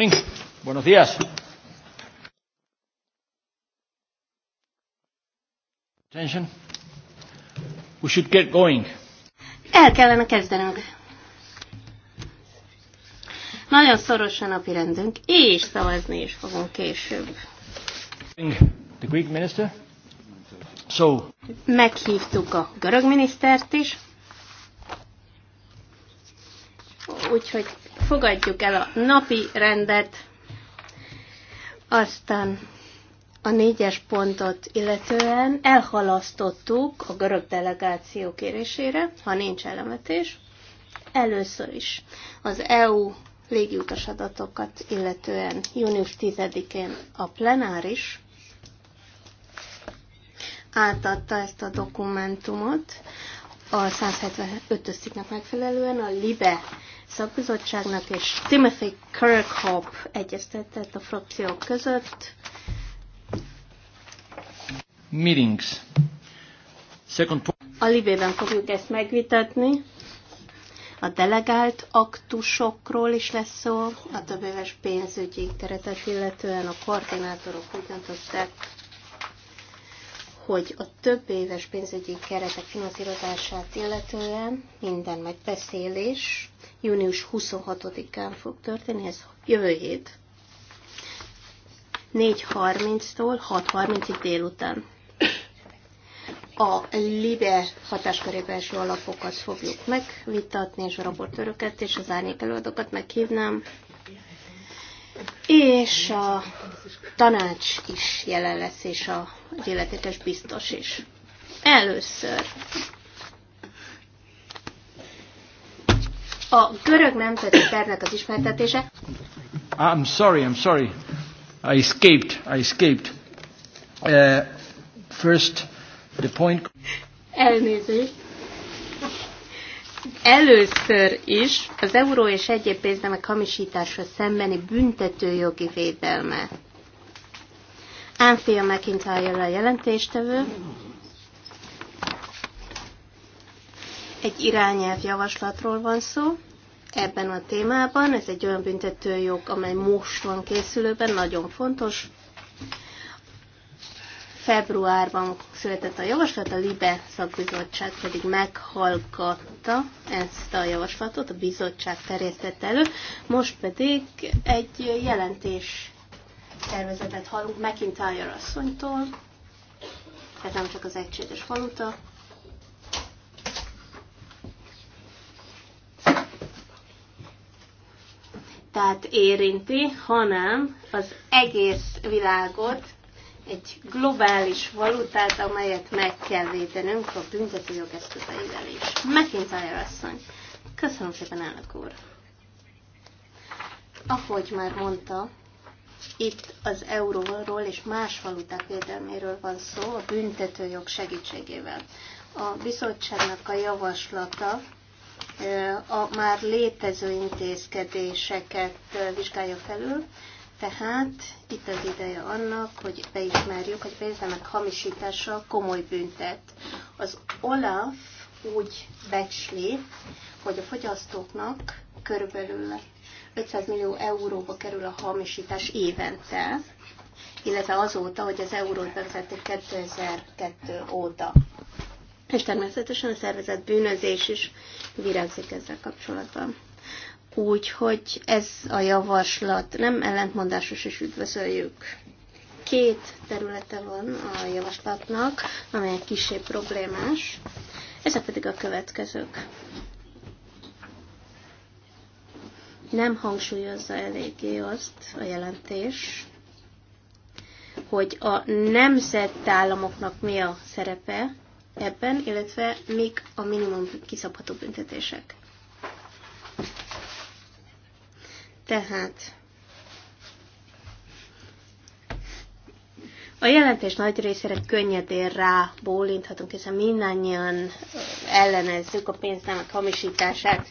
morning. Buenos días. Attention. We should get going. El kellene kezdenünk. Nagyon szoros a napi rendünk, és szavazni is fogunk később. The Greek minister. So. Meghívtuk a görög minisztert is, úgyhogy fogadjuk el a napi rendet, aztán a négyes pontot illetően elhalasztottuk a görög delegáció kérésére, ha nincs elemetés. Először is az EU légiutas adatokat illetően június 10-én a plenáris átadta ezt a dokumentumot a 175-ös megfelelően a LIBE szakbizottságnak, és Timothy Kirkhope egyeztetett a frakciók között. Meetings. Second point. A Libében fogjuk ezt megvitatni. A delegált aktusokról is lesz szó, a több éves pénzügyi keretet illetően a koordinátorok úgy döntöttek, hogy a több éves pénzügyi keretek finanszírozását illetően minden megbeszélés június 26-án fog történni, ez jövő hét. 4.30-tól 6.30-ig délután. A LIBE hatáskörébe eső alapokat fogjuk megvitatni, és a raportőröket és az árnyékelőadókat meghívnám. És a tanács is jelen lesz, és a illetékes biztos is. Először a görög nemzeti tervnek az ismertetése. Ah, I'm sorry, I'm sorry. I escaped, I escaped. Uh, first, the point... Elnézést. Először is az euró és egyéb pénznemek hamisításra szembeni büntetőjogi védelme. Anthea McIntyre a jelentéstevő. Egy irányelv javaslatról van szó ebben a témában. Ez egy olyan büntetőjog, amely most van készülőben, nagyon fontos. Februárban született a javaslat, a LIBE szakbizottság pedig meghallgatta ezt a javaslatot, a bizottság terjesztett elő. Most pedig egy jelentés tervezetet hallunk McIntyre asszonytól, tehát nem csak az egységes valuta, tehát érinti, hanem az egész világot, egy globális valutát, amelyet meg kell védenünk a büntetőjog eszközeivel is. McIntyre asszony, köszönöm szépen, elnök úr! Ahogy már mondta, itt az euróról és más valuták védelméről van szó a büntetőjog segítségével. A bizottságnak a javaslata a már létező intézkedéseket vizsgálja felül, tehát itt az ideje annak, hogy beismerjük, hogy pénzemek hamisítása komoly büntet. Az OLAF úgy becsli, hogy a fogyasztóknak körülbelül 500 millió euróba kerül a hamisítás évente, illetve azóta, hogy az eurót bevezették 2002 óta és természetesen a szervezet bűnözés is virágzik ezzel kapcsolatban. Úgyhogy ez a javaslat nem ellentmondásos, és üdvözöljük. Két területe van a javaslatnak, amely kisé problémás, ezek pedig a következők. Nem hangsúlyozza eléggé azt a jelentés, hogy a nemzetállamoknak mi a szerepe ebben, illetve mik a minimum kiszabható büntetések. Tehát A jelentés nagy részére könnyedén rá bólinthatunk, hiszen mindannyian ellenezzük a pénznemek hamisítását.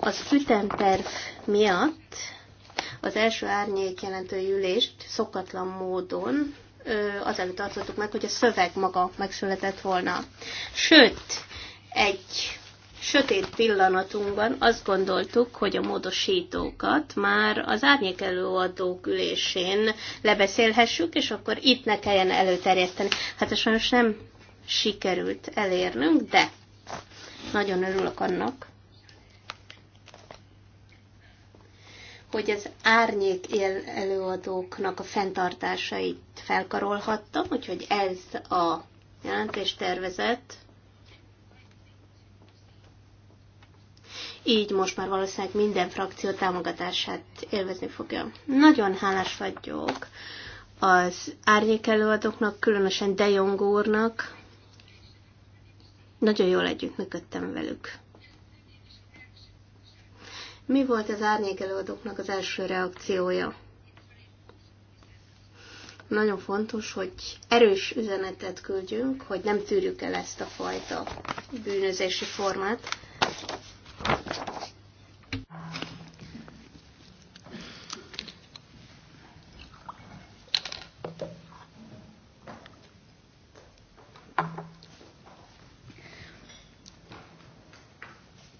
Az ütemterv miatt az első árnyék jelentő ülést szokatlan módon azelőtt tartottuk meg, hogy a szöveg maga megszületett volna. Sőt, egy sötét pillanatunkban azt gondoltuk, hogy a módosítókat már az árnyék előadók ülésén lebeszélhessük, és akkor itt ne kelljen előterjeszteni. Hát sajnos nem sikerült elérnünk, de nagyon örülök annak, hogy az árnyék él előadóknak a fenntartásait felkarolhattam, úgyhogy ez a tervezett. Így most már valószínűleg minden frakció támogatását élvezni fogja. Nagyon hálás vagyok az árnyék előadóknak, különösen De Jong úrnak. Nagyon jól együttműködtem velük. Mi volt az árnyékelőadóknak az első reakciója? Nagyon fontos, hogy erős üzenetet küldjünk, hogy nem tűrjük el ezt a fajta bűnözési formát.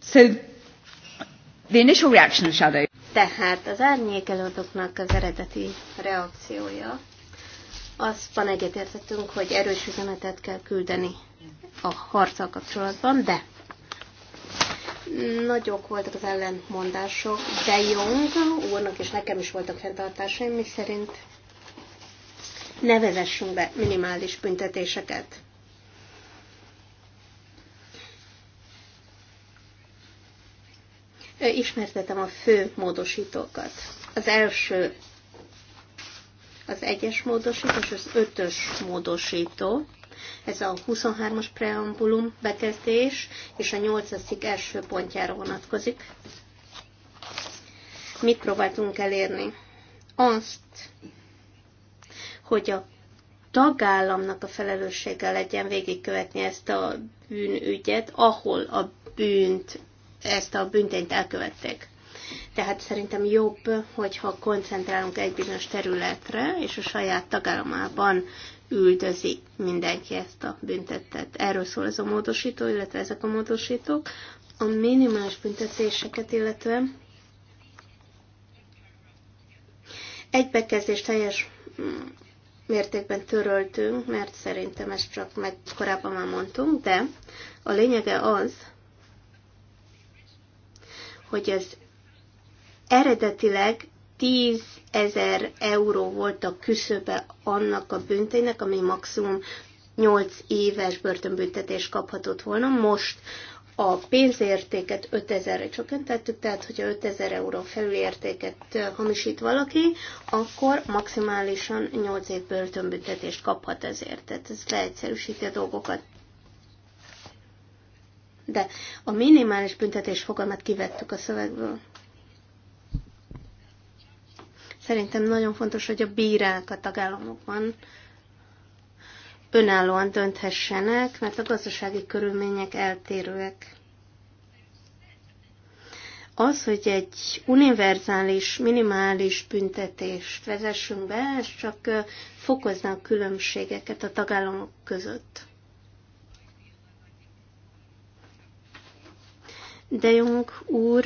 So The initial reaction of shadow. Tehát az árnyékelőadóknak az eredeti reakciója, azban egyetértettünk, hogy erős üzenetet kell küldeni a harccal kapcsolatban, de nagyok voltak az ellentmondások. De Jung úrnak és nekem is voltak fenntartásaim, mi szerint nevezessünk be minimális büntetéseket. ismertetem a fő módosítókat. Az első az egyes módosító és az ötös módosító. Ez a 23-as preambulum bekezdés és a 8 cikk első pontjára vonatkozik. Mit próbáltunk elérni? Azt, hogy a tagállamnak a felelőssége legyen végigkövetni ezt a bűnügyet, ahol a bűnt ezt a büntényt elkövették. Tehát szerintem jobb, hogyha koncentrálunk egy bizonyos területre, és a saját tagállamában üldözi mindenki ezt a büntetet. Erről szól ez a módosító, illetve ezek a módosítók. A minimális büntetéseket illetve egybekezdés teljes mm, mértékben töröltünk, mert szerintem ezt csak meg korábban már mondtunk, de a lényege az, hogy az eredetileg 10 ezer euró volt a küszöbe annak a büntének, ami maximum 8 éves börtönbüntetés kaphatott volna. Most a pénzértéket 5000-re csökkentettük, tehát hogyha 5000 euró felül értéket hamisít valaki, akkor maximálisan 8 év börtönbüntetést kaphat ezért. Tehát ez leegyszerűsíti a dolgokat de a minimális büntetés fogalmat kivettük a szövegből. Szerintem nagyon fontos, hogy a bírák a tagállamokban önállóan dönthessenek, mert a gazdasági körülmények eltérőek. Az, hogy egy univerzális, minimális büntetést vezessünk be, ez csak fokozna a különbségeket a tagállamok között. De Jung úr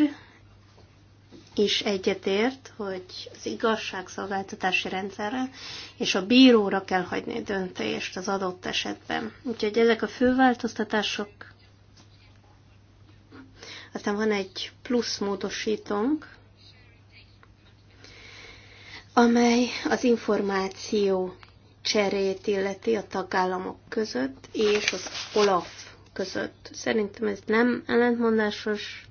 is egyetért, hogy az igazságszolgáltatási rendszerre és a bíróra kell hagyni döntést az adott esetben. Úgyhogy ezek a fő változtatások. Aztán van egy plusz módosítónk, amely az információ cserét illeti a tagállamok között és az OLAF között. Szerintem ez nem ellentmondásos,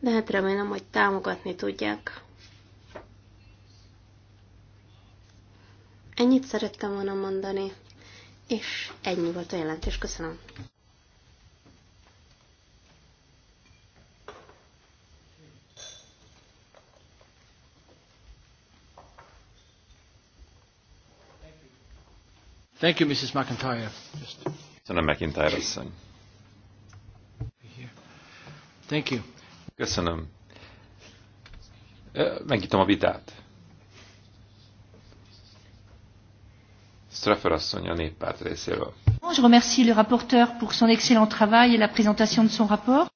de hát remélem, hogy támogatni tudják. Ennyit szerettem volna mondani, és ennyi volt a jelentés. Köszönöm. Thank you, Mrs. McIntyre. Just Köszönöm, McIntyre asszony. Thank you. Köszönöm. Megnyitom a vitát. Straffer asszony a néppárt részéről. Je remercie le rapporteur pour son excellent travail et la présentation de son rapport.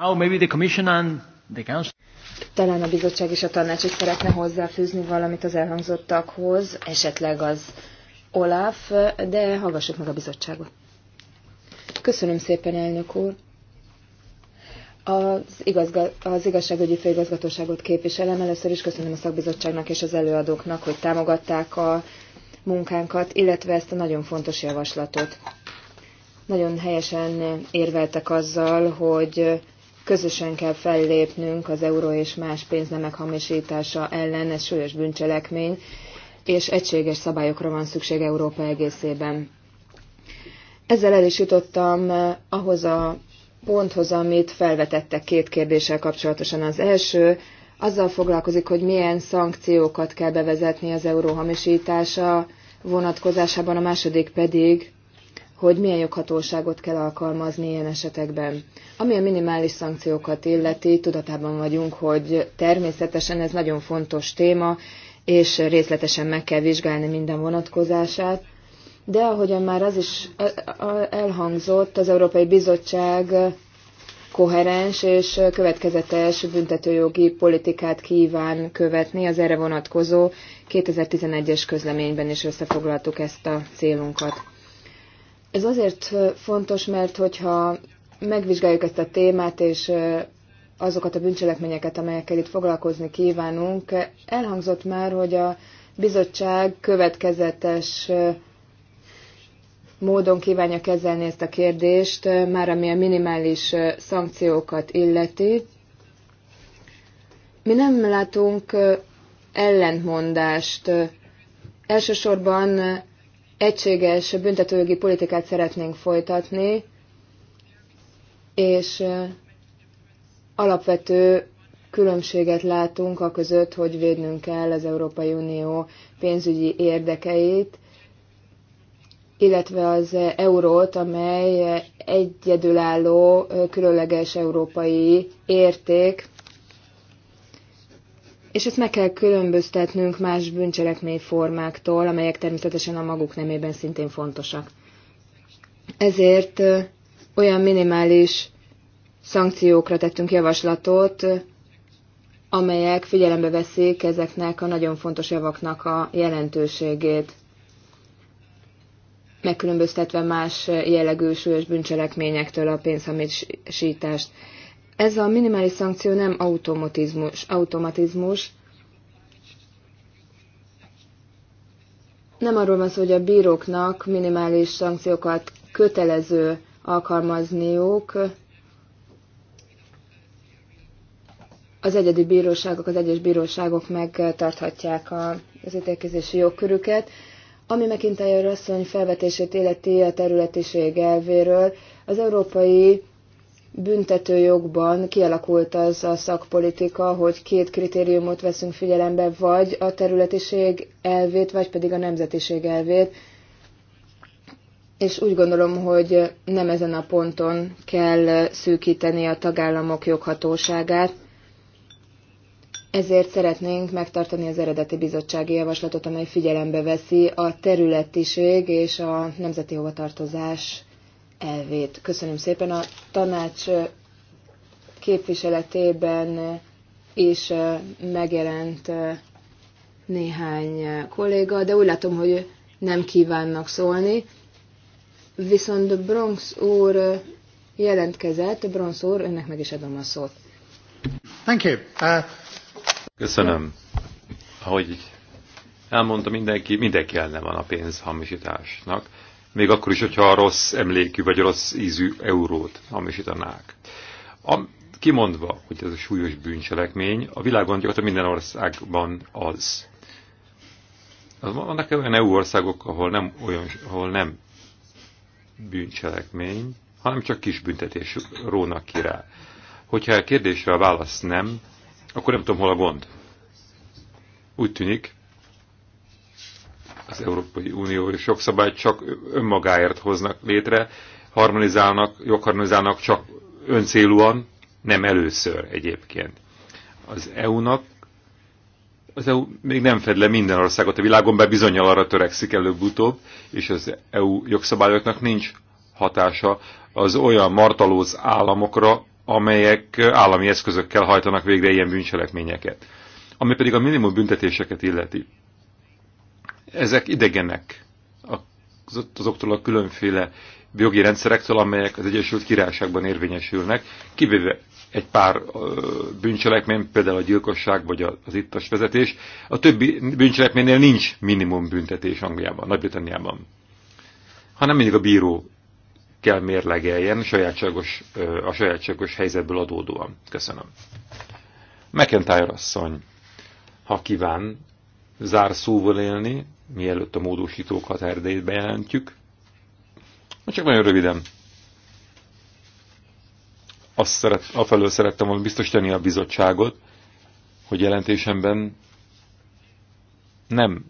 Now oh, maybe the commission and the council. Talán a bizottság és a tanács is szeretne hozzáfűzni valamit az elhangzottakhoz, esetleg az Olaf, de hallgassuk meg a bizottságot. Köszönöm szépen, elnök úr. Az, igazga, az igazságügyi főigazgatóságot képviselem. Először is köszönöm a szakbizottságnak és az előadóknak, hogy támogatták a munkánkat, illetve ezt a nagyon fontos javaslatot. Nagyon helyesen érveltek azzal, hogy Közösen kell fellépnünk az euró és más pénznemek hamisítása ellen, ez súlyos bűncselekmény, és egységes szabályokra van szükség Európa egészében. Ezzel el is jutottam eh, ahhoz a ponthoz, amit felvetettek két kérdéssel kapcsolatosan. Az első azzal foglalkozik, hogy milyen szankciókat kell bevezetni az euró hamisítása vonatkozásában, a második pedig hogy milyen joghatóságot kell alkalmazni ilyen esetekben. Ami a minimális szankciókat illeti, tudatában vagyunk, hogy természetesen ez nagyon fontos téma, és részletesen meg kell vizsgálni minden vonatkozását. De ahogyan már az is e, e, elhangzott, az Európai Bizottság koherens és következetes büntetőjogi politikát kíván követni az erre vonatkozó 2011-es közleményben is összefoglaltuk ezt a célunkat. Ez azért fontos, mert hogyha megvizsgáljuk ezt a témát, és azokat a bűncselekményeket, amelyekkel itt foglalkozni kívánunk, elhangzott már, hogy a bizottság következetes módon kívánja kezelni ezt a kérdést, már ami a minimális szankciókat illeti. Mi nem látunk ellentmondást. Elsősorban egységes büntetőjogi politikát szeretnénk folytatni, és alapvető különbséget látunk a között, hogy védnünk kell az Európai Unió pénzügyi érdekeit, illetve az eurót, amely egyedülálló, különleges európai érték, és ezt meg kell különböztetnünk más bűncselekmény formáktól, amelyek természetesen a maguk nemében szintén fontosak. Ezért olyan minimális szankciókra tettünk javaslatot, amelyek figyelembe veszik ezeknek a nagyon fontos javaknak a jelentőségét, megkülönböztetve más jellegű súlyos bűncselekményektől a pénzhamisítást. Ez a minimális szankció nem automatizmus, automatizmus. Nem arról van szó, hogy a bíróknak minimális szankciókat kötelező alkalmazniuk. Az egyedi bíróságok, az egyes bíróságok megtarthatják az ítélkezési jogkörüket. Ami megint a asszony felvetését életi a területiség elvéről, az európai büntetőjogban kialakult az a szakpolitika, hogy két kritériumot veszünk figyelembe, vagy a területiség elvét, vagy pedig a nemzetiség elvét. És úgy gondolom, hogy nem ezen a ponton kell szűkíteni a tagállamok joghatóságát, ezért szeretnénk megtartani az eredeti bizottsági javaslatot, amely figyelembe veszi a területiség és a nemzeti hovatartozás elvét. Köszönöm szépen a tanács képviseletében is megjelent néhány kolléga, de úgy látom, hogy nem kívánnak szólni. Viszont Bronx úr jelentkezett, Bronx úr, önnek meg is adom a szót. Thank you. Uh... Köszönöm. Ahogy elmondta mindenki, mindenki ellen van a pénz hamisításnak még akkor is, hogyha a rossz emlékű vagy a rossz ízű eurót hamisítanák. A, kimondva, hogy ez a súlyos bűncselekmény, a világon gyakorlatilag minden országban az. az vannak olyan EU országok, ahol nem, olyan, ahol nem bűncselekmény, hanem csak kis büntetés rónak ki rá. Hogyha a kérdésre a válasz nem, akkor nem tudom, hol a gond. Úgy tűnik, az Európai Unió és jogszabályt csak önmagáért hoznak létre, harmonizálnak, jogharmonizálnak csak öncélúan, nem először egyébként. Az EU-nak az EU még nem fed le minden országot a világon, be bizonyal arra törekszik előbb-utóbb, és az EU jogszabályoknak nincs hatása az olyan martalóz államokra, amelyek állami eszközökkel hajtanak végre ilyen bűncselekményeket. Ami pedig a minimum büntetéseket illeti ezek idegenek azoktól a különféle jogi rendszerektől, amelyek az Egyesült Királyságban érvényesülnek, kivéve egy pár bűncselekmény, például a gyilkosság vagy az ittas vezetés. A többi bűncselekménynél nincs minimum büntetés Angliában, Nagy-Britanniában, hanem mindig a bíró kell mérlegeljen sajátságos, a sajátságos helyzetből adódóan. Köszönöm. McIntyre asszony, ha kíván zárszóval élni, mielőtt a módosítók határidejét bejelentjük. Csak nagyon röviden. Azt szeret, afelől szerettem volna biztosítani a bizottságot, hogy jelentésemben nem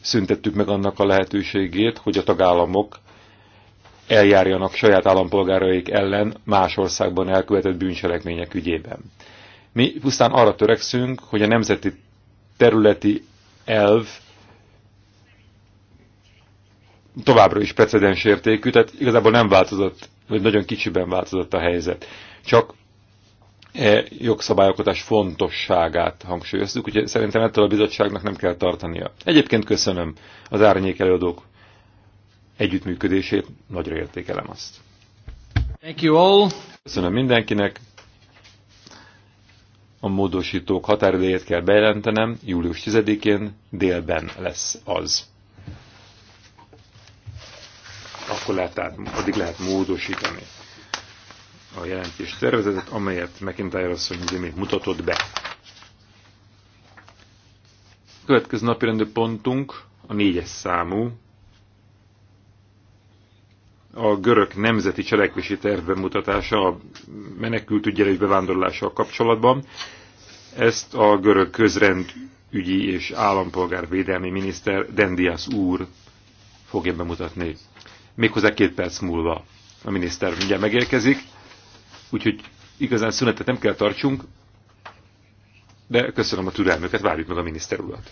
szüntettük meg annak a lehetőségét, hogy a tagállamok eljárjanak saját állampolgáraik ellen más országban elkövetett bűncselekmények ügyében. Mi pusztán arra törekszünk, hogy a nemzeti területi elv továbbra is precedens értékű, tehát igazából nem változott, vagy nagyon kicsiben változott a helyzet. Csak e jogszabályokatás fontosságát hangsúlyoztuk, úgyhogy szerintem ettől a bizottságnak nem kell tartania. Egyébként köszönöm az árnyék előadók együttműködését, nagyra értékelem azt. Thank you all. Köszönöm mindenkinek a módosítók határidejét kell bejelentenem, július 10-én délben lesz az. Akkor lehet, tehát, addig lehet módosítani a jelentés tervezetet, amelyet McIntyre asszony az imént mutatott be. Következő napi pontunk a négyes számú a görög nemzeti cselekvési terv bemutatása a menekült ügyelés bevándorlással kapcsolatban. Ezt a görög közrendügyi és állampolgárvédelmi miniszter Dendias úr fogja bemutatni. Méghozzá két perc múlva a miniszter mindjárt megérkezik, úgyhogy igazán szünetet nem kell tartsunk, de köszönöm a türelmüket, várjuk meg a miniszter urat.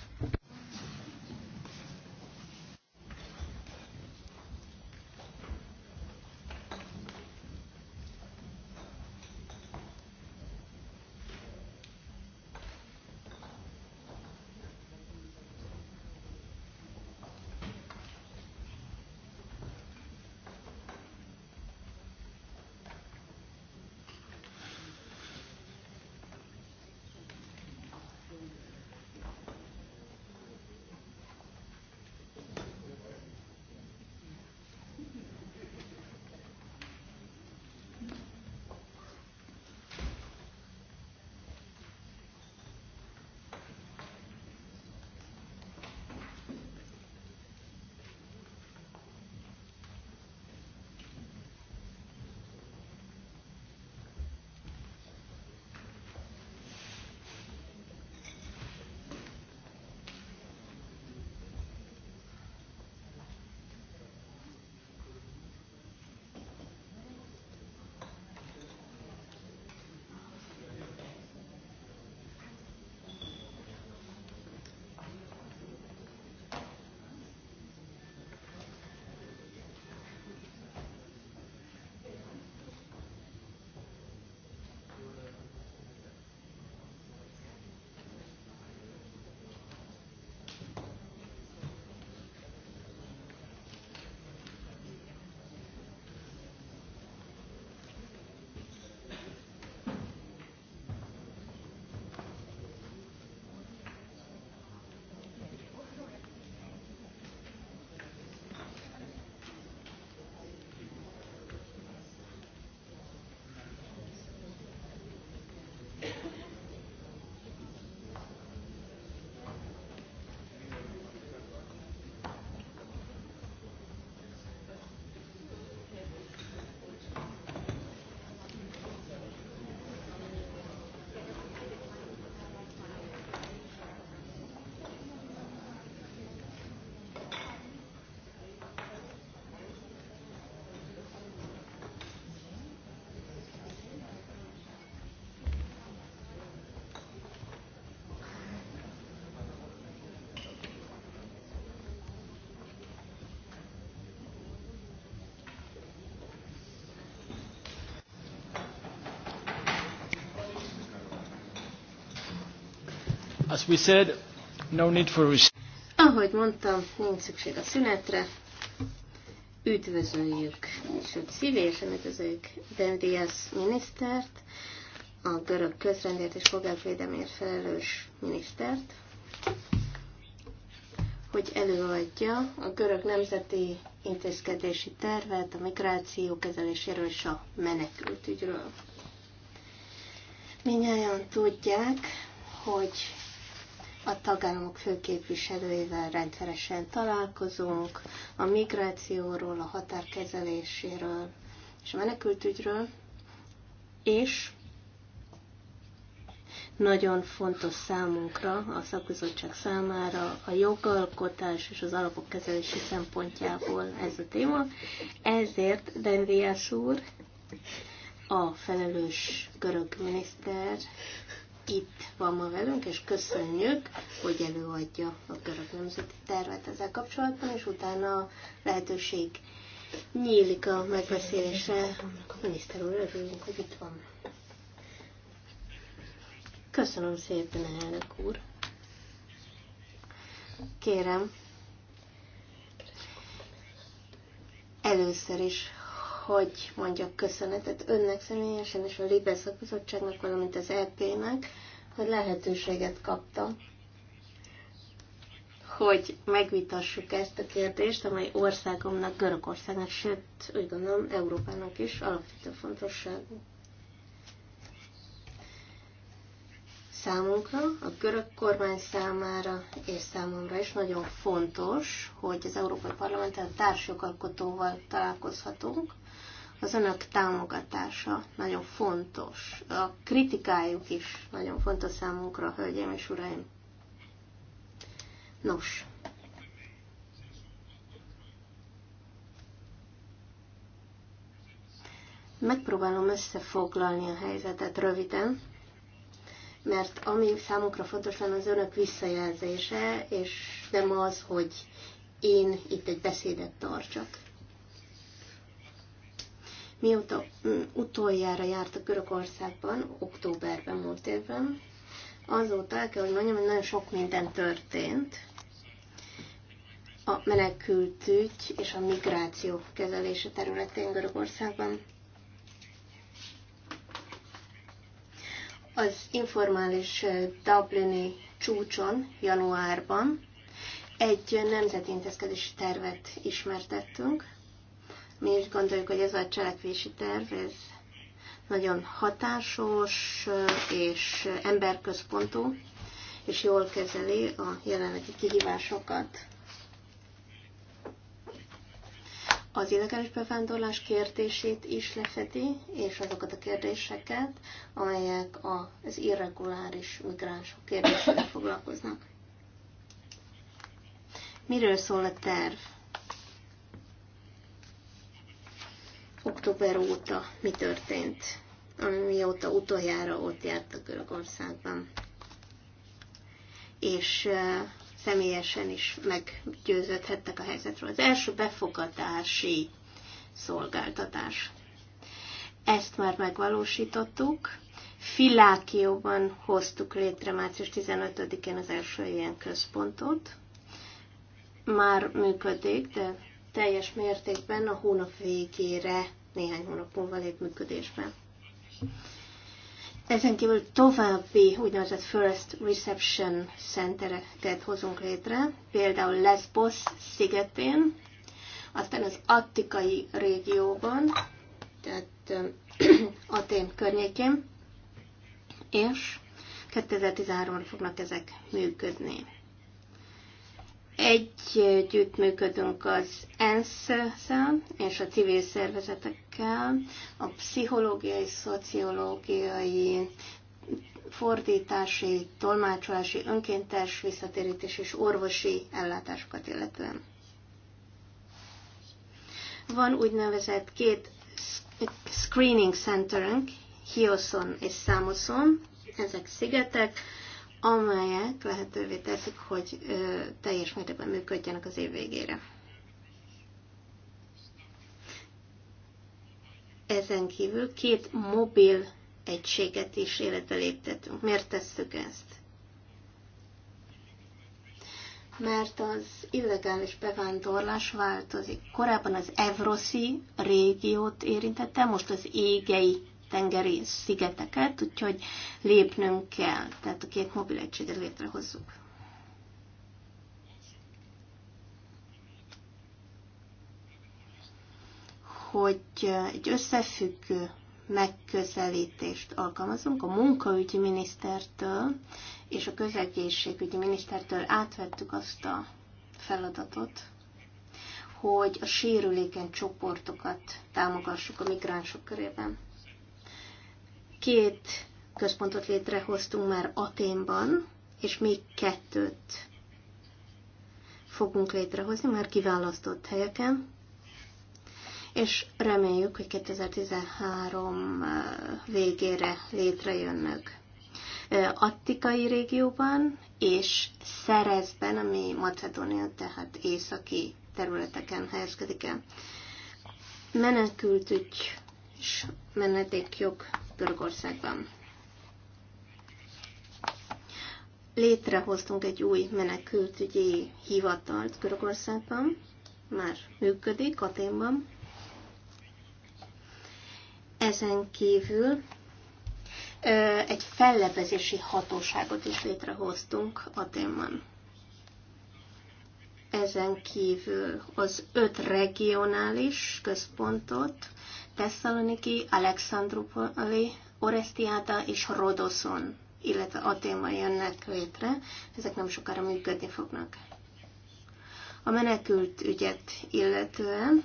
As we said, no need for Ahogy mondtam, nincs szükség a szünetre. Üdvözöljük, sőt szívesen üdvözöljük Dendias minisztert, a görög közrendért és polgárvédelmért felelős minisztert, hogy előadja a görög nemzeti intézkedési tervet a migráció kezeléséről és a menekültügyről. Minnyáján tudják, hogy a tagállamok főképviselőivel rendszeresen találkozunk, a migrációról, a határkezeléséről és a menekültügyről, és nagyon fontos számunkra, a szakbizottság számára a jogalkotás és az alapok kezelési szempontjából ez a téma. Ezért Dendriás úr, a felelős görög miniszter itt van ma velünk, és köszönjük, hogy előadja a görög nemzeti tervet ezzel kapcsolatban, és utána lehetőség nyílik a megbeszélésre. A miniszter úr, örülünk, hogy itt van. Köszönöm szépen, elnök úr. Kérem, először is hogy mondjak köszönetet önnek személyesen és a Libe Szakbizottságnak, valamint az EP-nek, hogy lehetőséget kaptam, hogy megvitassuk ezt a kérdést, amely országomnak, Görögországnak, sőt, úgy gondolom, Európának is alapvető fontosságú. Számunkra, a görög kormány számára és számomra is nagyon fontos, hogy az Európai parlamenten a társjogalkotóval találkozhatunk, az önök támogatása nagyon fontos. A kritikájuk is nagyon fontos számunkra, hölgyeim és uraim. Nos. Megpróbálom összefoglalni a helyzetet röviden, mert ami számukra fontos lenne az önök visszajelzése, és nem az, hogy én itt egy beszédet tartsak. Mióta mm, utoljára járt a Görögországban, októberben múlt évben, azóta el kell, hogy mondjam, hogy nagyon sok minden történt. A menekültügy és a migráció kezelése területén Görögországban. Az informális eh, Dublini csúcson januárban egy nemzeti intézkedési tervet ismertettünk, mi is gondoljuk, hogy ez a cselekvési terv, ez nagyon hatásos és emberközpontú, és jól kezeli a jelenlegi kihívásokat. Az illegális bevándorlás kérdését is lefedi, és azokat a kérdéseket, amelyek az irreguláris migránsok kérdésével foglalkoznak. Miről szól a terv? október óta mi történt, mióta utoljára ott a Görögországban. És személyesen is meggyőződhettek a helyzetről. Az első befogadási szolgáltatás. Ezt már megvalósítottuk. Filákióban hoztuk létre március 15-én az első ilyen központot. Már működik, de teljes mértékben a hónap végére, néhány hónap múlva lép működésben. Ezen kívül további úgynevezett First Reception Centereket hozunk létre, például Lesbos szigetén, aztán az Attikai régióban, tehát Atén környékén, és 2013-ra fognak ezek működni. Együtt működünk az ENSZ-szel és a civil szervezetekkel, a pszichológiai, szociológiai, fordítási, tolmácsolási, önkéntes visszatérítés és orvosi ellátásokat illetően. Van úgynevezett két screening centerünk, Hioson és Samoson. ezek szigetek, amelyek lehetővé teszik, hogy teljes mértékben működjenek az év végére. Ezen kívül két mobil egységet is életbe léptetünk. Miért tesszük ezt? Mert az illegális bevándorlás változik. Korábban az Evroszi régiót érintette, most az égei tengeri szigeteket, úgyhogy lépnünk kell, tehát a két mobil egységet létrehozzuk. hogy egy összefüggő megközelítést alkalmazunk. A munkaügyi minisztertől és a közegészségügyi minisztertől átvettük azt a feladatot, hogy a sérülékeny csoportokat támogassuk a migránsok körében. Két központot létrehoztunk már Aténban, és még kettőt fogunk létrehozni már kiválasztott helyeken, és reméljük, hogy 2013 eh, végére létrejönnek. Eh, Attikai régióban és Szerezben, ami Macedónia, tehát északi területeken helyezkedik el. Menekültügy és menedékjog Görögországban. Létrehoztunk egy új menekültügyi hivatalt Görögországban, már működik Aténban. Ezen kívül egy fellebezési hatóságot is létrehoztunk Aténban. Ezen kívül az öt regionális központot Thessaloniki, Alexandropoli, Orestiáda és Rodoszon, illetve Atéma jönnek létre, ezek nem sokára működni fognak. A menekült ügyet illetően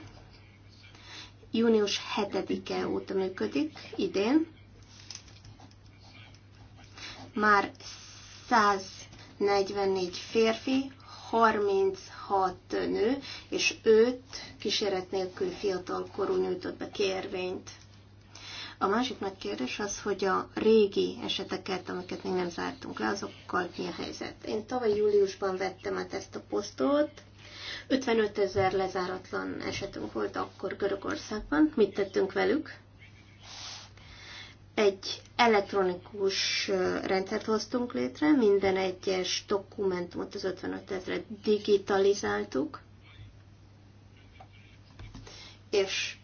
június 7-e óta működik, idén. Már 144 férfi, 36 nő és 5 kíséret nélkül fiatal korú nyújtott be kérvényt. A másik nagy kérdés az, hogy a régi eseteket, amiket még nem zártunk le, azokkal mi a helyzet. Én tavaly júliusban vettem át ezt a posztot, 55 ezer lezáratlan esetünk volt akkor Görögországban. Mit tettünk velük? egy elektronikus rendszert hoztunk létre, minden egyes dokumentumot, az 55 ezeret digitalizáltuk, és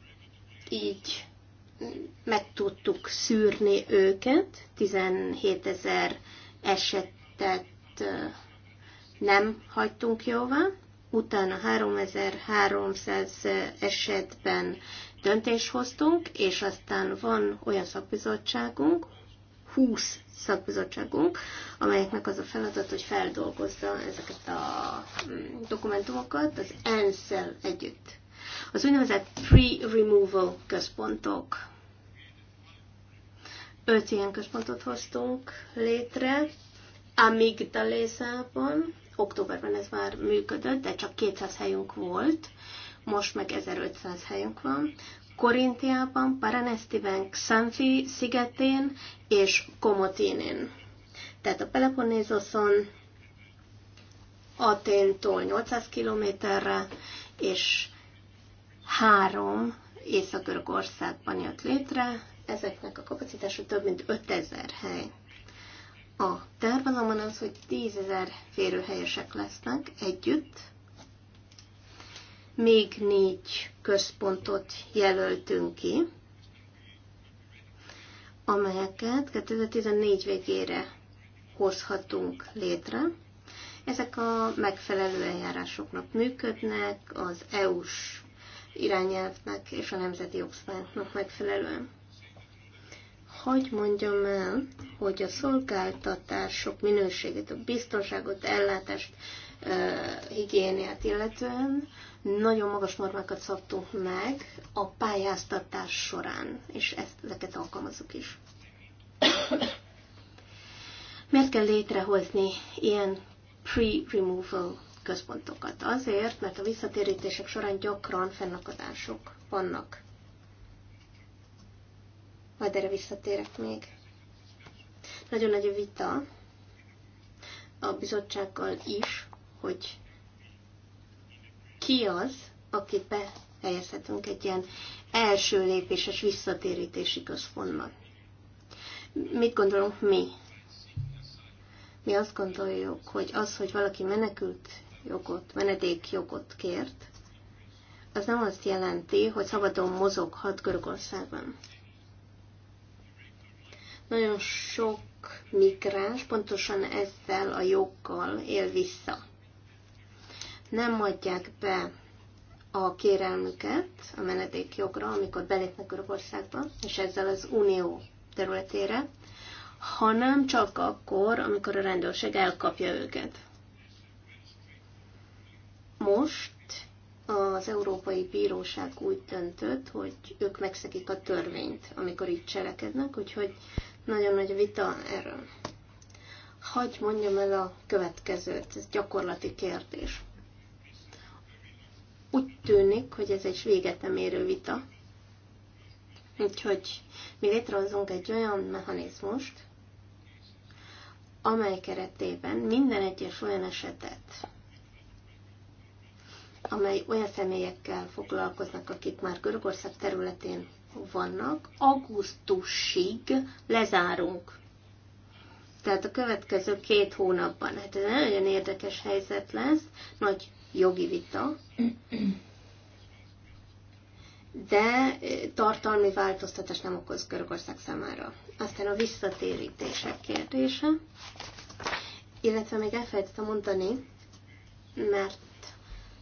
így meg tudtuk szűrni őket, 17 ezer esetet nem hagytunk jóvá, utána 3300 esetben döntést hoztunk, és aztán van olyan szakbizottságunk, 20 szakbizottságunk, amelyeknek az a feladat, hogy feldolgozza ezeket a mm, dokumentumokat az ensz együtt. Az úgynevezett pre-removal központok. Öt ilyen központot hoztunk létre. Amigdalézában, októberben ez már működött, de csak 200 helyünk volt, most meg 1500 helyünk van, Korintiában, Paranestiben, Xanfi szigetén és Komotinin. Tehát a Peloponnézoszon, Aténtól 800 kilométerre, és három Észak-Görögországban jött létre, ezeknek a kapacitása több mint 5000 hely. A terv az, hogy 10.000 férőhelyesek lesznek együtt, még négy központot jelöltünk ki, amelyeket 2014 végére hozhatunk létre. Ezek a megfelelő eljárásoknak működnek, az EU-s irányelvnek és a nemzeti jogszabályoknak megfelelően. Hogy mondjam el, hogy a szolgáltatások minőségét, a biztonságot, ellátást higiéniát illetően nagyon magas normákat szabtunk meg a pályáztatás során, és ezt, ezeket alkalmazunk is. Miért kell létrehozni ilyen pre-removal központokat? Azért, mert a visszatérítések során gyakran fennakadások vannak. Majd erre visszatérek még. Nagyon nagy a vita a bizottsággal is, hogy ki az, akit behelyezhetünk egy ilyen első lépéses visszatérítési központban. Mit gondolunk mi? Mi azt gondoljuk, hogy az, hogy valaki menekült jogot, menedékjogot kért, az nem azt jelenti, hogy szabadon mozoghat Görögországban. Nagyon sok migráns pontosan ezzel a joggal él vissza nem adják be a kérelmüket a menedékjogra, amikor belépnek Görögországba, és ezzel az unió területére, hanem csak akkor, amikor a rendőrség elkapja őket. Most az Európai Bíróság úgy döntött, hogy ők megszegik a törvényt, amikor így cselekednek, úgyhogy nagyon nagy vita erről. Hagy mondjam el a következőt, ez gyakorlati kérdés úgy tűnik, hogy ez egy véget nem érő vita. Úgyhogy mi létrehozunk egy olyan mechanizmust, amely keretében minden egyes olyan esetet, amely olyan személyekkel foglalkoznak, akik már Görögország területén vannak, augusztusig lezárunk. Tehát a következő két hónapban. Hát ez egy nagyon érdekes helyzet lesz, nagy jogi vita, de tartalmi változtatás nem okoz Görögország számára. Aztán a visszatérítések kérdése, illetve még elfelejtettem mondani, mert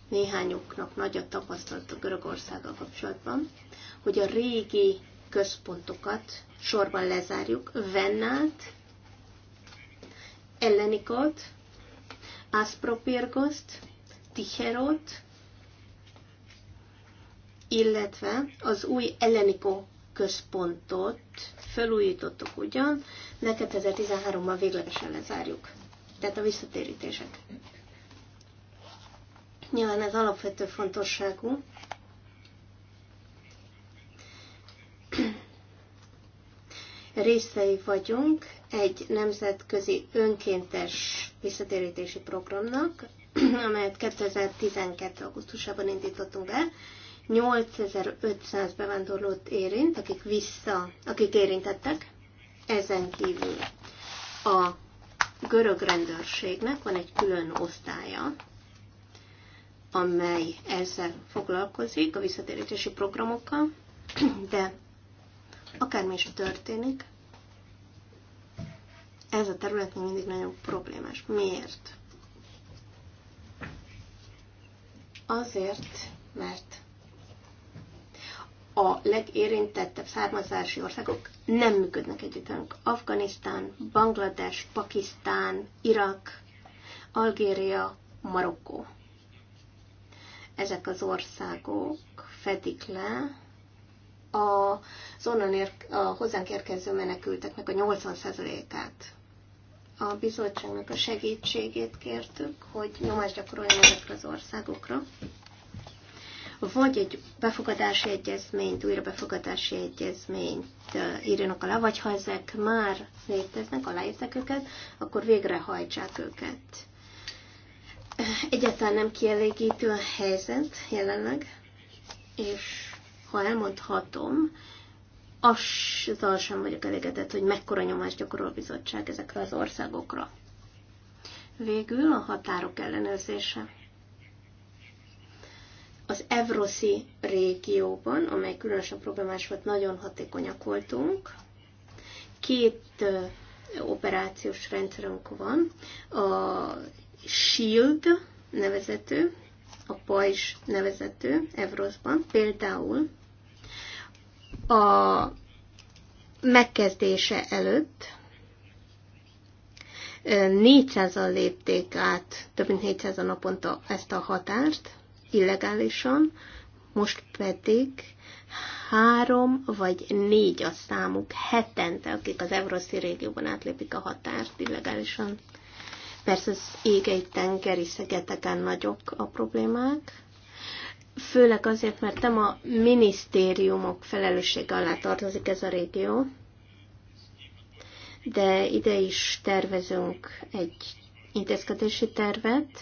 néhányuknak nagy a tapasztalat a Görögországgal kapcsolatban, hogy a régi központokat sorban lezárjuk, Vennát, Ellenikot, Aspropirgost, Ticherót, illetve az új Ellenikó központot felújítottuk ugyan, de 2013-ban véglegesen lezárjuk. Tehát a visszatérítések. Nyilván ez alapvető fontosságú. Részei vagyunk egy nemzetközi önkéntes visszatérítési programnak, amelyet 2012. augusztusában indítottunk el, 8500 bevándorlót érint, akik vissza, akik érintettek. Ezen kívül a görög rendőrségnek van egy külön osztálya, amely ezzel foglalkozik, a visszatérítési programokkal, de akármi is történik, ez a terület még mindig nagyon problémás. Miért? Azért, mert a legérintettebb származási országok nem működnek együtt velünk. Afganisztán, Banglades, Pakisztán, Irak, Algéria, Marokkó. Ezek az országok fedik le a, onnan ér, a hozzánk érkező menekülteknek a 80%-át a bizottságnak a segítségét kértük, hogy nyomást gyakoroljon ezekre az országokra, vagy egy befogadási egyezményt, újra befogadási egyezményt írjanak alá, vagy ha ezek már léteznek, aláírták őket, akkor végrehajtsák őket. Egyáltalán nem kielégítő a helyzet jelenleg, és ha elmondhatom, azzal sem vagyok elégedett, hogy mekkora nyomást gyakorol a bizottság ezekre az országokra. Végül a határok ellenőrzése. Az Evroszi régióban, amely különösen problémás volt, nagyon hatékonyak voltunk. Két operációs rendszerünk van, a SHIELD nevezető, a PAJS nevezető Evroszban, például a megkezdése előtt 400-an lépték át, több mint 400-an naponta ezt a határt illegálisan, most pedig három vagy négy a számuk hetente, akik az Euróci régióban átlépik a határt illegálisan. Persze az égei tengeri szegeteken nagyok a problémák, főleg azért, mert nem a minisztériumok felelőssége alá tartozik ez a régió, de ide is tervezünk egy intézkedési tervet,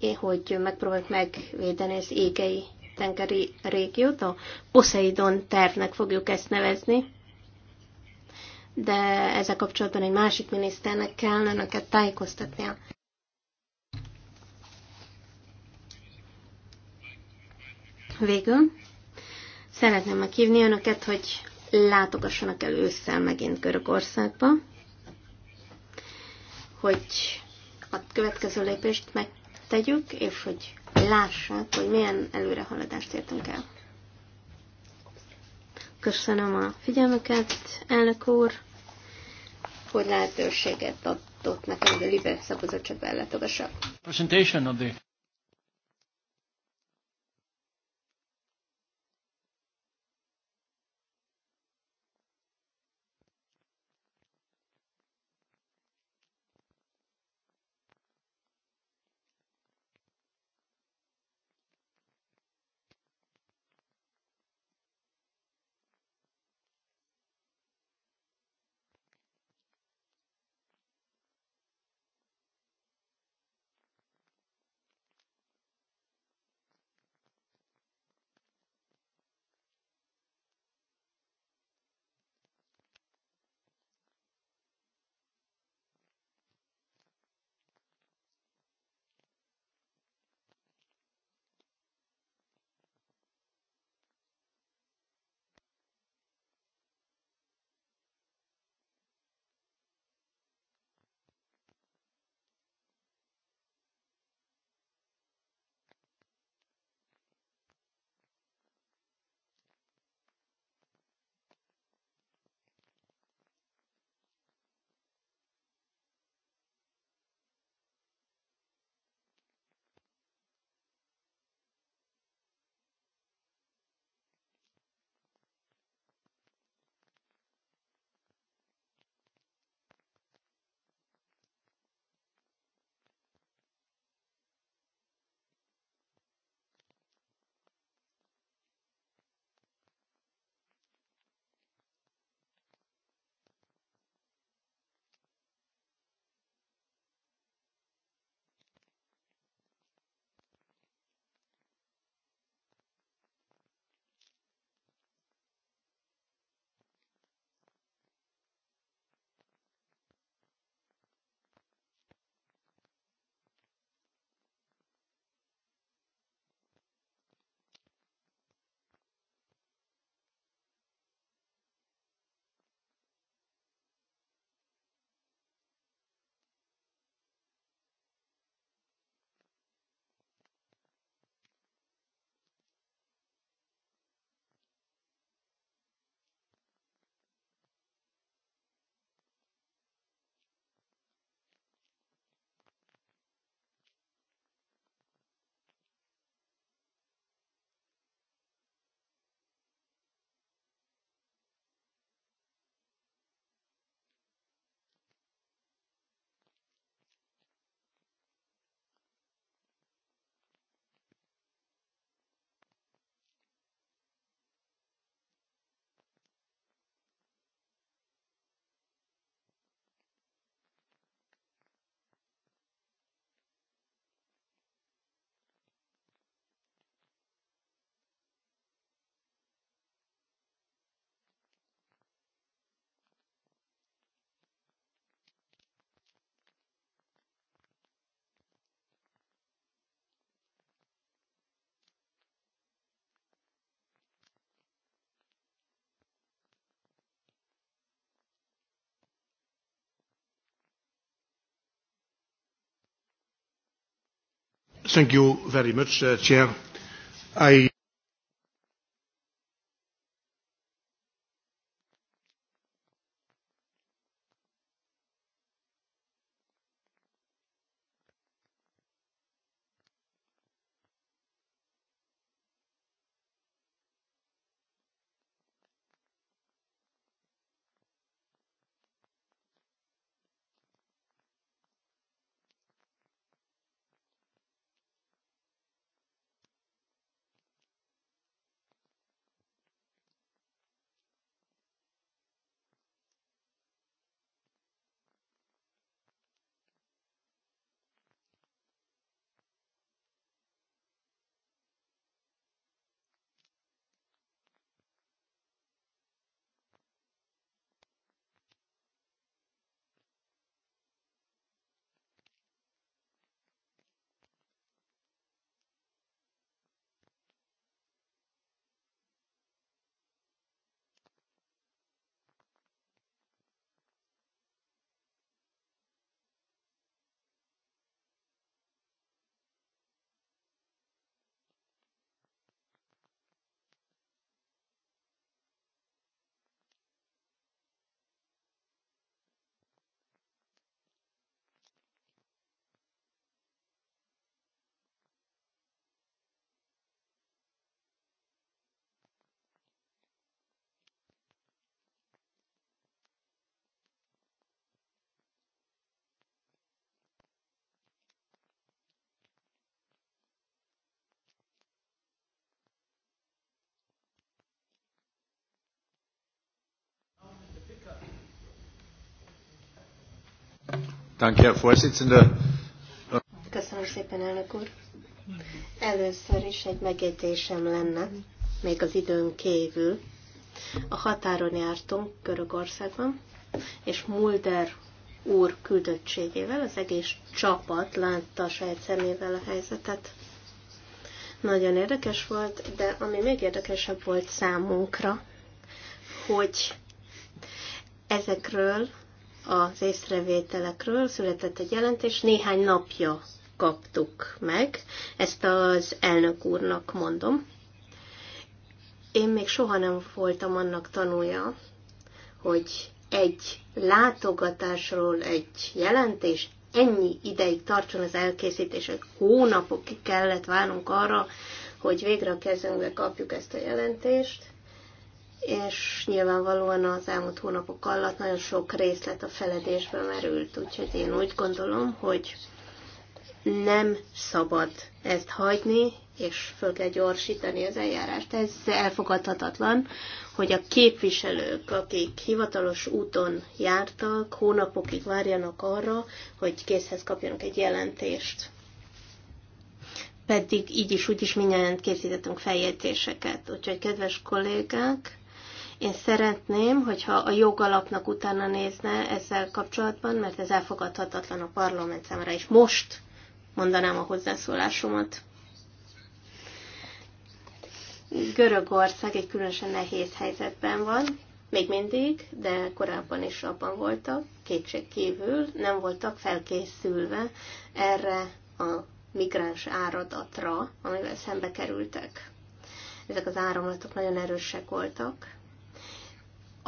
eh, hogy megpróbáljuk megvédeni az égei tengeri régiót, a Poseidon tervnek fogjuk ezt nevezni, de ezzel kapcsolatban egy másik miniszternek kellene önöket tájékoztatnia. Végül szeretném meghívni önöket, hogy látogassanak el ősszel megint Görögországba, hogy a következő lépést megtegyük, és hogy lássák, hogy milyen előrehaladást értünk el. Köszönöm a figyelmüket, elnök úr, hogy lehetőséget adott nekem, hogy a Libe szabadságban ellátogassak. Thank you very much, uh, Chair. Köszönöm szépen, elnök úr. Először is egy megjegyzésem lenne, még az időn kívül. A határon jártunk Görögországban, és Mulder úr küldöttségével az egész csapat látta a saját szemével a helyzetet. Nagyon érdekes volt, de ami még érdekesebb volt számunkra, hogy ezekről az észrevételekről született egy jelentés, néhány napja kaptuk meg, ezt az elnök úrnak mondom. Én még soha nem voltam annak tanulja, hogy egy látogatásról egy jelentés ennyi ideig tartson az elkészítés, hogy hónapokig kellett várnunk arra, hogy végre a kezünkbe kapjuk ezt a jelentést és nyilvánvalóan az elmúlt hónapok alatt nagyon sok részlet a feledésbe merült, úgyhogy én úgy gondolom, hogy nem szabad ezt hagyni, és föl kell gyorsítani az eljárást. Ez elfogadhatatlan, hogy a képviselők, akik hivatalos úton jártak, hónapokig várjanak arra, hogy készhez kapjanak egy jelentést. Pedig így is, úgy is mindjárt készítettünk feljegyzéseket. Úgyhogy, kedves kollégák, én szeretném, hogyha a jogalapnak utána nézne ezzel kapcsolatban, mert ez elfogadhatatlan a parlament számára, és most mondanám a hozzászólásomat. Görögország egy különösen nehéz helyzetben van, még mindig, de korábban is abban voltak, kétség kívül nem voltak felkészülve erre a migráns áradatra, amivel szembe kerültek. Ezek az áramlatok nagyon erősek voltak,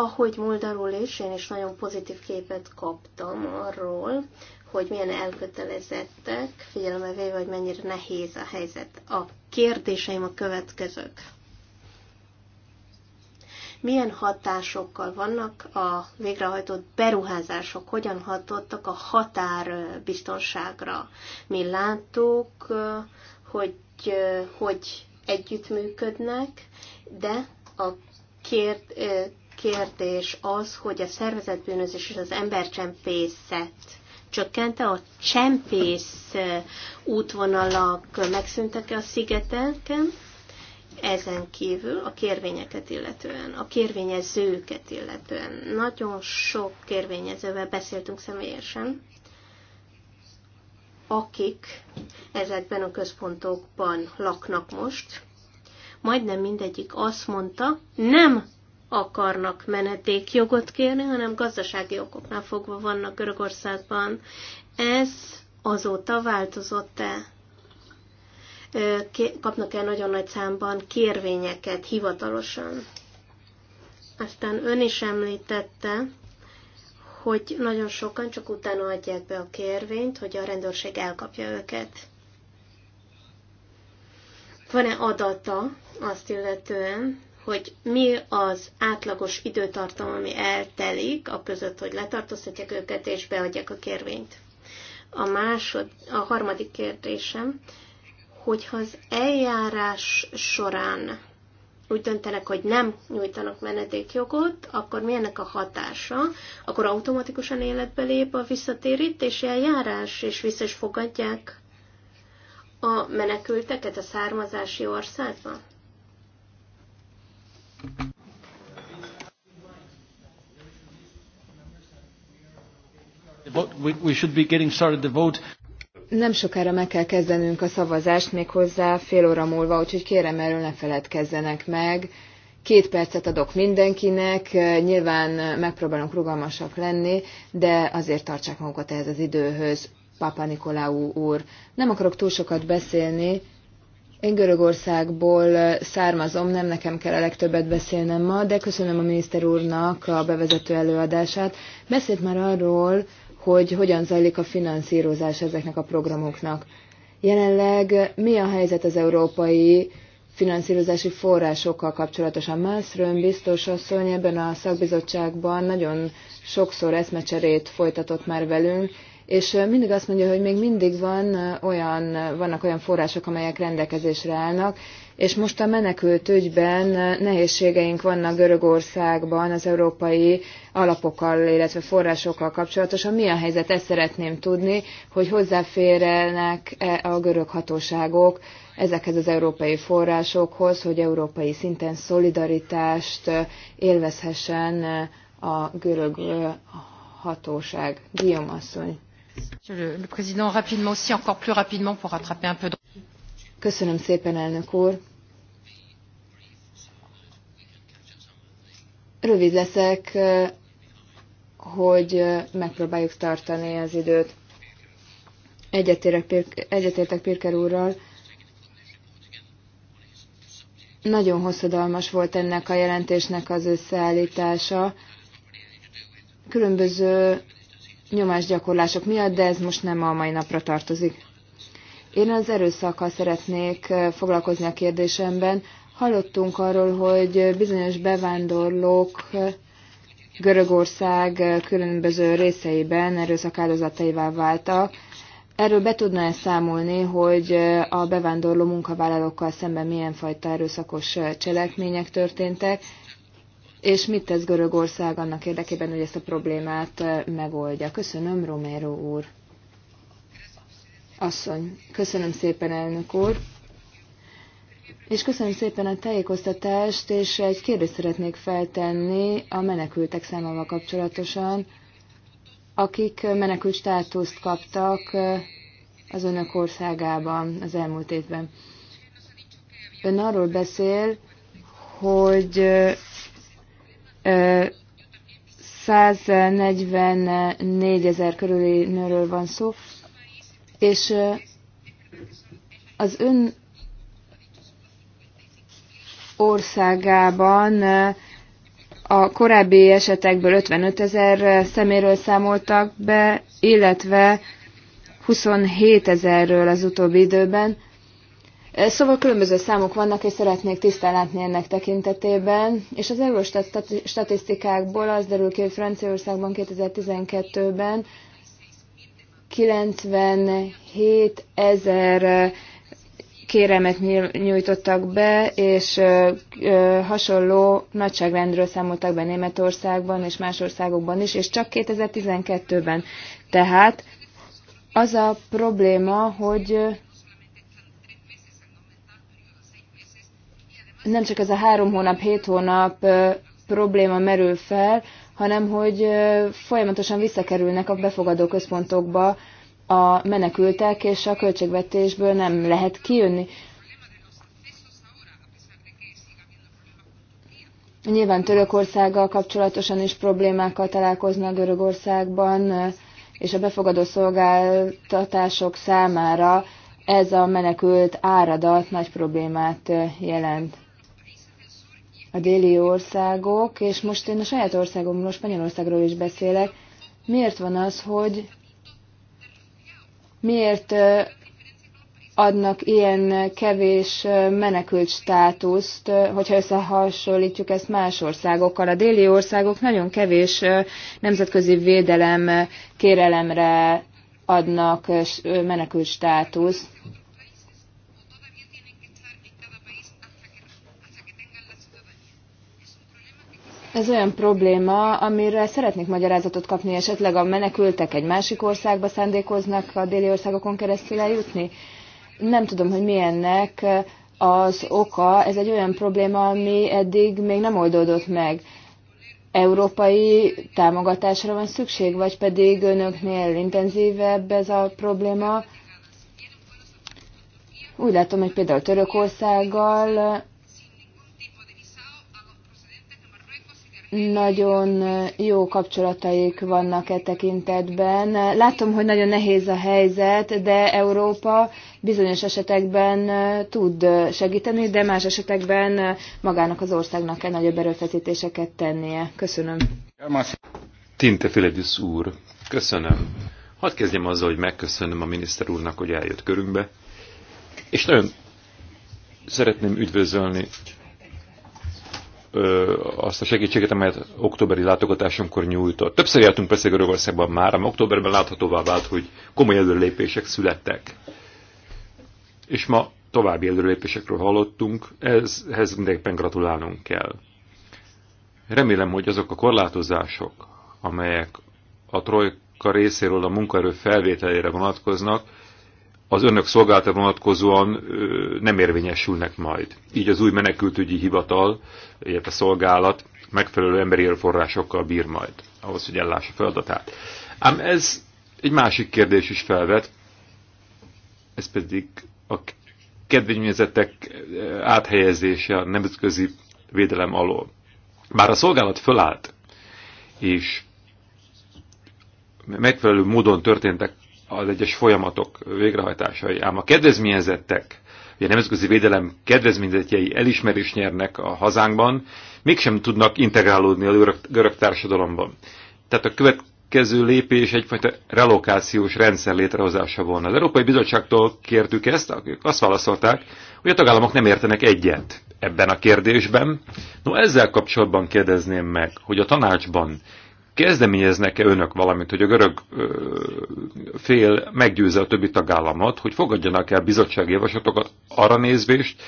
ahogy Muldarul is, én is nagyon pozitív képet kaptam arról, hogy milyen elkötelezettek, figyelembe véve, hogy mennyire nehéz a helyzet. A kérdéseim a következők. Milyen hatásokkal vannak a végrehajtott beruházások, hogyan hatottak a határbiztonságra? Mi láttuk, hogy, hogy együttműködnek, de a kért, kérdés az, hogy a szervezetbűnözés és az embercsempészet csökkente, a csempész útvonalak megszűntek a szigeteken, ezen kívül a kérvényeket illetően, a kérvényezőket illetően. Nagyon sok kérvényezővel beszéltünk személyesen, akik ezekben a központokban laknak most. Majdnem mindegyik azt mondta, nem akarnak menedékjogot kérni, hanem gazdasági okoknál fogva vannak Görögországban. Ez azóta változott-e? Kapnak-e nagyon nagy számban kérvényeket hivatalosan? Aztán ön is említette, hogy nagyon sokan csak utána adják be a kérvényt, hogy a rendőrség elkapja őket. Van-e adata azt illetően, hogy mi az átlagos időtartam, ami eltelik, a között, hogy letartóztatják őket és beadják a kérvényt. A, másod, a harmadik kérdésem, hogyha az eljárás során úgy döntenek, hogy nem nyújtanak menedékjogot, akkor milyennek a hatása? Akkor automatikusan életbe lép a visszatérítési eljárás, és vissza is fogadják a menekülteket a származási országba? Nem sokára meg kell kezdenünk a szavazást, méghozzá fél óra múlva, úgyhogy kérem erről ne feledkezzenek meg. Két percet adok mindenkinek, nyilván megpróbálunk rugalmasak lenni, de azért tartsák magukat ehhez az időhöz. Papa Nikolaou úr. Nem akarok túl sokat beszélni, én Görögországból származom, nem nekem kell a legtöbbet beszélnem ma, de köszönöm a miniszter úrnak a bevezető előadását. Beszélt már arról, hogy hogyan zajlik a finanszírozás ezeknek a programoknak. Jelenleg mi a helyzet az európai finanszírozási forrásokkal kapcsolatosan? Mászrőn biztos asszony ebben a szakbizottságban nagyon sokszor eszmecserét folytatott már velünk, és mindig azt mondja, hogy még mindig van olyan, vannak olyan források, amelyek rendelkezésre állnak, és most a menekült ügyben nehézségeink vannak Görögországban az európai alapokkal, illetve forrásokkal kapcsolatosan. Mi a helyzet? Ezt szeretném tudni, hogy hozzáférnek -e a görög hatóságok ezekhez az európai forrásokhoz, hogy európai szinten szolidaritást élvezhessen a görög hatóság. Guillaume asszony. Köszönöm szépen, elnök úr. Rövid leszek, hogy megpróbáljuk tartani az időt. Egyetértek Pirker úrral. Nagyon hosszadalmas volt ennek a jelentésnek az összeállítása. Különböző nyomásgyakorlások miatt, de ez most nem a mai napra tartozik. Én az erőszakkal szeretnék foglalkozni a kérdésemben. Hallottunk arról, hogy bizonyos bevándorlók Görögország különböző részeiben erőszak áldozataivá váltak. Erről be tudna -e számolni, hogy a bevándorló munkavállalókkal szemben milyen fajta erőszakos cselekmények történtek, és mit tesz Görögország annak érdekében, hogy ezt a problémát eh, megoldja. Köszönöm, Romero úr. Asszony, köszönöm szépen, elnök úr. És köszönöm szépen a tájékoztatást, és egy kérdést szeretnék feltenni a menekültek számával kapcsolatosan, akik menekült státuszt kaptak eh, az önök országában az elmúlt évben. Ön arról beszél, hogy eh, 144 ezer körüli nőről van szó, és az ön országában a korábbi esetekből 55 ezer szeméről számoltak be, illetve 27 ezerről az utóbbi időben. Szóval különböző számok vannak, és szeretnék tisztán látni ennek tekintetében, és az Eurostat statisztikákból az derül ki, hogy Franciaországban 2012-ben 97 ezer kéremet nyújtottak be, és hasonló nagyságrendről számoltak be Németországban és más országokban is, és csak 2012-ben. Tehát az a probléma, hogy nem csak ez a három hónap, hét hónap probléma merül fel, hanem hogy folyamatosan visszakerülnek a befogadó központokba a menekültek, és a költségvetésből nem lehet kijönni. Nyilván Törökországgal kapcsolatosan is problémákkal találkoznak Görögországban, és a befogadó szolgáltatások számára ez a menekült áradat nagy problémát jelent a déli országok, és most én a saját országomról, Spanyolországról is beszélek, miért van az, hogy miért adnak ilyen kevés menekült státuszt, hogyha összehasonlítjuk ezt más országokkal. A déli országok nagyon kevés nemzetközi védelem kérelemre adnak menekült státuszt. Ez olyan probléma, amire szeretnék magyarázatot kapni, esetleg a menekültek egy másik országba szándékoznak a déli országokon keresztül eljutni. Nem tudom, hogy milyennek az oka, ez egy olyan probléma, ami eddig még nem oldódott meg. Európai támogatásra van szükség, vagy pedig önöknél intenzívebb ez a probléma? Úgy látom, hogy például Törökországgal nagyon jó kapcsolataik vannak e tekintetben. Látom, hogy nagyon nehéz a helyzet, de Európa bizonyos esetekben e, tud segíteni, de más esetekben e, magának az országnak kell nagyobb erőfeszítéseket tennie. Köszönöm. Tinte Filedis úr, köszönöm. Hadd kezdjem azzal, hogy megköszönöm a miniszter úrnak, hogy eljött körünkbe, és nagyon szeretném üdvözölni azt a segítséget, amelyet októberi látogatásunkkor nyújtott. Többször jártunk persze Görögországban már, ami októberben láthatóvá vált, hogy komoly előlépések születtek. És ma további előlépésekről hallottunk, ehhez mindenképpen gratulálnunk kell. Remélem, hogy azok a korlátozások, amelyek a trojka részéről a munkaerő felvételére vonatkoznak, az önök szolgálata vonatkozóan nem érvényesülnek majd. Így az új menekültügyi hivatal, illetve szolgálat megfelelő emberi erőforrásokkal bír majd, ahhoz, hogy ellássa feladatát. Ám ez egy másik kérdés is felvet, ez pedig a kedvényezettek áthelyezése a nemzetközi védelem alól. Bár a szolgálat fölállt, és megfelelő módon történtek az egyes folyamatok végrehajtásai. Ám a kedvezményezettek, a nemzetközi védelem kedvezményezetjei elismerést nyernek a hazánkban, mégsem tudnak integrálódni a görög, görög társadalomban. Tehát a következő lépés egyfajta relokációs rendszer létrehozása volna. Az Európai Bizottságtól kértük ezt, akik azt válaszolták, hogy a tagállamok nem értenek egyet ebben a kérdésben. No, ezzel kapcsolatban kérdezném meg, hogy a tanácsban kezdeményeznek-e önök valamit, hogy a görög fél meggyőzze a többi tagállamot, hogy fogadjanak el bizottsági javaslatokat arra nézvést,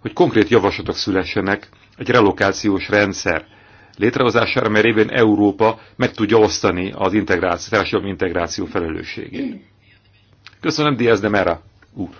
hogy konkrét javaslatok szülessenek egy relokációs rendszer létrehozására, mert évén Európa meg tudja osztani az integráció, társadalmi integráció felelősségét. Köszönöm, Diaz de Mera úr.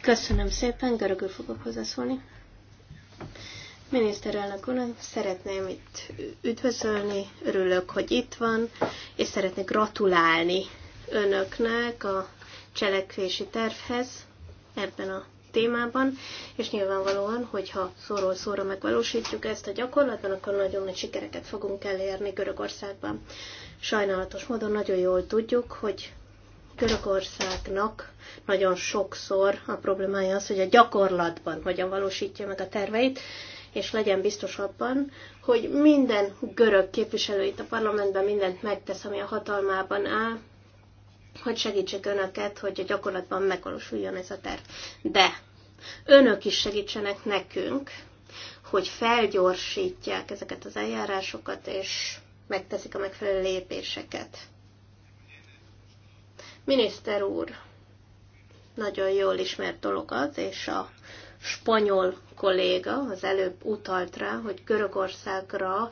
Köszönöm szépen, görögül fogok hozzászólni. Miniszterelnök úr, szeretném itt üdvözölni, örülök, hogy itt van, és szeretnék gratulálni önöknek a cselekvési tervhez ebben a témában, és nyilvánvalóan, hogyha szóról szóra megvalósítjuk ezt a gyakorlatban, akkor nagyon nagy sikereket fogunk elérni Görögországban. Sajnálatos módon nagyon jól tudjuk, hogy Törökországnak nagyon sokszor a problémája az, hogy a gyakorlatban hogyan valósítja meg a terveit, és legyen biztos abban, hogy minden görög képviselő itt a parlamentben mindent megtesz, ami a hatalmában áll, hogy segítsek önöket, hogy a gyakorlatban megvalósuljon ez a terv. De önök is segítsenek nekünk, hogy felgyorsítják ezeket az eljárásokat, és megteszik a megfelelő lépéseket. Miniszter úr nagyon jól ismert dolog az, és a spanyol kolléga az előbb utalt rá, hogy Görögországra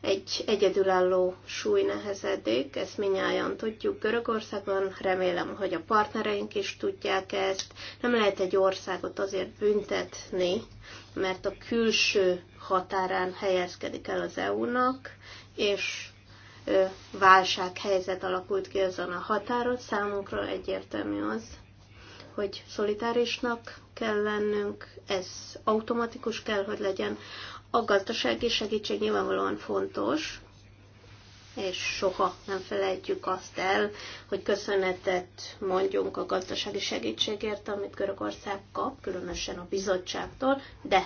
egy egyedülálló súly nehezedik, ezt minnyáján tudjuk Görögországban, remélem, hogy a partnereink is tudják ezt. Nem lehet egy országot azért büntetni, mert a külső határán helyezkedik el az EU-nak, és válsághelyzet alakult ki ezen a határon. Számunkra egyértelmű az, hogy szolidárisnak kell lennünk, ez automatikus kell, hogy legyen. A gazdasági segítség nyilvánvalóan fontos, és soha nem felejtjük azt el, hogy köszönetet mondjunk a gazdasági segítségért, amit Görögország kap, különösen a bizottságtól, de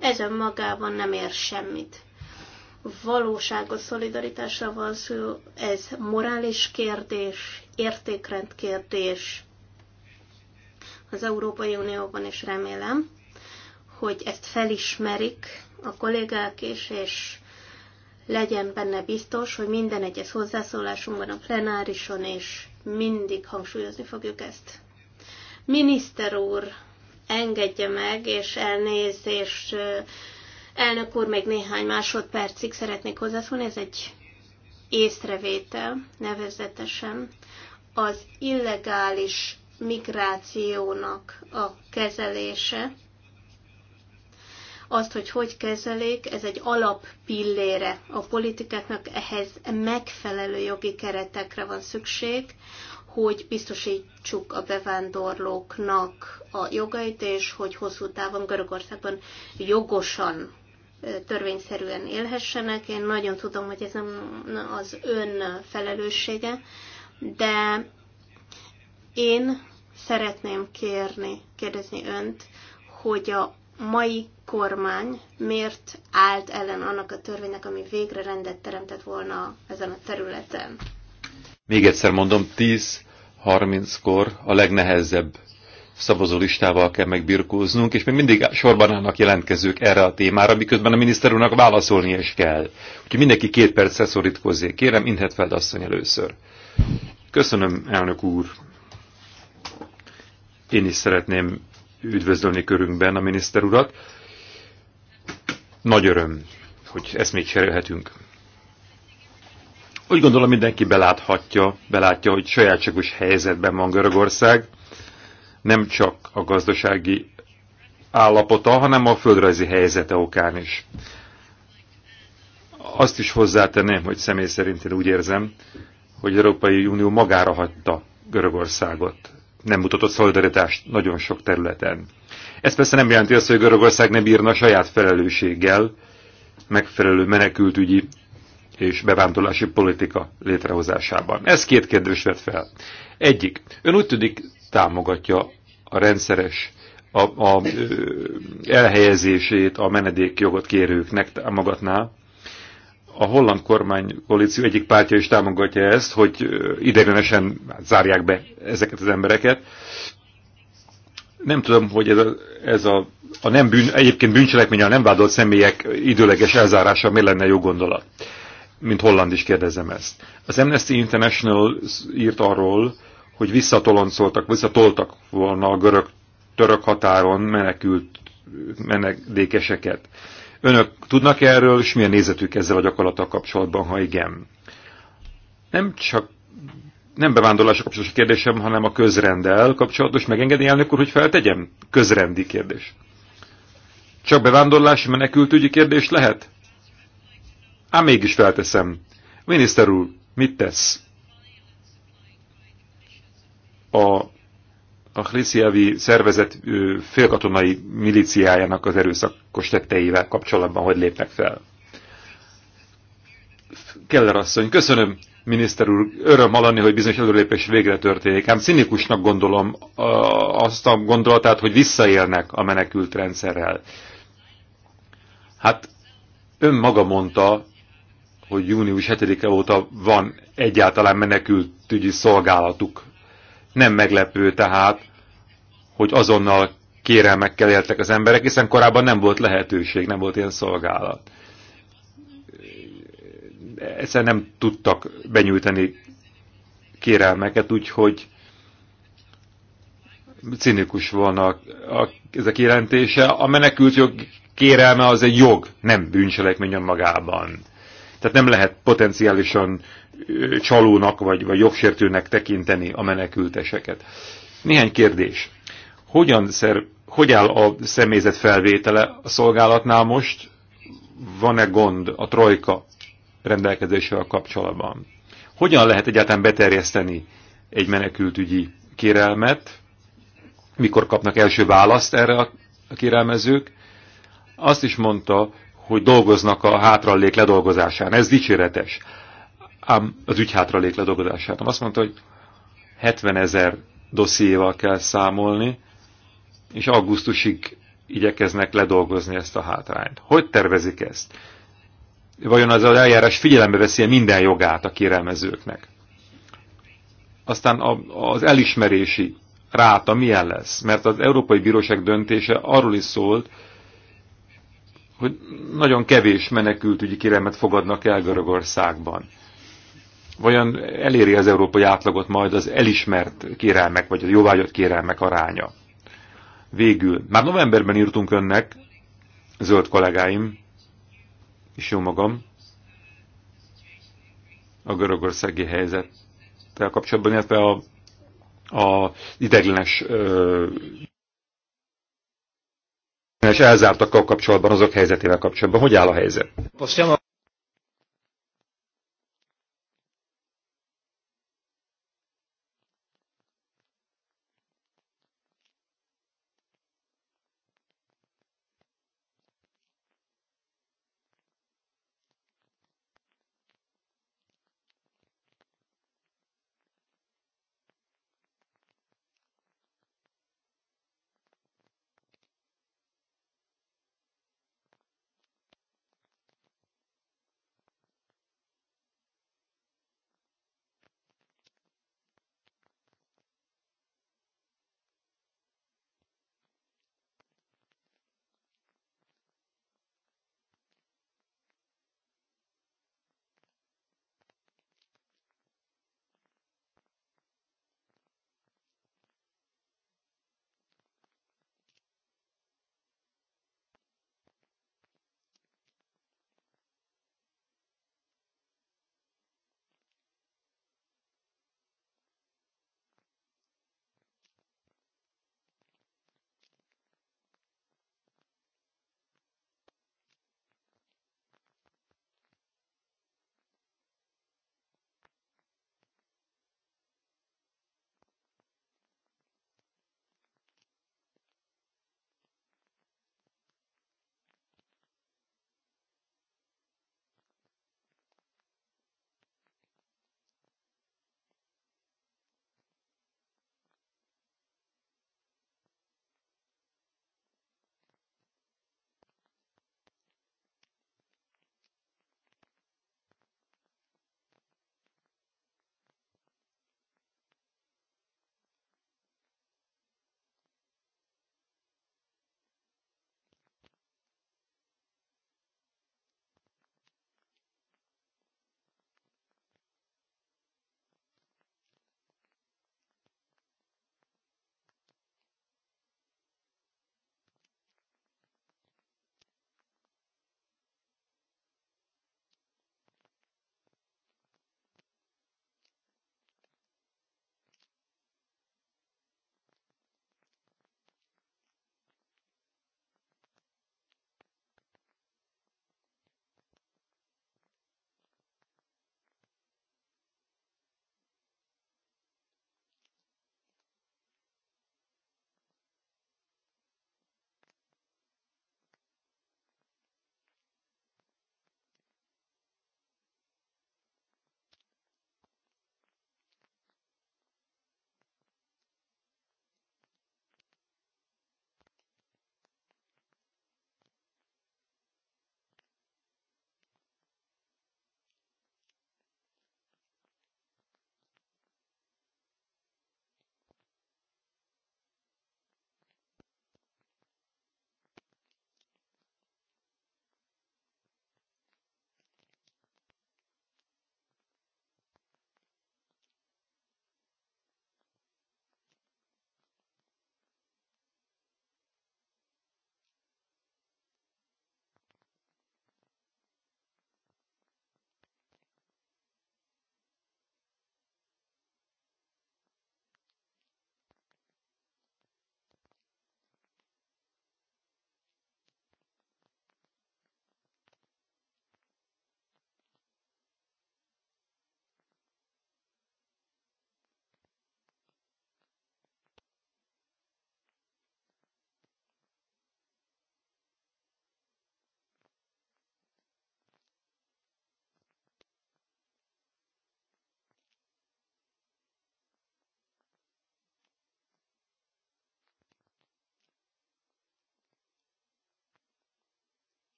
ez önmagában nem ér semmit valóságos szolidaritásra van szó, ez morális kérdés, értékrend kérdés az Európai Unióban, is remélem, hogy ezt felismerik a kollégák is, és legyen benne biztos, hogy minden egyes hozzászólásunkban a plenárison és mindig hangsúlyozni fogjuk ezt. Miniszter úr, engedje meg, és elnézést Elnök úr, még néhány másodpercig szeretnék hozzászólni, ez egy észrevétel, nevezetesen az illegális migrációnak a kezelése, azt, hogy hogy kezelik, ez egy alappillére a politikáknak, ehhez megfelelő jogi keretekre van szükség, hogy biztosítsuk a bevándorlóknak a jogait, és hogy hosszú távon Görögországban jogosan törvényszerűen élhessenek. Én nagyon tudom, hogy ez nem az ön felelőssége, de én szeretném kérni, kérdezni önt, hogy a mai kormány miért állt ellen annak a törvénynek, ami végre rendet teremtett volna ezen a területen. Még egyszer mondom, 10-30-kor a legnehezebb szavazólistával kell megbirkóznunk, és még mindig sorban állnak jelentkezők erre a témára, miközben a miniszter úrnak válaszolni is kell. Úgyhogy mindenki két percre szorítkozzék. Kérem, Inthetfeld asszony először. Köszönöm, elnök úr. Én is szeretném üdvözölni körünkben a miniszter urat. Nagy öröm, hogy ezt még cserélhetünk. Úgy gondolom mindenki beláthatja, belátja, hogy sajátságos helyzetben van Görögország, nem csak a gazdasági állapota, hanem a földrajzi helyzete okán is. Azt is hozzátenném, hogy személy szerint én úgy érzem, hogy Európai Unió magára hagyta Görögországot. Nem mutatott szolidaritást nagyon sok területen. Ez persze nem jelenti azt, hogy Görögország nem bírna saját felelősséggel megfelelő menekültügyi és bevándorlási politika létrehozásában. Ez két kérdés vett fel. Egyik, ön úgy tűnik támogatja a rendszeres a, a elhelyezését a menedékjogot kérőknek támogatná. A holland kormány koalíció egyik pártja is támogatja ezt, hogy idegenesen zárják be ezeket az embereket. Nem tudom, hogy ez a, ez a, a nem bűn, egyébként a nem vádolt személyek időleges elzárása mi lenne jó gondolat. Mint holland is kérdezem ezt. Az Amnesty International írt arról, hogy visszatoloncoltak, visszatoltak volna a görög-török határon menekült menedékeseket. Önök tudnak -e erről, és milyen nézetük ezzel a gyakorlattal kapcsolatban, ha igen? Nem csak nem bevándorlásra kapcsolatos kérdésem, hanem a közrendel kapcsolatos. Megengedi elnök úr, hogy feltegyem? Közrendi kérdés. Csak bevándorlási menekültügyi kérdés lehet? Ám mégis felteszem. Miniszter úr, mit tesz? a a Hlisziavi szervezet félkatonai milíciájának az erőszakos tetteivel kapcsolatban hogy lépnek fel. Keller asszony, köszönöm, miniszter úr, öröm hallani, hogy bizonyos előlépés végre történik. Ám cinikusnak gondolom azt a gondolatát, hogy visszaélnek a menekült rendszerrel. Hát ön maga mondta, hogy június 7-e óta van egyáltalán menekültügyi szolgálatuk nem meglepő tehát, hogy azonnal kérelmekkel éltek az emberek, hiszen korábban nem volt lehetőség, nem volt ilyen szolgálat. Egyszerűen nem tudtak benyújtani kérelmeket, úgyhogy cinikus volna a, a, ezek A A jog kérelme az egy jog, nem bűncselekmény magában. Tehát nem lehet potenciálisan csalónak vagy, vagy jogsértőnek tekinteni a menekülteseket. Néhány kérdés. Hogyan szer, hogy áll a személyzet felvétele a szolgálatnál most? Van-e gond a trojka rendelkezéssel kapcsolatban? Hogyan lehet egyáltalán beterjeszteni egy menekültügyi kérelmet? Mikor kapnak első választ erre a kérelmezők? Azt is mondta, hogy dolgoznak a hátrallék ledolgozásán. Ez dicséretes ám az ügy hátralék ledolgozásában. Azt mondta, hogy 70 ezer dossziéval kell számolni, és augusztusig igyekeznek ledolgozni ezt a hátrányt. Hogy tervezik ezt? Vajon az eljárás figyelembe veszi -e minden jogát a kérelmezőknek? Aztán az elismerési ráta milyen lesz? Mert az Európai Bíróság döntése arról is szólt, hogy nagyon kevés menekültügyi kérelmet fogadnak el Görögországban vajon eléri az európai átlagot majd az elismert kérelmek, vagy a jóvágyott kérelmek aránya. Végül, már novemberben írtunk önnek, zöld kollégáim, és jó magam, a görögországi helyzettel kapcsolatban, illetve a, a ideglenes és elzártakkal kapcsolatban, azok helyzetével kapcsolatban. Hogy áll a helyzet?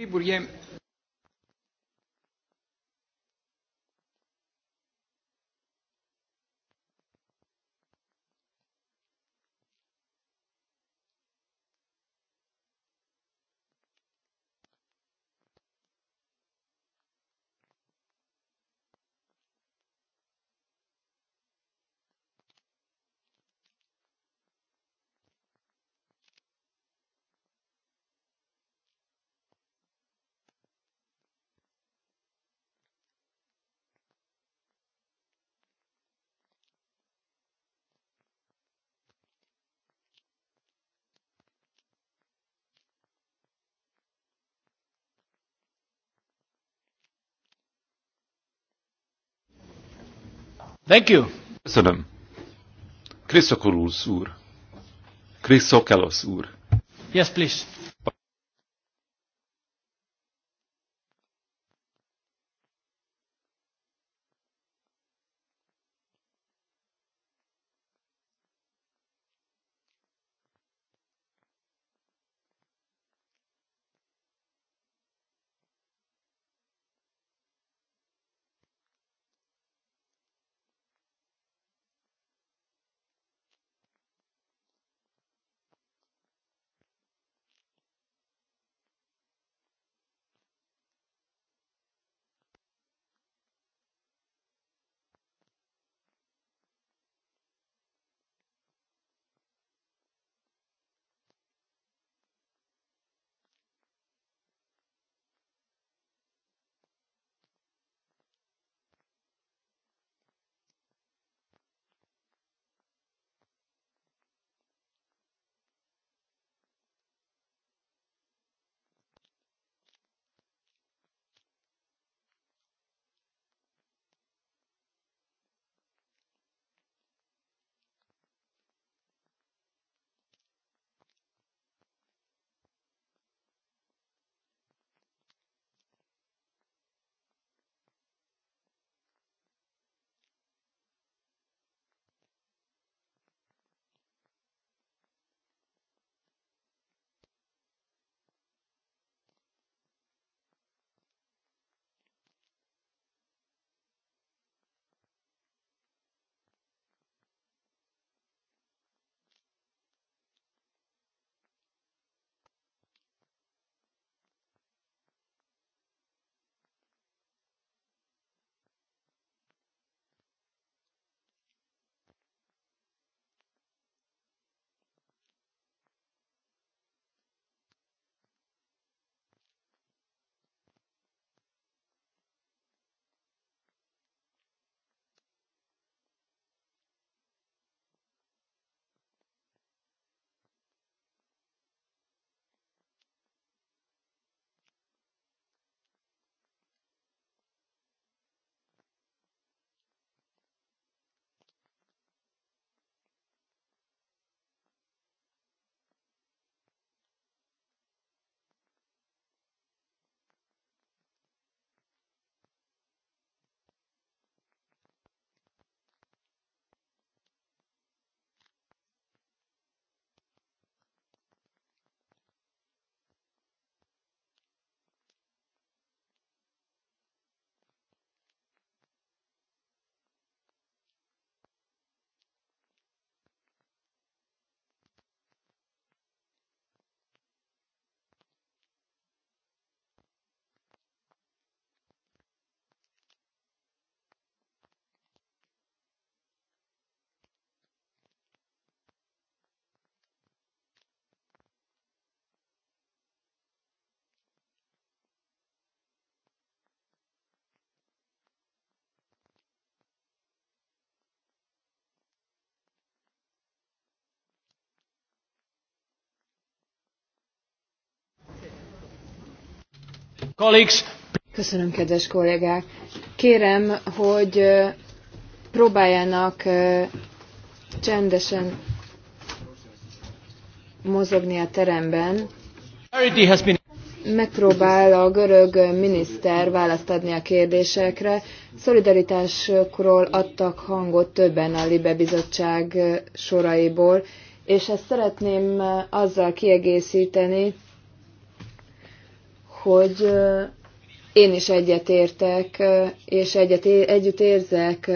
Υπουργέ, Thank you. Köszönöm. Kriszokorulsz úr. Kriszokelosz úr. Yes, please. Köszönöm, kedves kollégák. Kérem, hogy próbáljanak csendesen mozogni a teremben. Megpróbál a görög miniszter választ adni a kérdésekre. Szolidaritásokról adtak hangot többen a Libe Bizottság soraiból, és ezt szeretném azzal kiegészíteni, hogy én is egyetértek, és egyet, együtt érzek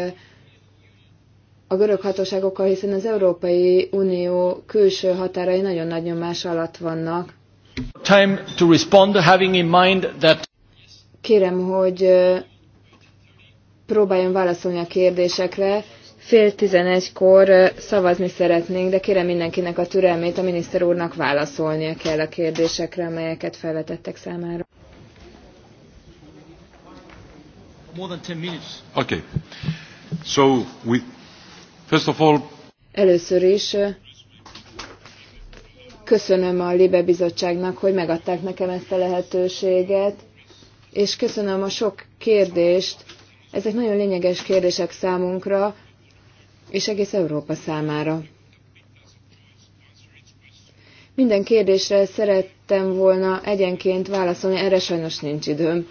a görög hatóságokkal, hiszen az Európai Unió külső határai nagyon nagy nyomás alatt vannak. Time to respond, having in mind that... Kérem, hogy próbáljon válaszolni a kérdésekre, fél tizenegykor szavazni szeretnénk, de kérem mindenkinek a türelmét, a miniszter úrnak válaszolnia kell a kérdésekre, amelyeket felvetettek számára. Okay. So we, first of all... Először is köszönöm a Libe Bizottságnak, hogy megadták nekem ezt a lehetőséget, és köszönöm a sok kérdést. Ezek nagyon lényeges kérdések számunkra, és egész Európa számára. Minden kérdésre szerettem volna egyenként válaszolni, erre sajnos nincs időm.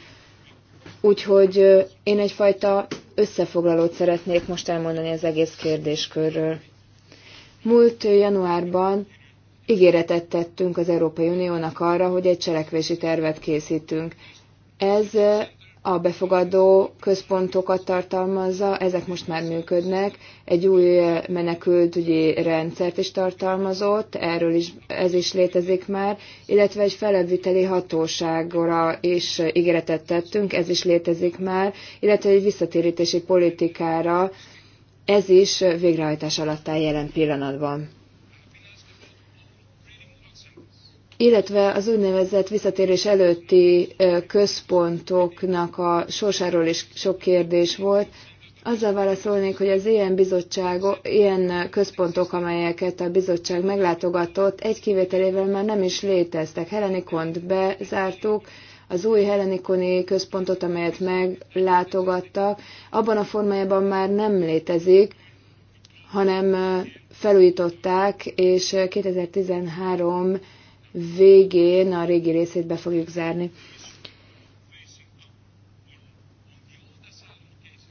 Úgyhogy én egyfajta összefoglalót szeretnék most elmondani az egész kérdéskörről. Múlt januárban ígéretet tettünk az Európai Uniónak arra, hogy egy cselekvési tervet készítünk. Ez a befogadó központokat tartalmazza, ezek most már működnek, egy új menekültügyi rendszert is tartalmazott, erről is, ez is létezik már, illetve egy felelviteli hatóságra is ígéretet tettünk, ez is létezik már, illetve egy visszatérítési politikára, ez is végrehajtás alatt áll jelen pillanatban. illetve az úgynevezett visszatérés előtti központoknak a sorsáról is sok kérdés volt. Azzal válaszolnék, hogy az ilyen bizottságok, ilyen központok, amelyeket a bizottság meglátogatott, egy kivételével már nem is léteztek. Helenikont bezártuk, az új helenikoni központot, amelyet meglátogattak, abban a formájában már nem létezik, hanem felújították, és 2013 végén a régi részét be fogjuk zárni.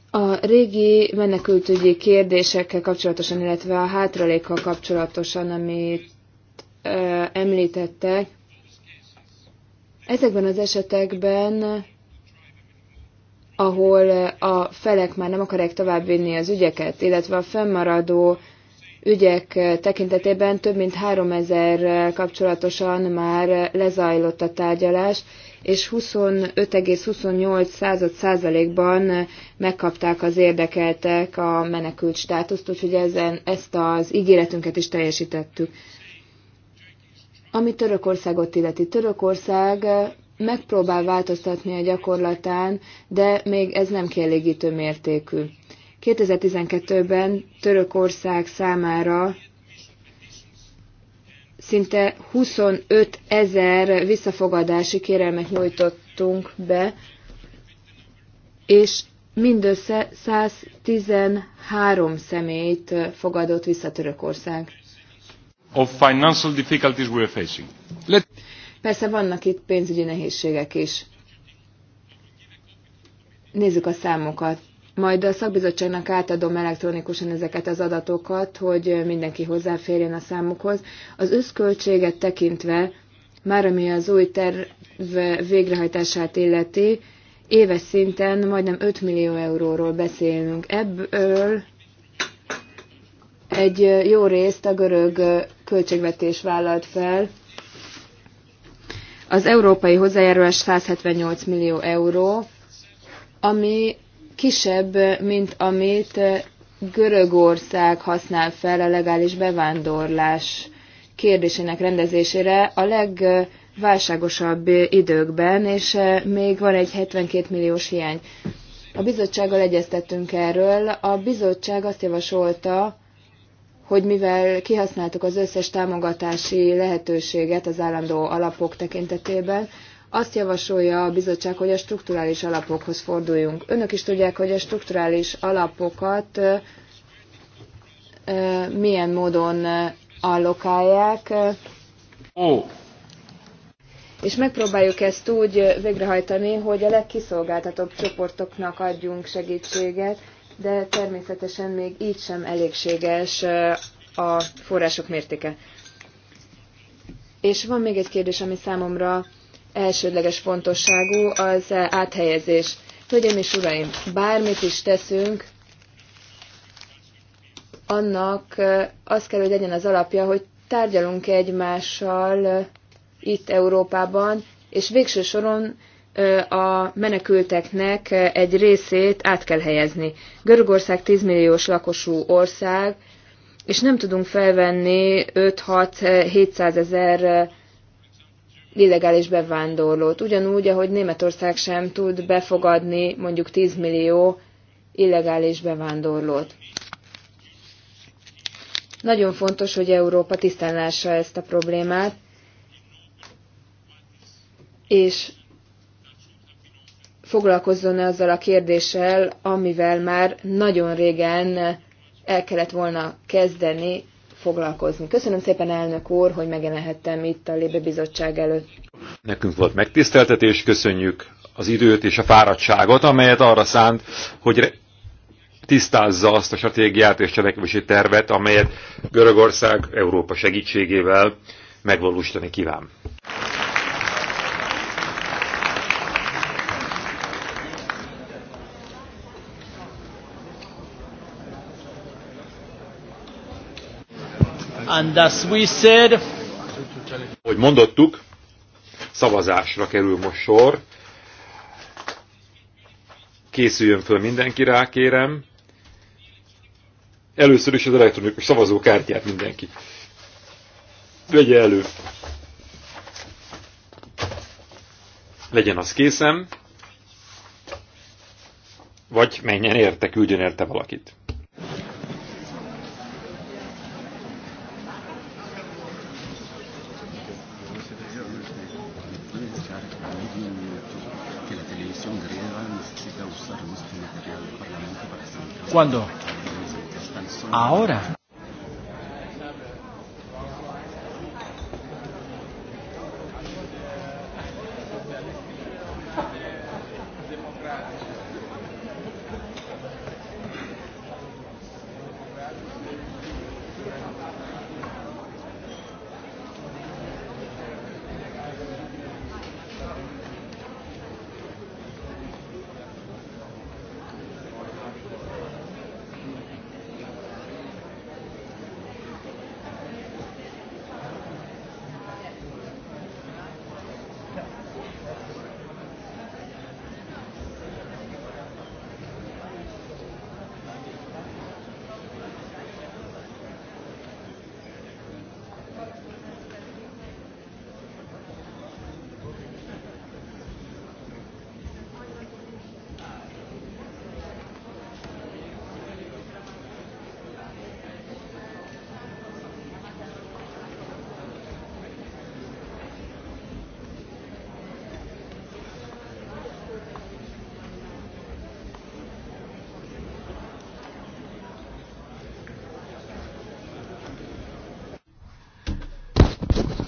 A régi menekültügyi kérdésekkel kapcsolatosan, illetve a hátralékkal kapcsolatosan, amit ö, említettek, ezekben az esetekben, ahol a felek már nem akarják továbbvinni az ügyeket, illetve a fennmaradó ügyek tekintetében több mint 3000 kapcsolatosan már lezajlott a tárgyalás, és 25,28 százalékban megkapták az érdekeltek a menekült státuszt, úgyhogy ezen, ezt az ígéretünket is teljesítettük. Ami Törökországot illeti, Törökország megpróbál változtatni a gyakorlatán, de még ez nem kielégítő mértékű. 2012-ben Törökország számára szinte 25 ezer visszafogadási kérelmet nyújtottunk be, és mindössze 113 személyt fogadott vissza Törökország. Of financial difficulties we are facing. Let... Persze vannak itt pénzügyi nehézségek is. Nézzük a számokat. Majd a szakbizottságnak átadom elektronikusan ezeket az adatokat, hogy mindenki hozzáférjen a számukhoz. Az összköltséget tekintve, már ami az új terv végrehajtását illeti, éves szinten majdnem 5 millió euróról beszélünk. Ebből egy jó részt a görög költségvetés vállalt fel. Az európai hozzájárulás 178 millió euró, ami kisebb, mint amit eh, Görögország használ fel a legális bevándorlás kérdésének rendezésére a legválságosabb időkben, és eh, még van egy 72 milliós hiány. A bizottsággal egyeztettünk erről. A bizottság azt javasolta, hogy mivel kihasználtuk az összes támogatási lehetőséget az állandó alapok tekintetében, azt javasolja a bizottság, hogy a strukturális alapokhoz forduljunk. Önök is tudják, hogy a strukturális alapokat milyen módon allokálják. Ó. És megpróbáljuk ezt úgy végrehajtani, hogy a legkiszolgáltatóbb csoportoknak adjunk segítséget, de természetesen még így sem elégséges a források mértéke. És van még egy kérdés, ami számomra elsődleges fontosságú az áthelyezés. Hölgyeim és uraim, bármit is teszünk, annak az kell, hogy legyen az alapja, hogy tárgyalunk egymással itt Európában, és végső soron a menekülteknek egy részét át kell helyezni. Görögország 10 milliós lakosú ország, és nem tudunk felvenni 5-6-700 ezer illegális bevándorlót. Ugyanúgy, ahogy Németország sem tud befogadni mondjuk 10 millió illegális bevándorlót. Nagyon fontos, hogy Európa tisztán lássa ezt a problémát, és foglalkozzon -e azzal a kérdéssel, amivel már nagyon régen el kellett volna kezdeni, foglalkozni. Köszönöm szépen, elnök úr, hogy megjelenhettem itt a Lébe Bizottság előtt. Nekünk volt megtiszteltetés, köszönjük az időt és a fáradtságot, amelyet arra szánt, hogy tisztázza azt a stratégiát és cselekvési tervet, amelyet Görögország Európa segítségével megvalósítani kíván. And as we said, hogy mondottuk, szavazásra kerül most sor. Készüljön föl mindenki rá, kérem. Először is az elektronikus szavazókártyát mindenki. Vegye elő. Legyen az készen. Vagy menjen érte, küldjön érte valakit. ¿Cuándo? Ahora.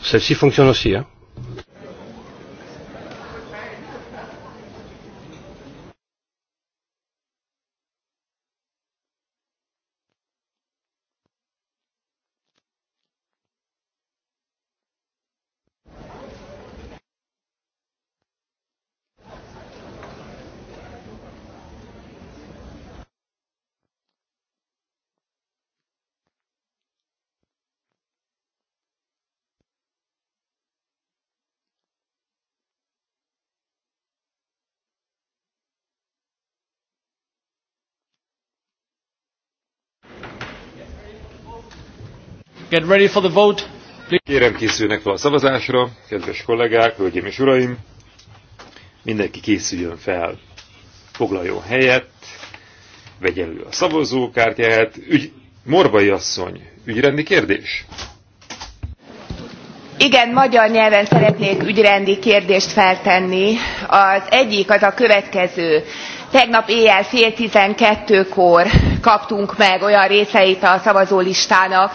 Celle-ci fonctionne aussi. Hein. Get ready for the vote. Kérem készülnek fel a szavazásra, kedves kollégák, hölgyeim és uraim. Mindenki készüljön fel. Foglaljon helyet, vegye elő a szavazókártyáját. Ügy, Morbai asszony, ügyrendi kérdés? igen magyar nyelven szeretnék ügyrendi kérdést feltenni az egyik az a következő tegnap éjjel fél tizenkettőkor kaptunk meg olyan részeit a szavazólistának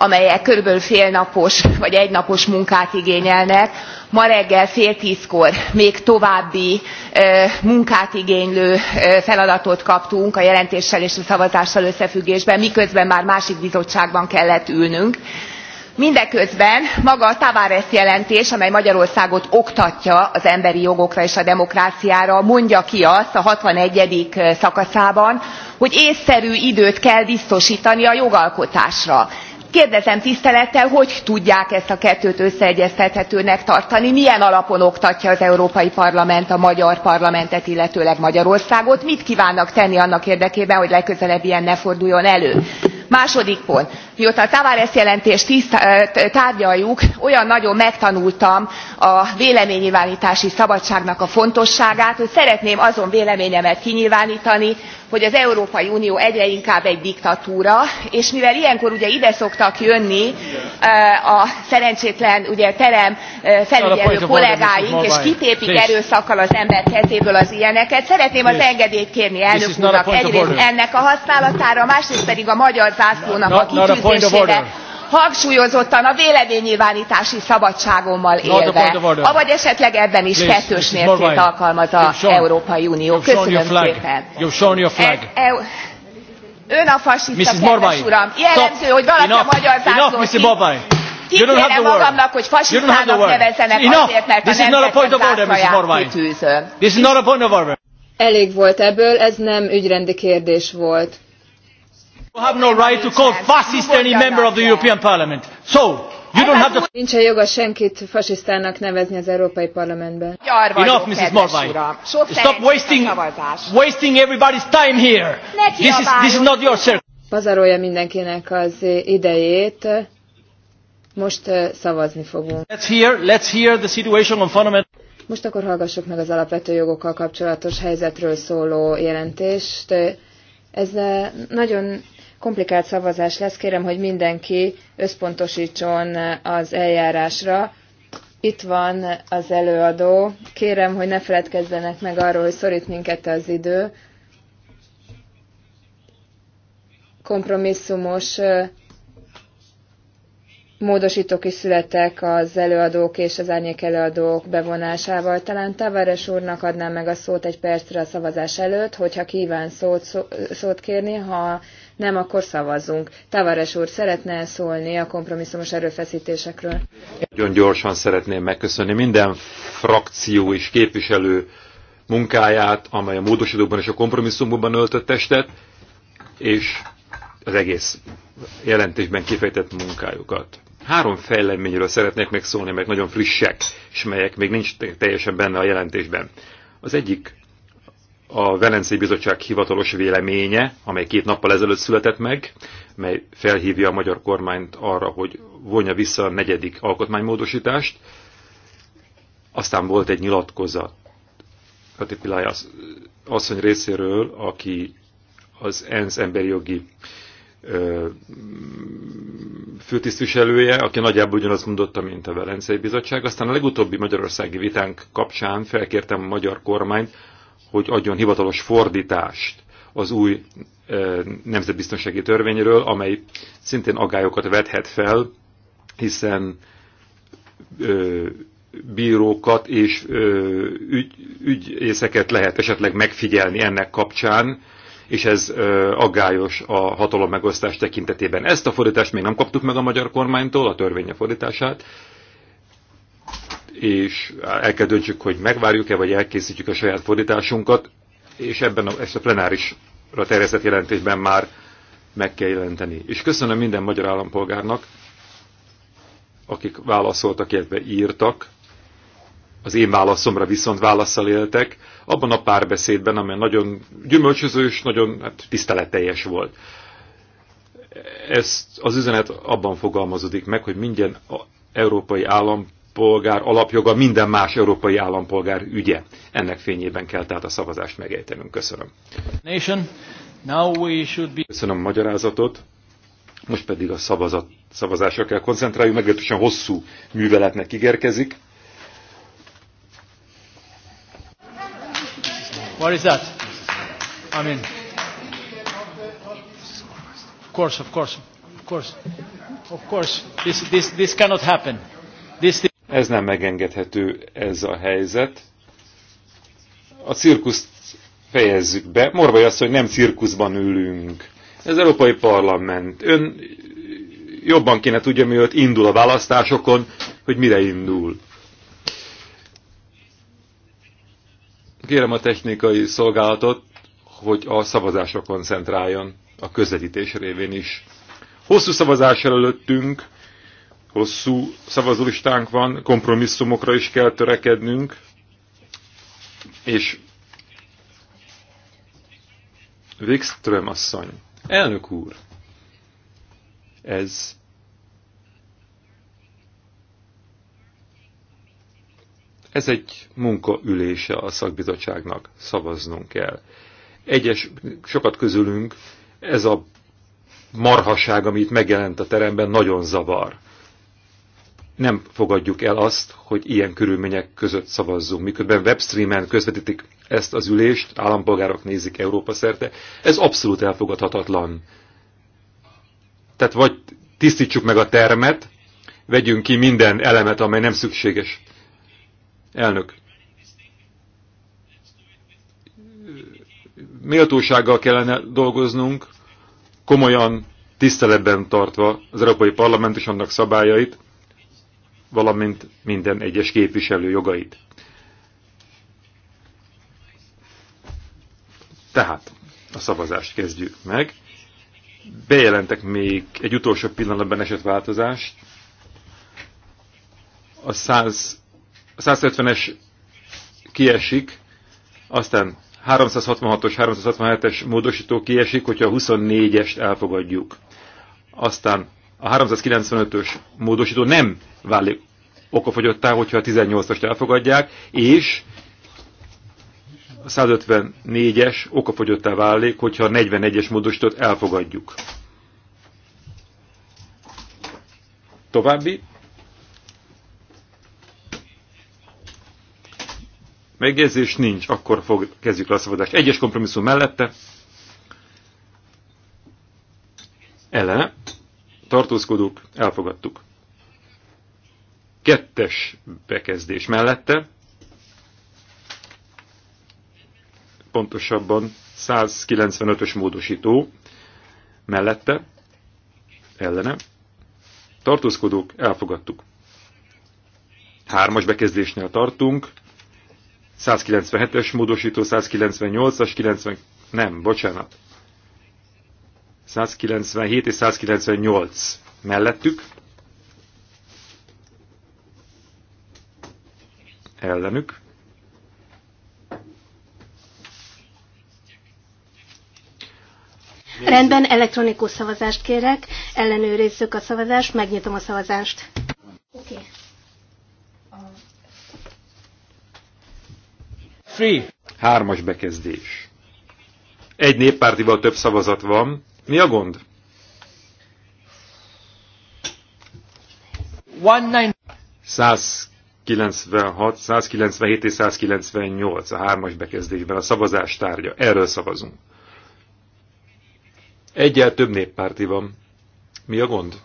amelyek körülbelül félnapos vagy egynapos munkát igényelnek ma reggel fél tzkor még további munkát igénylő feladatot kaptunk a jelentéssel és a szavazással összefüggésben miközben már másik bizottságban kellett ülnünk mindeközben maga a tavares jelentés amely magyarországot oktatja az emberi jogokra és a demokráciára mondja ki azt a sixty one szakaszában hogy ésszerű időt kell biztostani a jogalkotásra kérdezem tisztelettel hogy tudják ezt a kettőt összeegyeztethetőnek tartani milyen alapon oktatja az európai parlament a magyar parlamentet illetőleg magyarországot mit kvánnak tenni annak érdekében hogy legközelebb ilyen ne forduljon elő? második pont mióta a tavares jelentést tárgyaljuk olyan nagyon megtanultam a véleménynyilvántási szabadságnak a fontosságát hogy szeretném azon véleményemet kinyilvántani hogy az európai unió egyre inkább egy diktatúra és mivel ilyenkor ugye ide szoktak jönni a szerencsétlen ugye terem felügyelő kollégáink és kitépik erőszakkal az ember kezéből az ilyeneket szeretném az engedélyt kérni elnök úrnak egyrészt ennek a használatára másrészt pedig a magyar zászlónak a kitűzésére hangsúlyozottan a véleménynyilvántási szabadságommal élve avagy esetleg ebben is kettős mércét alkalmaz az európai unió. köszönöm szépen! E, e, ön a fasiszta kedves uram! jellemző hogy valaki a magyar zászlót kikérem magamnak hogy fasisztának nevezzenek azért mert a nemzetem zászlaját kitűzöm. elég volt ebből ez nem ügyrendi kérdés volt. You have no right to call fascist any member of the European Parliament. So, you don't have the... joga senkit fasisztának nevezni az Európai Parlamentben. Enough, Mrs. Morvai. Stop wasting, wasting everybody's time here. This is, this is not your circle. Pazarolja mindenkinek az idejét. Most szavazni fogunk. Let's hear, let's hear the situation on fundamental... Most akkor hallgassuk meg az alapvető jogokkal kapcsolatos helyzetről szóló jelentést. Ez nagyon komplikált szavazás lesz. Kérem, hogy mindenki összpontosítson az eljárásra. Itt van az előadó. Kérem, hogy ne feledkezzenek meg arról, hogy szorít minket az idő. Kompromisszumos módosítók is születtek az előadók és az árnyék előadók bevonásával. Talán Tavares úrnak adnám meg a szót egy percre a szavazás előtt, hogyha kíván szót, szó, szót kérni, ha nem, akkor szavazzunk. Tavares úr szeretne szólni a kompromisszumos erőfeszítésekről? Nagyon gyorsan szeretném megköszönni minden frakció és képviselő munkáját, amely a módosítókban és a kompromisszumokban öltött testet, és az egész jelentésben kifejtett munkájukat. Három fejleményről szeretnék megszólni, mert nagyon frissek, és melyek még nincs teljesen benne a jelentésben. Az egyik a Velencei Bizottság hivatalos véleménye, amely két nappal ezelőtt született meg, mely felhívja a magyar kormányt arra, hogy vonja vissza a negyedik alkotmánymódosítást. Aztán volt egy nyilatkozat Kati az asszony részéről, aki az ENSZ emberi jogi főtisztviselője, aki nagyjából ugyanazt mondotta, mint a Velencei Bizottság. Aztán a legutóbbi magyarországi vitánk kapcsán felkértem a magyar kormányt hogy adjon hivatalos fordítást az új e, nemzetbiztonsági törvényről, amely szintén agályokat vethet fel, hiszen e, bírókat és e, ügy, ügyészeket lehet esetleg megfigyelni ennek kapcsán, és ez aggályos a hatalom megosztás tekintetében. Ezt a fordítást még nem kaptuk meg a magyar kormánytól, a törvénye fordítását, és el kell döntsük, hogy megvárjuk-e, vagy elkészítjük a saját fordításunkat, és ebben a, ezt a plenárisra terjesztett jelentésben már meg kell jelenteni. És köszönöm minden magyar állampolgárnak, akik válaszoltak, illetve írtak, az én válaszomra viszont válaszsal éltek, abban a párbeszédben, amely nagyon gyümölcsöző és nagyon hát, tiszteletteljes volt. Ezt az üzenet abban fogalmazódik meg, hogy minden európai állam állampolgár alapjoga minden más európai állampolgár ügye. Ennek fényében kell tehát a szavazást megejtenünk. Köszönöm. Köszönöm a magyarázatot. Most pedig a szavazat, szavazásra kell koncentráljuk. Meglehetősen hosszú műveletnek ígérkezik. What is that? I mean, of course, of course, of course, of course, this, this, this cannot happen. This, ez nem megengedhető ez a helyzet. A cirkuszt fejezzük be. Morvai azt, hogy nem cirkuszban ülünk. Ez Európai Parlament. Ön jobban kéne tudja, mielőtt indul a választásokon, hogy mire indul. Kérem a technikai szolgálatot, hogy a szavazásra koncentráljon, a közvetítés révén is. Hosszú szavazás előttünk, hosszú szavazólistánk van, kompromisszumokra is kell törekednünk, és Wikström asszony, elnök úr, ez ez egy munkaülése a szakbizottságnak, szavaznunk kell. Egyes, sokat közülünk ez a marhaság, amit megjelent a teremben, nagyon zavar nem fogadjuk el azt, hogy ilyen körülmények között szavazzunk. Miközben webstreamen közvetítik ezt az ülést, állampolgárok nézik Európa szerte, ez abszolút elfogadhatatlan. Tehát vagy tisztítsuk meg a termet, vegyünk ki minden elemet, amely nem szükséges. Elnök. Méltósággal kellene dolgoznunk, komolyan, tiszteletben tartva az Európai Parlament és annak szabályait, valamint minden egyes képviselő jogait. Tehát a szavazást kezdjük meg. Bejelentek még egy utolsó pillanatban esett változást. A, a 150-es kiesik, aztán 366-os, 367-es módosító kiesik, hogyha a 24-est elfogadjuk. Aztán a 395-ös módosító nem válik okafogyottá, hogyha a 18-ast elfogadják, és a 154-es okafogyottá válik, hogyha a 41-es módosítót elfogadjuk. További megjegyzés nincs, akkor fog, kezdjük le a szabadást. Egyes kompromisszum mellette, ellene, tartózkodók, elfogadtuk. Kettes bekezdés mellette, pontosabban 195-ös módosító mellette, ellene, tartózkodók, elfogadtuk. Hármas bekezdésnél tartunk, 197-es módosító, 198-as, 90... nem, bocsánat, 197 és 198 mellettük, ellenük, Rendben, elektronikus szavazást kérek, ellenőrizzük a szavazást, megnyitom a szavazást. Oké. Okay. Free. Hármas bekezdés. Egy néppártival több szavazat van, mi a gond? 196, 197 és 198 a hármas bekezdésben a szavazás tárgya. Erről szavazunk. Egyel több néppárti van. Mi a gond?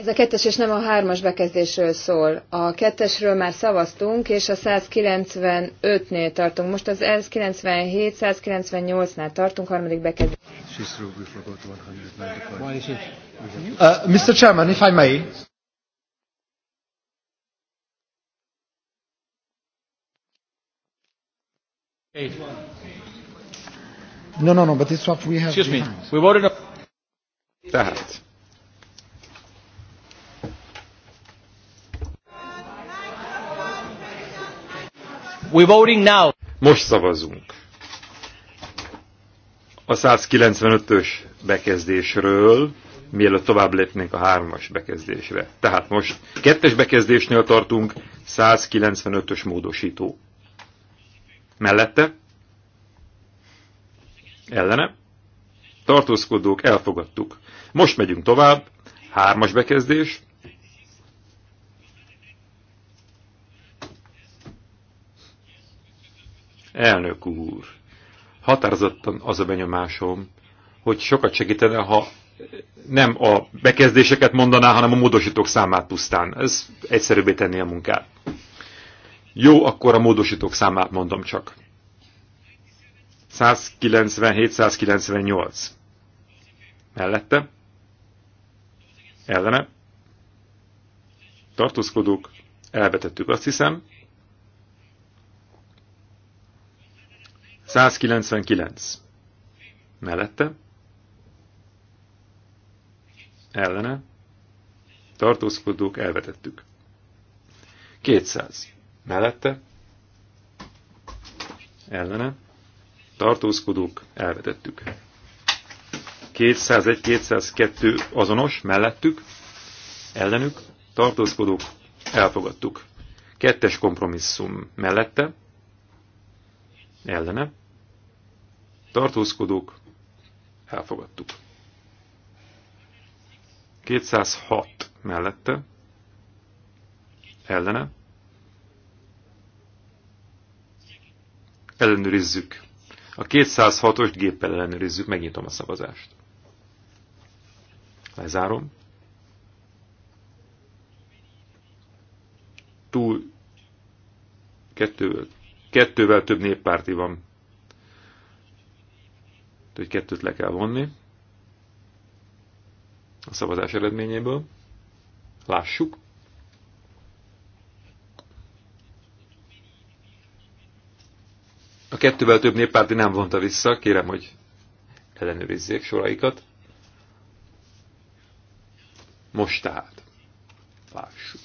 Ez a kettes és nem a hármas bekezdésről szól. A kettesről már szavaztunk, és a 195-nél tartunk. Most az 197, 198-nál tartunk, harmadik bekezdés. Uh, Mr. Chairman, if I may. Eight. No, no, no, but this what we have. Excuse me. We voted a... Tehát We're voting now. Most szavazunk. A 195-ös bekezdésről, mielőtt tovább lépnénk a 3-as bekezdésre. Tehát most kettes bekezdésnél tartunk 195-ös módosító. Mellette? Ellene? Tartózkodók, elfogadtuk. Most megyünk tovább, 3-as bekezdés, Elnök úr, határozottan az a benyomásom, hogy sokat segítene, ha nem a bekezdéseket mondaná, hanem a módosítók számát pusztán. Ez egyszerűbbé tenni a munkát. Jó, akkor a módosítók számát mondom csak. 197-198. Mellette? Ellene? Tartózkodók? Elvetettük azt hiszem. 199. Mellette. Ellene. Tartózkodók elvetettük. 200. Mellette. Ellene. Tartózkodók elvetettük. 201-202 azonos, mellettük, ellenük, tartózkodók, elfogadtuk. Kettes kompromisszum mellette, ellene, tartózkodók, elfogadtuk. 206 mellette, ellene, ellenőrizzük. A 206-os géppel ellenőrizzük, megnyitom a szavazást. Lezárom. Túl kettővel, kettővel több néppárti van hogy kettőt le kell vonni a szavazás eredményéből. Lássuk. A kettővel több néppárti nem vonta vissza, kérem, hogy ellenőrizzék soraikat. Most tehát. Lássuk.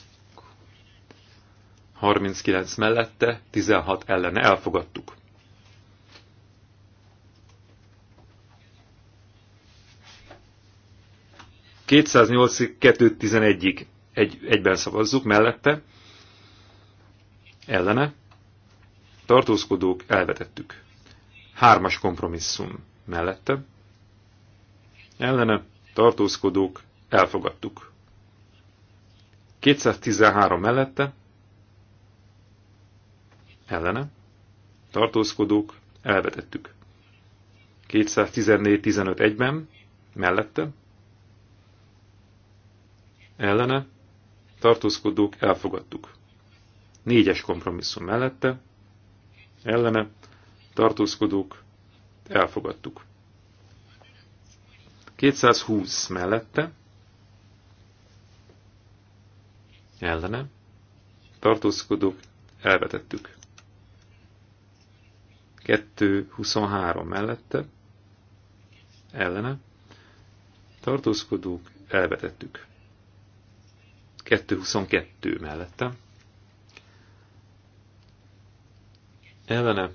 39 mellette, 16 ellene elfogadtuk. 208 211-ig egy, egyben szavazzuk, mellette, ellene, tartózkodók, elvetettük. Hármas kompromisszum, mellette, ellene, tartózkodók, elfogadtuk. 213 mellette, ellene, tartózkodók, elvetettük. 214-15 egyben, mellette, ellene, tartózkodók elfogadtuk. Négyes kompromisszum mellette, ellene, tartózkodók elfogadtuk. 220 mellette, ellene, tartózkodók elvetettük. 223 mellette, ellene, tartózkodók elvetettük. 222 mellette. Ellene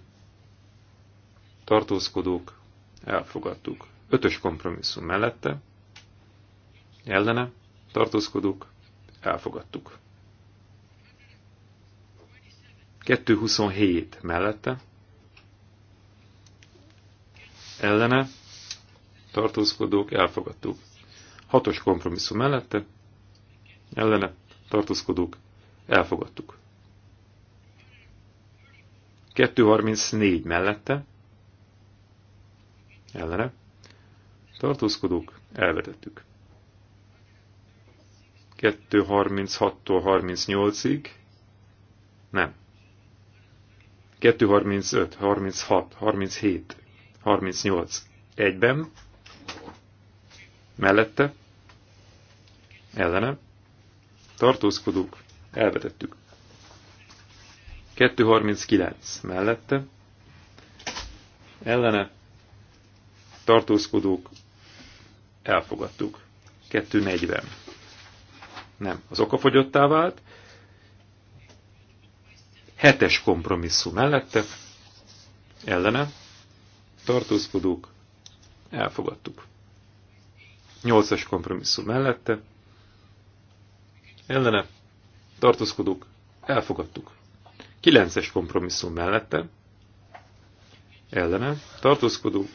tartózkodók elfogadtuk. Ötös kompromisszum mellette. Ellene tartózkodók elfogadtuk. 227 mellette. Ellene tartózkodók elfogadtuk. Hatos kompromisszum mellette ellene tartózkodók elfogadtuk. 234 mellette ellene tartózkodók elvetettük. 236-tól 38-ig nem. 235, 36, 37, 38 egyben mellette ellene tartózkodók, elvetettük. 239 mellette, ellene, tartózkodók, elfogadtuk. 240. Nem, az fogyottá vált. Hetes kompromisszum mellette, ellene, tartózkodók, elfogadtuk. Nyolcas kompromisszum mellette, ellene tartózkodók elfogadtuk. Kilences kompromisszum mellette ellene tartózkodók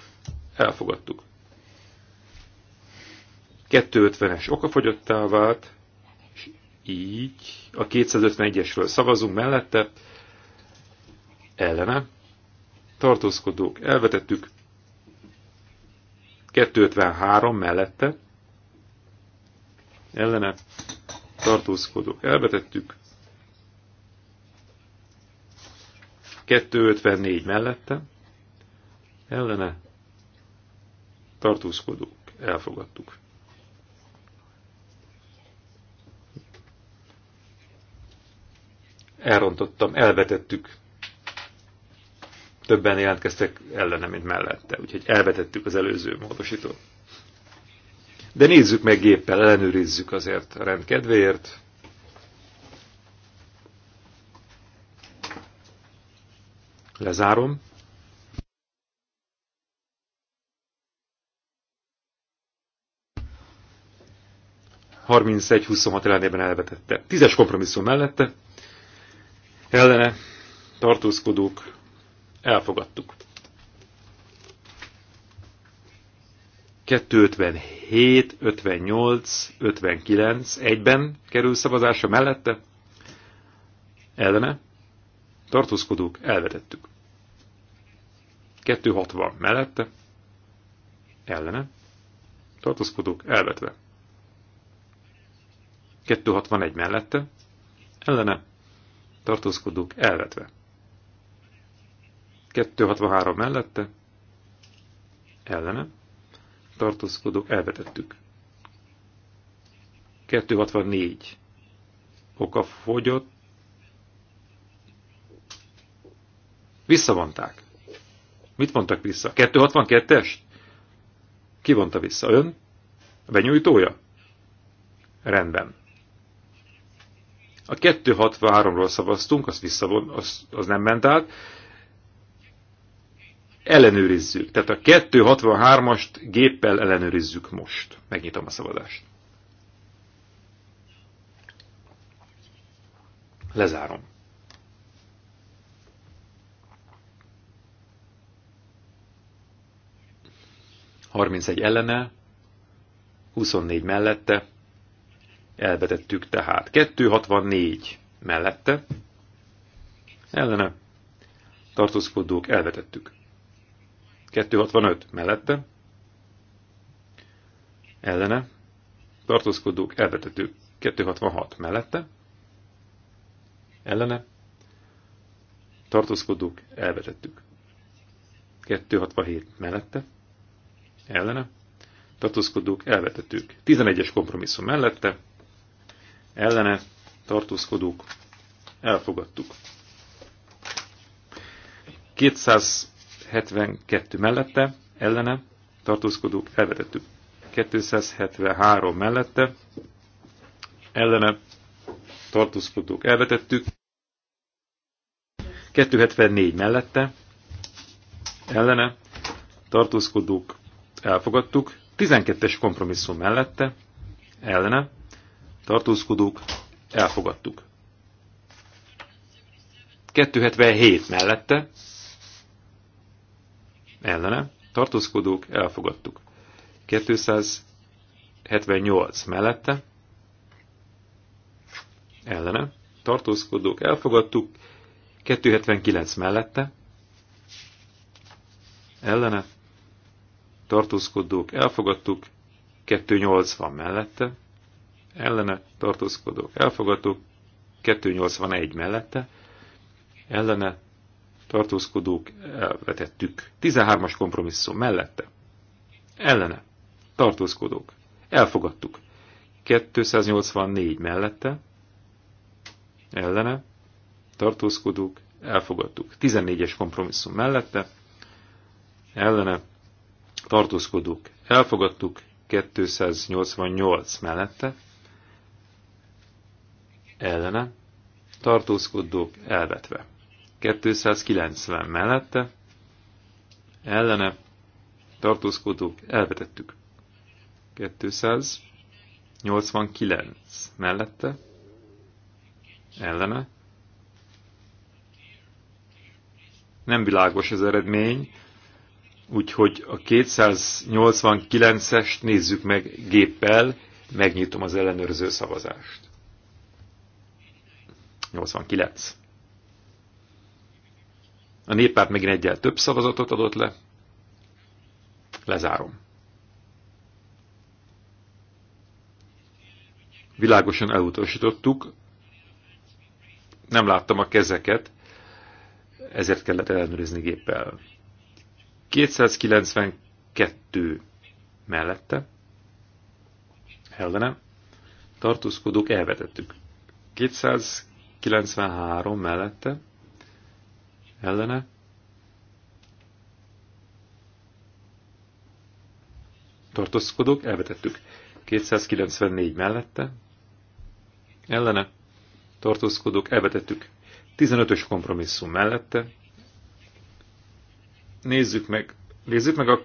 elfogadtuk. 250-es okafogyottá vált, és így a 251-esről szavazunk mellette, ellene, tartózkodók, elvetettük, 253 mellette, ellene, tartózkodók elvetettük. 254 mellette ellene tartózkodók elfogadtuk. Elrontottam, elvetettük. Többen jelentkeztek ellene, mint mellette, úgyhogy elvetettük az előző módosítót. De nézzük meg géppel, ellenőrizzük azért a rendkedvéért. Lezárom. Harmincegy, 26 ellenében elvetette. Tízes kompromisszum mellette. Ellene tartózkodók elfogadtuk. 257, 58, 59 egyben kerül szavazásra mellette, ellene, tartózkodók, elvetettük. 260 mellette, ellene, tartózkodók, elvetve. 261 mellette, ellene, tartózkodók, elvetve. 263 mellette, ellene, tartózkodók elvetettük. 264 oka fogyott, visszavonták. Mit mondtak vissza? 262-es? Ki vonta vissza? Ön? A benyújtója? Rendben. A 263-ról szavaztunk, az, visszavon, az, az nem ment át, ellenőrizzük. Tehát a 263-ast géppel ellenőrizzük most. Megnyitom a szavazást. Lezárom. egy ellene, 24 mellette, elvetettük tehát. 264 mellette, ellene, tartózkodók elvetettük. 265 mellette, ellene, tartózkodók elvetetők 266 mellette, ellene, tartózkodók elvetettük. 267 mellette, ellene, tartózkodók elvetettük. 11-es kompromisszum mellette, ellene, tartózkodók elfogadtuk. 200 272 mellette, ellene, tartózkodók elvetettük. 273 mellette, ellene, tartózkodók elvetettük. 274 mellette, ellene, tartózkodók elfogadtuk. 12-es kompromisszum mellette, ellene, tartózkodók elfogadtuk. 277 mellette, ellene, tartózkodók, elfogadtuk. 278 mellette, ellene, tartózkodók, elfogadtuk. 279 mellette, ellene, tartózkodók, elfogadtuk. 280 mellette, ellene, tartózkodók, elfogadtuk. 281 mellette, ellene tartózkodók elvetettük. 13-as kompromisszum mellette. Ellene. Tartózkodók. Elfogadtuk. 284 mellette. Ellene. Tartózkodók. Elfogadtuk. 14-es kompromisszum mellette. Ellene. Tartózkodók. Elfogadtuk. 288 mellette. Ellene. Tartózkodók elvetve. 290 mellette, ellene tartózkodók elvetettük. 289 mellette, ellene. Nem világos az eredmény, úgyhogy a 289-est nézzük meg géppel, megnyitom az ellenőrző szavazást. 89. A néppárt megint egyel több szavazatot adott le. Lezárom. Világosan elutasítottuk. Nem láttam a kezeket, ezért kellett ellenőrizni géppel. 292 mellette, ellenem, tartózkodók elvetettük. 293 mellette, ellene. Tartózkodók, elvetettük. 294 mellette, ellene. Tartózkodók, elvetettük. 15-ös kompromisszum mellette. Nézzük meg, nézzük meg a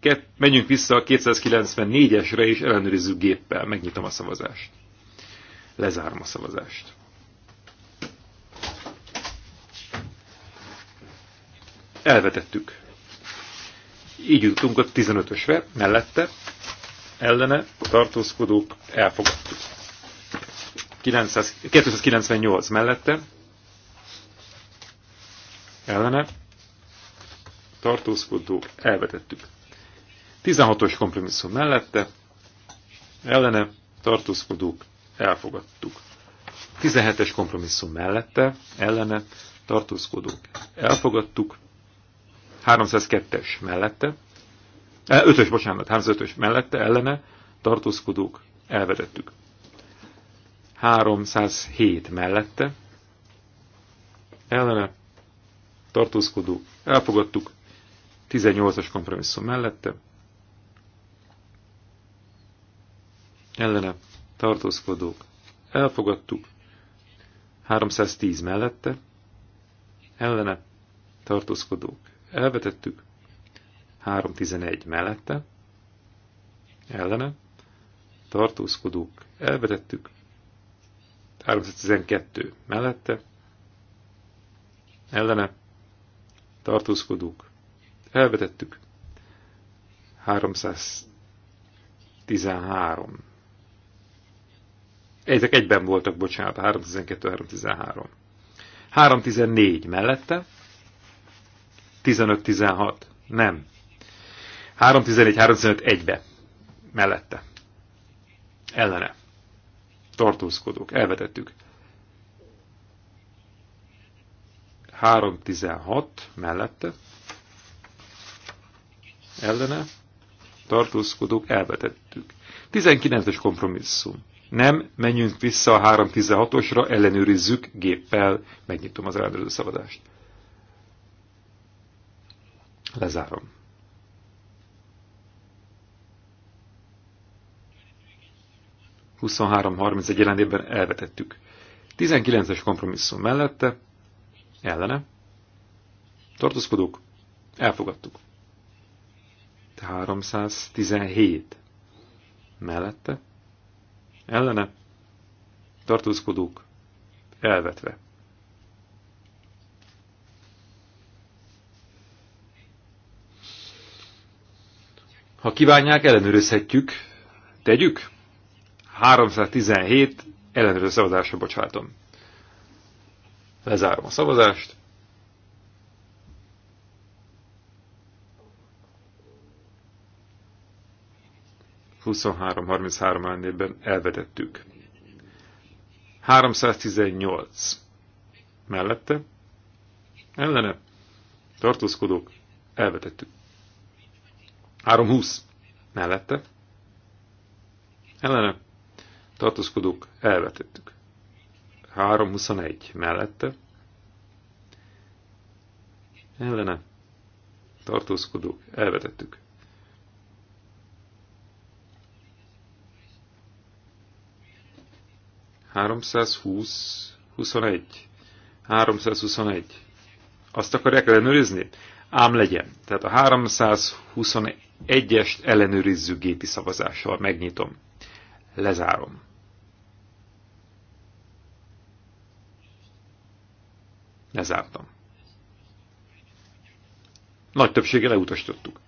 Ket, menjünk vissza a 294-esre és ellenőrizzük géppel. Megnyitom a szavazást. Lezárom a szavazást. elvetettük. Így jutunk a 15-ösre, mellette, ellene tartózkodók elfogadtuk. 900, 298 mellette, ellene tartózkodók elvetettük. 16-os kompromisszum mellette, ellene tartózkodók elfogadtuk. 17-es kompromisszum mellette, ellene tartózkodók elfogadtuk. 302-es mellette, 5-ös, eh, bocsánat, 305-ös mellette, ellene tartózkodók elvetettük. 307 mellette, ellene tartózkodók elfogadtuk, 18-as kompromisszum mellette, ellene tartózkodók elfogadtuk, 310 mellette, ellene tartózkodók Elvetettük. 3.11 mellette. Ellene. Tartózkodók. Elvetettük. 312 mellette. Ellene. Tartózkodók. Elvetettük. 313. Ezek egyben voltak, bocsánat, 312-313. 314 mellette 15-16. Nem. 3-11-3-15 egybe. Mellette. Ellene. Tartózkodók. Elvetettük. 3-16 mellette. Ellene. Tartózkodók. Elvetettük. 19-es kompromisszum. Nem, menjünk vissza a 3.16-osra, ellenőrizzük géppel, megnyitom az előző szavazást. Lezárom. egy jelenében elvetettük. 19-es kompromisszum mellette, ellene, tartózkodók, elfogadtuk. 317 mellette, ellene, tartózkodók, elvetve. Ha kívánják, ellenőrizhetjük. Tegyük? 317 ellenőrző szavazásra bocsátom. Lezárom a szavazást. Huszonhárom, harminchárom elvetettük. 318. Mellette? Ellene? Tartózkodók? Elvetettük. 320 mellette. Ellene tartózkodók elvetettük. 321 mellette. Ellene tartózkodók elvetettük. Háromszázhúsz, huszonegy, háromszázhuszonegy. Azt akarják ellenőrizni? Ám legyen. Tehát a 321 Egyest ellenőrizzük gépi szavazással. Megnyitom. Lezárom. Lezártam. Nagy többséggel elutasítottuk.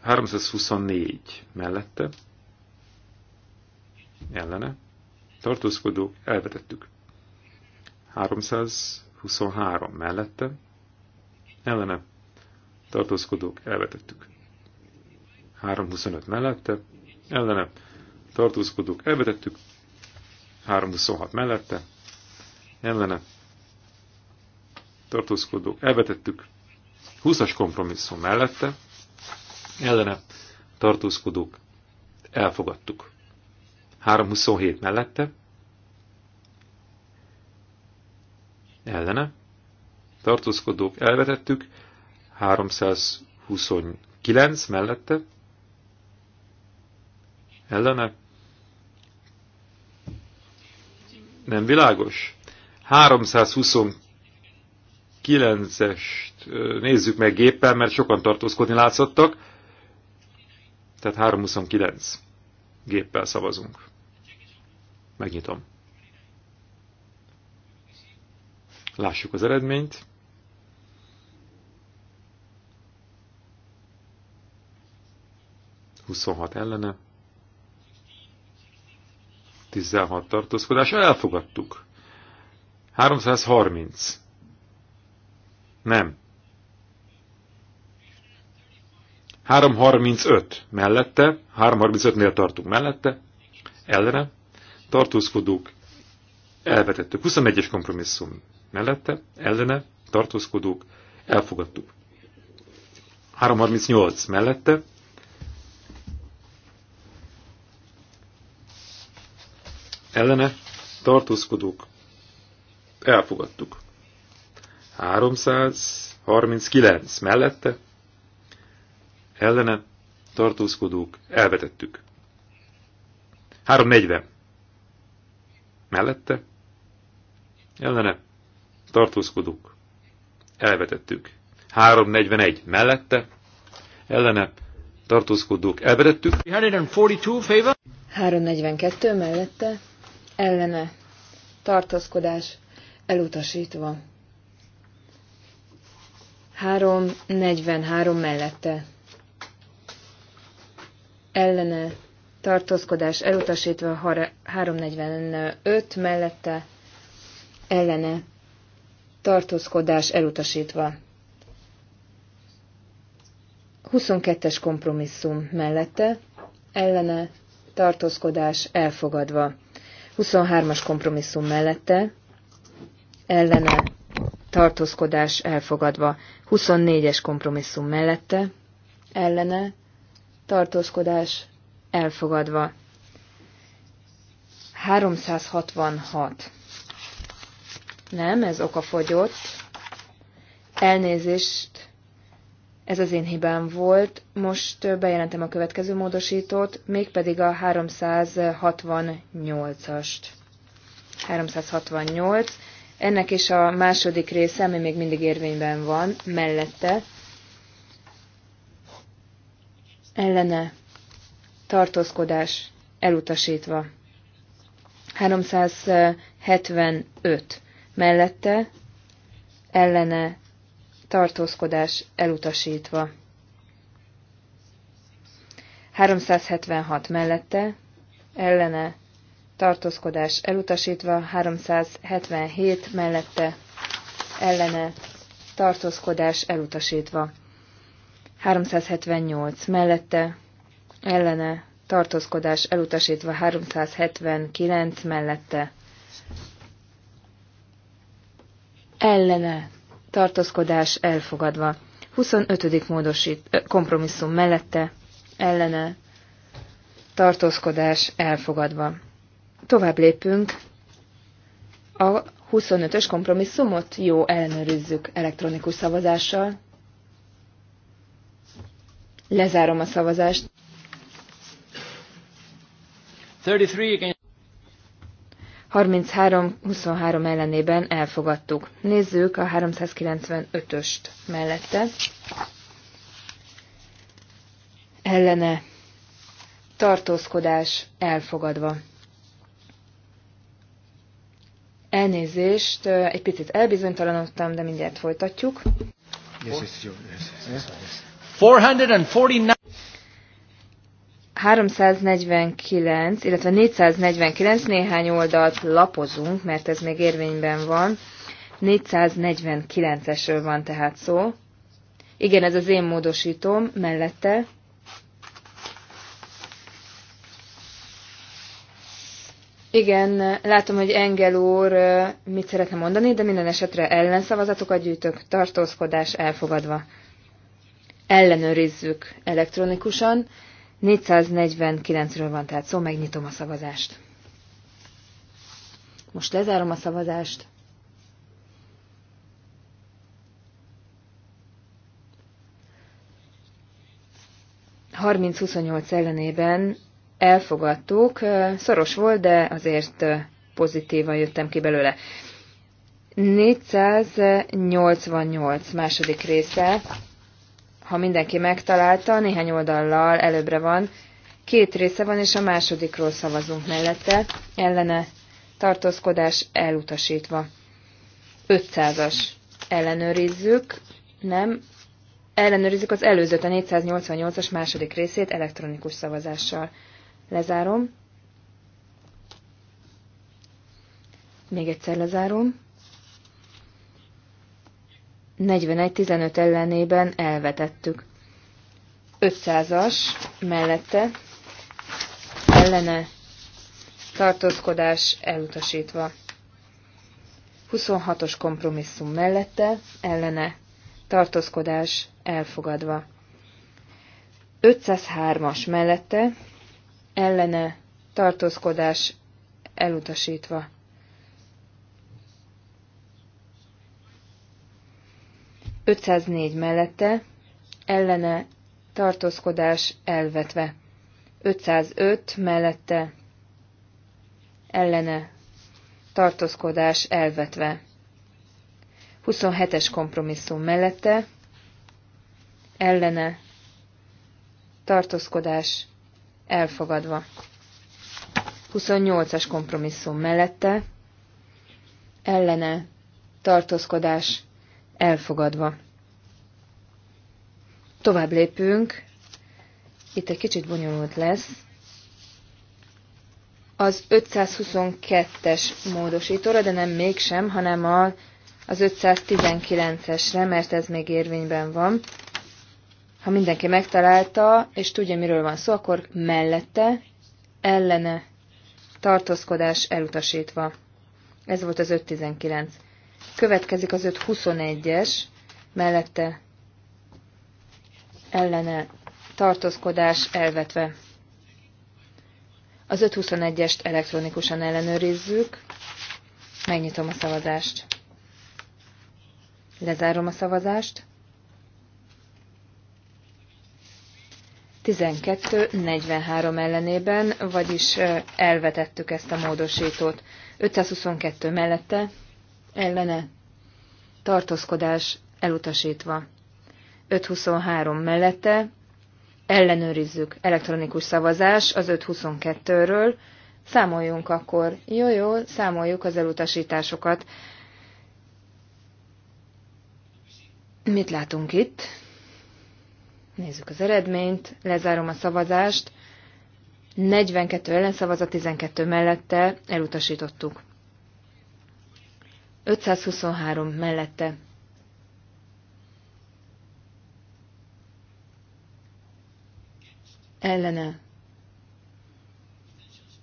324 mellette, ellene, Tartózkodó. elvetettük. 323 mellette, ellene, tartózkodók elvetettük. 325 mellette, ellene, tartózkodók elvetettük, 326 mellette, ellene, tartózkodók elvetettük, 20-as kompromisszum mellette, ellene, tartózkodók elfogadtuk. 327 mellette, ellene, tartózkodók elvetettük, 329 mellette, ellene, nem világos. 329-est nézzük meg géppel, mert sokan tartózkodni látszottak, tehát 329 géppel szavazunk. Megnyitom. Lássuk az eredményt. 26 ellene, 16 tartózkodás, elfogadtuk. 330. Nem. 335 mellette, 335-nél tartunk mellette, ellene, tartózkodók, elvetettük. 21-es kompromisszum mellette, ellene, tartózkodók, elfogadtuk. 338 mellette, ellene tartózkodók elfogadtuk. 339 mellette ellene tartózkodók elvetettük. 340 mellette ellene tartózkodók elvetettük. 341 mellette ellene tartózkodók elvetettük. 342 mellette ellene tartózkodás elutasítva. 3.43 mellette ellene tartózkodás elutasítva 3.45 mellette ellene tartózkodás elutasítva. 22-es kompromisszum mellette ellene tartózkodás elfogadva. 23-as kompromisszum mellette ellene tartózkodás elfogadva. 24-es kompromisszum mellette ellene tartózkodás elfogadva. 366. Nem, ez okafogyott. Elnézést ez az én hibám volt. Most bejelentem a következő módosítót, mégpedig a 368-ast. 368. Ennek is a második része, ami még mindig érvényben van, mellette. Ellene. Tartózkodás. Elutasítva. 375. Mellette. Ellene tartózkodás elutasítva. 376 mellette, ellene, tartózkodás elutasítva, 377 mellette, ellene, tartózkodás elutasítva. 378 mellette, ellene, tartózkodás elutasítva, 379 mellette, ellene, tartózkodás elfogadva. 25. módosít, kompromisszum mellette, ellene, tartózkodás elfogadva. Tovább lépünk. A 25-ös kompromisszumot jó ellenőrizzük elektronikus szavazással. Lezárom a szavazást. 33 33-23 ellenében elfogadtuk. Nézzük a 395-öst mellette. Ellene tartózkodás elfogadva. Elnézést, egy picit elbizonytalanodtam, de mindjárt folytatjuk. Yes, yes, yes, yes, yes. 449. 349, illetve 449, néhány oldalt lapozunk, mert ez még érvényben van. 449-esről van tehát szó. Igen, ez az én módosítom, mellette. Igen, látom, hogy Engel úr mit szeretne mondani, de minden esetre ellenszavazatokat gyűjtök, tartózkodás elfogadva. Ellenőrizzük elektronikusan. 449-ről van tehát szó, megnyitom a szavazást. Most lezárom a szavazást. ...30-28 ellenében elfogadtuk. Szoros volt, de azért pozitívan jöttem ki belőle. 488 második része ha mindenki megtalálta, néhány oldallal előbbre van. Két része van, és a másodikról szavazunk mellette, ellene tartózkodás elutasítva. 500-as ellenőrizzük, nem, ellenőrizzük az előzőt, a 488-as második részét elektronikus szavazással. Lezárom. Még egyszer lezárom. 41-15 ellenében elvetettük. 500-as mellette ellene tartózkodás elutasítva. 26-os kompromisszum mellette ellene tartózkodás elfogadva. 503-as mellette ellene tartózkodás elutasítva. 504 mellette, ellene tartózkodás elvetve. 505 mellette, ellene tartózkodás elvetve. 27-es kompromisszum mellette, ellene tartózkodás elfogadva. 28-as kompromisszum mellette, ellene tartózkodás elfogadva. Tovább lépünk, itt egy kicsit bonyolult lesz. Az 522-es módosítóra, de nem mégsem, hanem a, az 519-esre, mert ez még érvényben van. Ha mindenki megtalálta, és tudja, miről van szó, akkor mellette, ellene, tartózkodás elutasítva. Ez volt az 519. Következik az 521-es, mellette ellene tartózkodás elvetve. Az 521-est elektronikusan ellenőrizzük. Megnyitom a szavazást. Lezárom a szavazást. 12.43 ellenében, vagyis elvetettük ezt a módosítót. 522 mellette ellene tartózkodás elutasítva. 523 mellette ellenőrizzük elektronikus szavazás az 522-ről, számoljunk akkor. Jó, jó, számoljuk az elutasításokat. Mit látunk itt? Nézzük az eredményt, lezárom a szavazást. 42 ellenszavazat, 12 mellette elutasítottuk. 523 mellette. Ellene.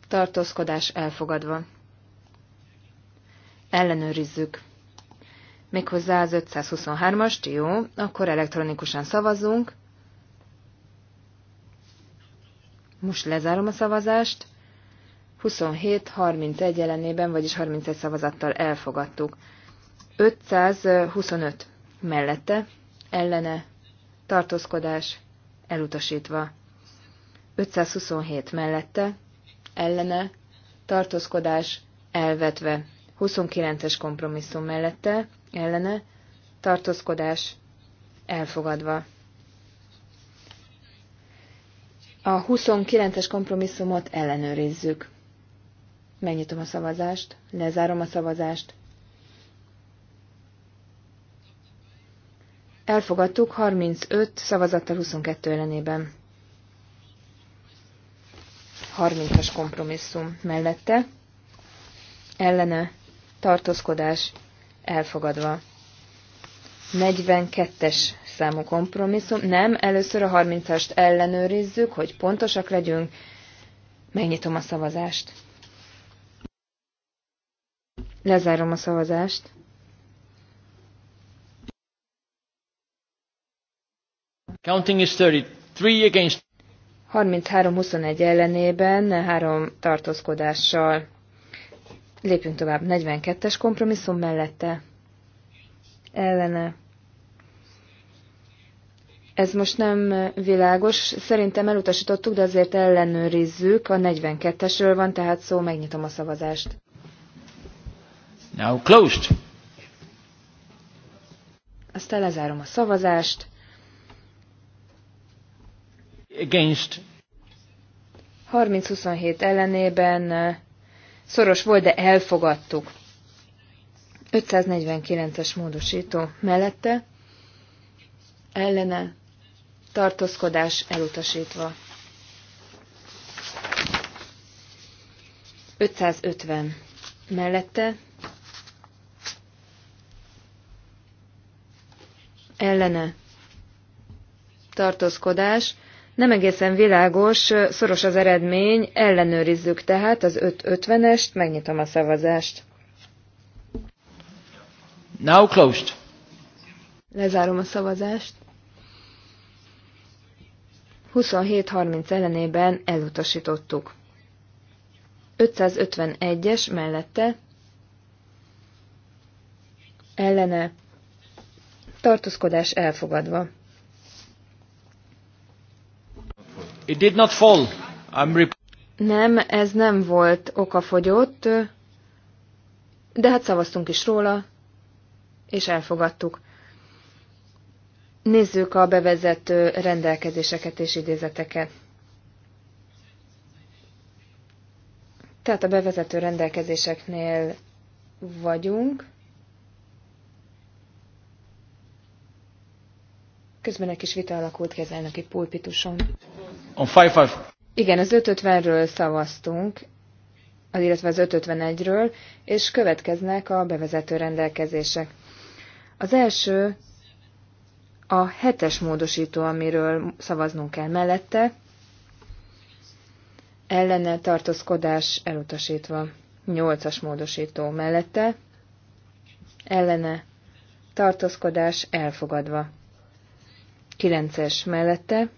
Tartózkodás elfogadva. Ellenőrizzük. Méghozzá az 523-ast, jó, akkor elektronikusan szavazunk. Most lezárom a szavazást. 27-31 jelenében, vagyis 31 szavazattal elfogadtuk. 525 mellette, ellene, tartózkodás, elutasítva. 527 mellette, ellene, tartózkodás, elvetve. 29-es kompromisszum mellette, ellene, tartózkodás, elfogadva. A 29-es kompromisszumot ellenőrizzük. Megnyitom a szavazást, lezárom a szavazást. Elfogadtuk 35 szavazattal 22 ellenében. 30-as kompromisszum mellette. Ellene tartózkodás elfogadva. 42-es számú kompromisszum. Nem, először a 30-ast ellenőrizzük, hogy pontosak legyünk. Megnyitom a szavazást. Lezárom a szavazást. Counting is 33 against 33-21 ellenében, három tartózkodással. Lépjünk tovább 42-es kompromisszum mellette. Ellene. Ez most nem világos, szerintem elutasítottuk, de azért ellenőrizzük. A 42-esről van tehát szó, megnyitom a szavazást. Now closed. Aztán lezárom a szavazást. Against. 30-27 ellenében szoros volt, de elfogadtuk. 549-es módosító mellette, ellene, tartózkodás elutasítva. 550 mellette, ellene tartózkodás. Nem egészen világos, szoros az eredmény, ellenőrizzük tehát az 5.50-est, megnyitom a szavazást. Now closed. Lezárom a szavazást. 27.30 ellenében elutasítottuk. 551-es mellette ellene tartózkodás elfogadva. It did not fall. I'm nem, ez nem volt okafogyott, de hát szavaztunk is róla, és elfogadtuk. Nézzük a bevezető rendelkezéseket és idézeteket. Tehát a bevezető rendelkezéseknél vagyunk. Közben egy kis vita alakult ki az pulpituson. On five, five. Igen, az 550-ről szavaztunk, az illetve az 551-ről, és következnek a bevezető rendelkezések. Az első a hetes módosító, amiről szavaznunk kell mellette, ellene tartózkodás elutasítva. Nyolcas módosító mellette, ellene tartózkodás elfogadva. 9-es mellette,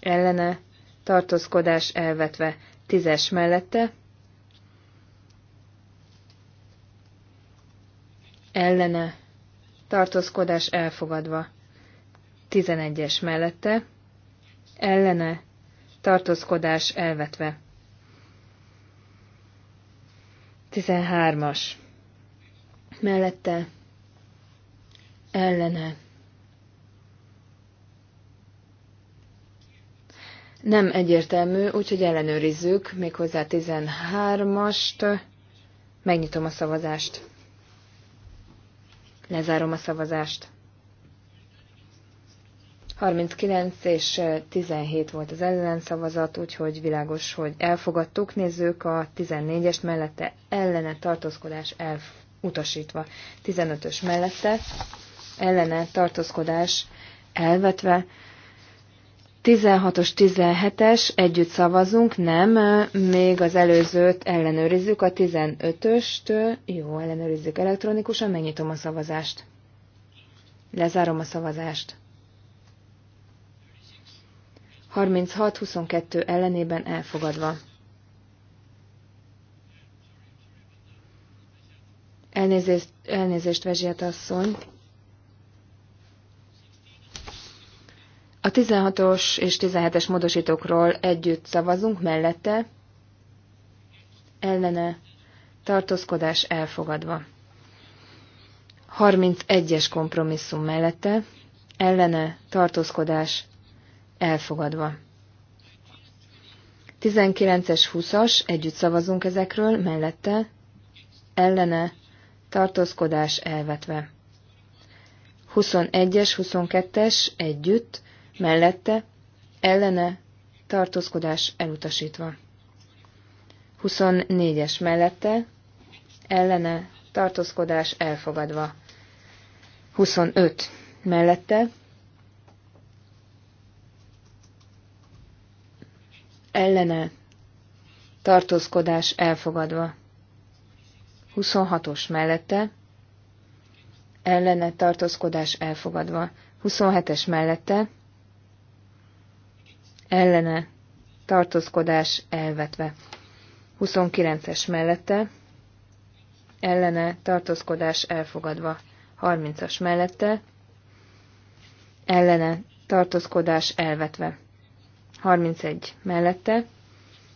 ellene, tartózkodás elvetve, 10-es mellette, ellene, tartózkodás elfogadva, 11-es mellette, ellene, tartózkodás elvetve. 13-as mellette, ellene, nem egyértelmű, úgyhogy ellenőrizzük méghozzá 13-ast. Megnyitom a szavazást. Lezárom a szavazást. 39 és 17 volt az ellenszavazat, úgyhogy világos, hogy elfogadtuk. Nézzük a 14-est mellette ellene tartózkodás elutasítva. 15-ös mellette ellene tartózkodás elvetve. 16-os, 17-es, együtt szavazunk, nem, még az előzőt ellenőrizzük, a 15-öst, jó, ellenőrizzük elektronikusan, megnyitom a szavazást. Lezárom a szavazást. 36-22 ellenében elfogadva. Elnézést, elnézést Vezsiet asszony. 16-os és 17-es módosítókról együtt szavazunk, mellette ellene tartózkodás elfogadva. 31-es kompromisszum mellette ellene tartózkodás elfogadva. 19-es, 20-as, együtt szavazunk ezekről, mellette, ellene, tartózkodás elvetve. 21-es, 22-es, együtt, mellette, ellene, tartózkodás elutasítva. 24-es mellette, ellene, tartózkodás elfogadva. 25 mellette, ellene, tartózkodás elfogadva. 26-os mellette, ellene tartózkodás elfogadva. 27-es mellette, ellene tartózkodás elvetve. 29-es mellette ellene tartózkodás elfogadva. 30-as mellette ellene tartózkodás elvetve. 31 mellette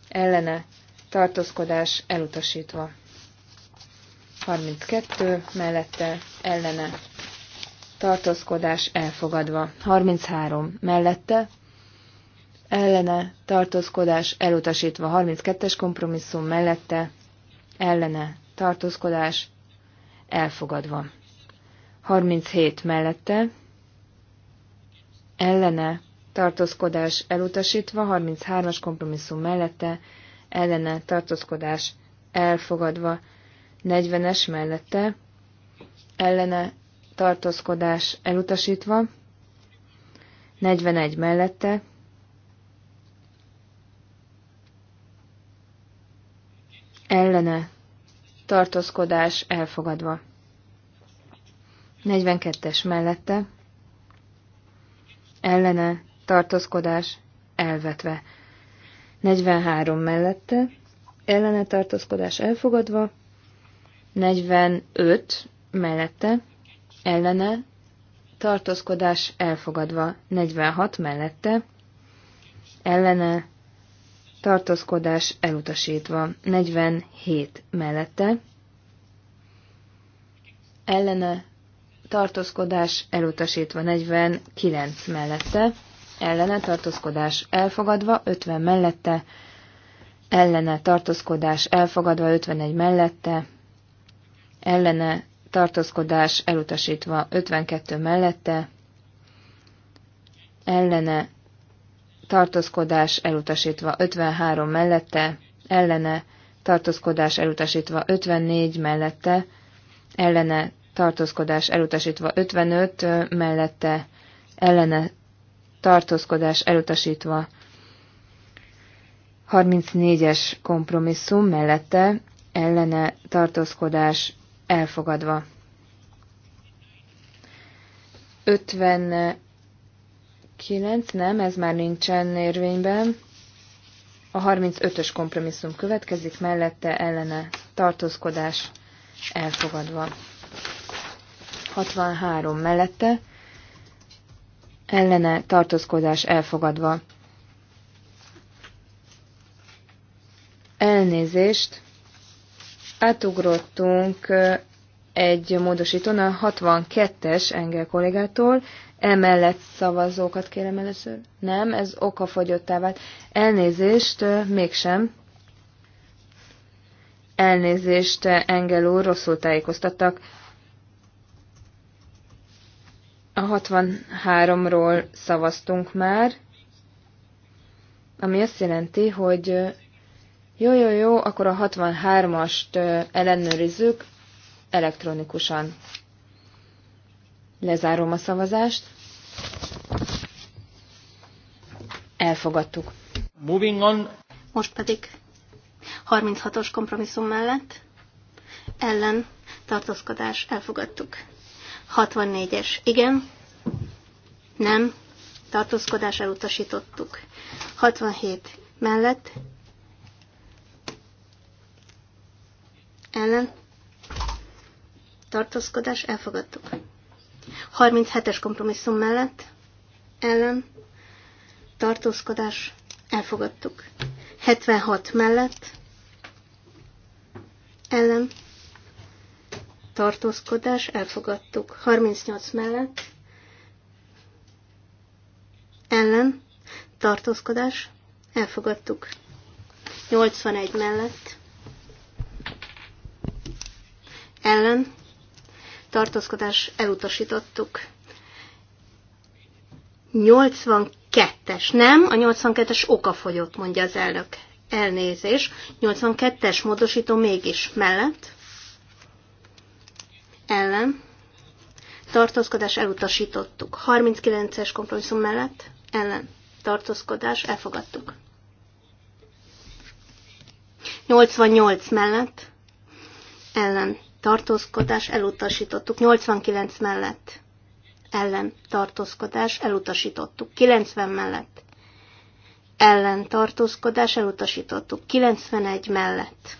ellene tartózkodás elutasítva. 32 mellette ellene tartózkodás elfogadva. 33 mellette ellene tartózkodás elutasítva 32-es kompromisszum mellette ellene tartózkodás elfogadva. 37 mellette ellene tartózkodás elutasítva, 33-as kompromisszum mellette ellene tartózkodás elfogadva, 40-es mellette ellene tartózkodás elutasítva, 41 mellette ellene tartózkodás elfogadva. 42-es mellette ellene tartózkodás elvetve. 43 mellette ellene tartózkodás elfogadva. 45 mellette ellene tartózkodás elfogadva. 46 mellette ellene tartózkodás elutasítva. 47 mellette, ellene tartózkodás elutasítva 49 mellette, ellene tartózkodás elfogadva 50 mellette, ellene tartózkodás elfogadva 51 mellette, ellene tartózkodás elutasítva 52 mellette, ellene tartózkodás elutasítva 53 mellette, ellene tartózkodás elutasítva 54 mellette, ellene tartózkodás elutasítva 55 mellette, ellene tartózkodás elutasítva 34-es kompromisszum mellette, ellene tartózkodás elfogadva. 50 9, nem, ez már nincsen érvényben. A 35-ös kompromisszum következik, mellette ellene tartózkodás elfogadva. 63 mellette ellene tartózkodás elfogadva. Elnézést, átugrottunk egy módosítón a 62-es Engel kollégától, emellett szavazókat kérem először. Nem, ez okafogyottá vált. Elnézést, mégsem. Elnézést, Engel úr, rosszul tájékoztattak. A 63-ról szavaztunk már, ami azt jelenti, hogy jó, jó, jó, akkor a 63-ast ellenőrizzük elektronikusan. Lezárom a szavazást. Elfogadtuk. Moving on. Most pedig 36-os kompromisszum mellett ellen tartózkodás elfogadtuk. 64-es igen, nem, tartózkodás elutasítottuk. 67 mellett ellen tartózkodás elfogadtuk. 37-es kompromisszum mellett ellen tartózkodás elfogadtuk. 76 mellett ellen tartózkodás elfogadtuk. 38 mellett ellen tartózkodás elfogadtuk. 81 mellett ellen tartózkodás elutasítottuk. 82-es, nem, a 82-es okafogyott, mondja az elnök. Elnézés, 82-es módosító mégis mellett, ellen, tartózkodás elutasítottuk. 39-es kompromisszum mellett, ellen, tartózkodás elfogadtuk. 88 mellett, ellen, tartózkodás elutasítottuk 89 mellett. Ellen tartózkodás elutasítottuk 90 mellett. Ellen tartózkodás elutasítottuk 91 mellett.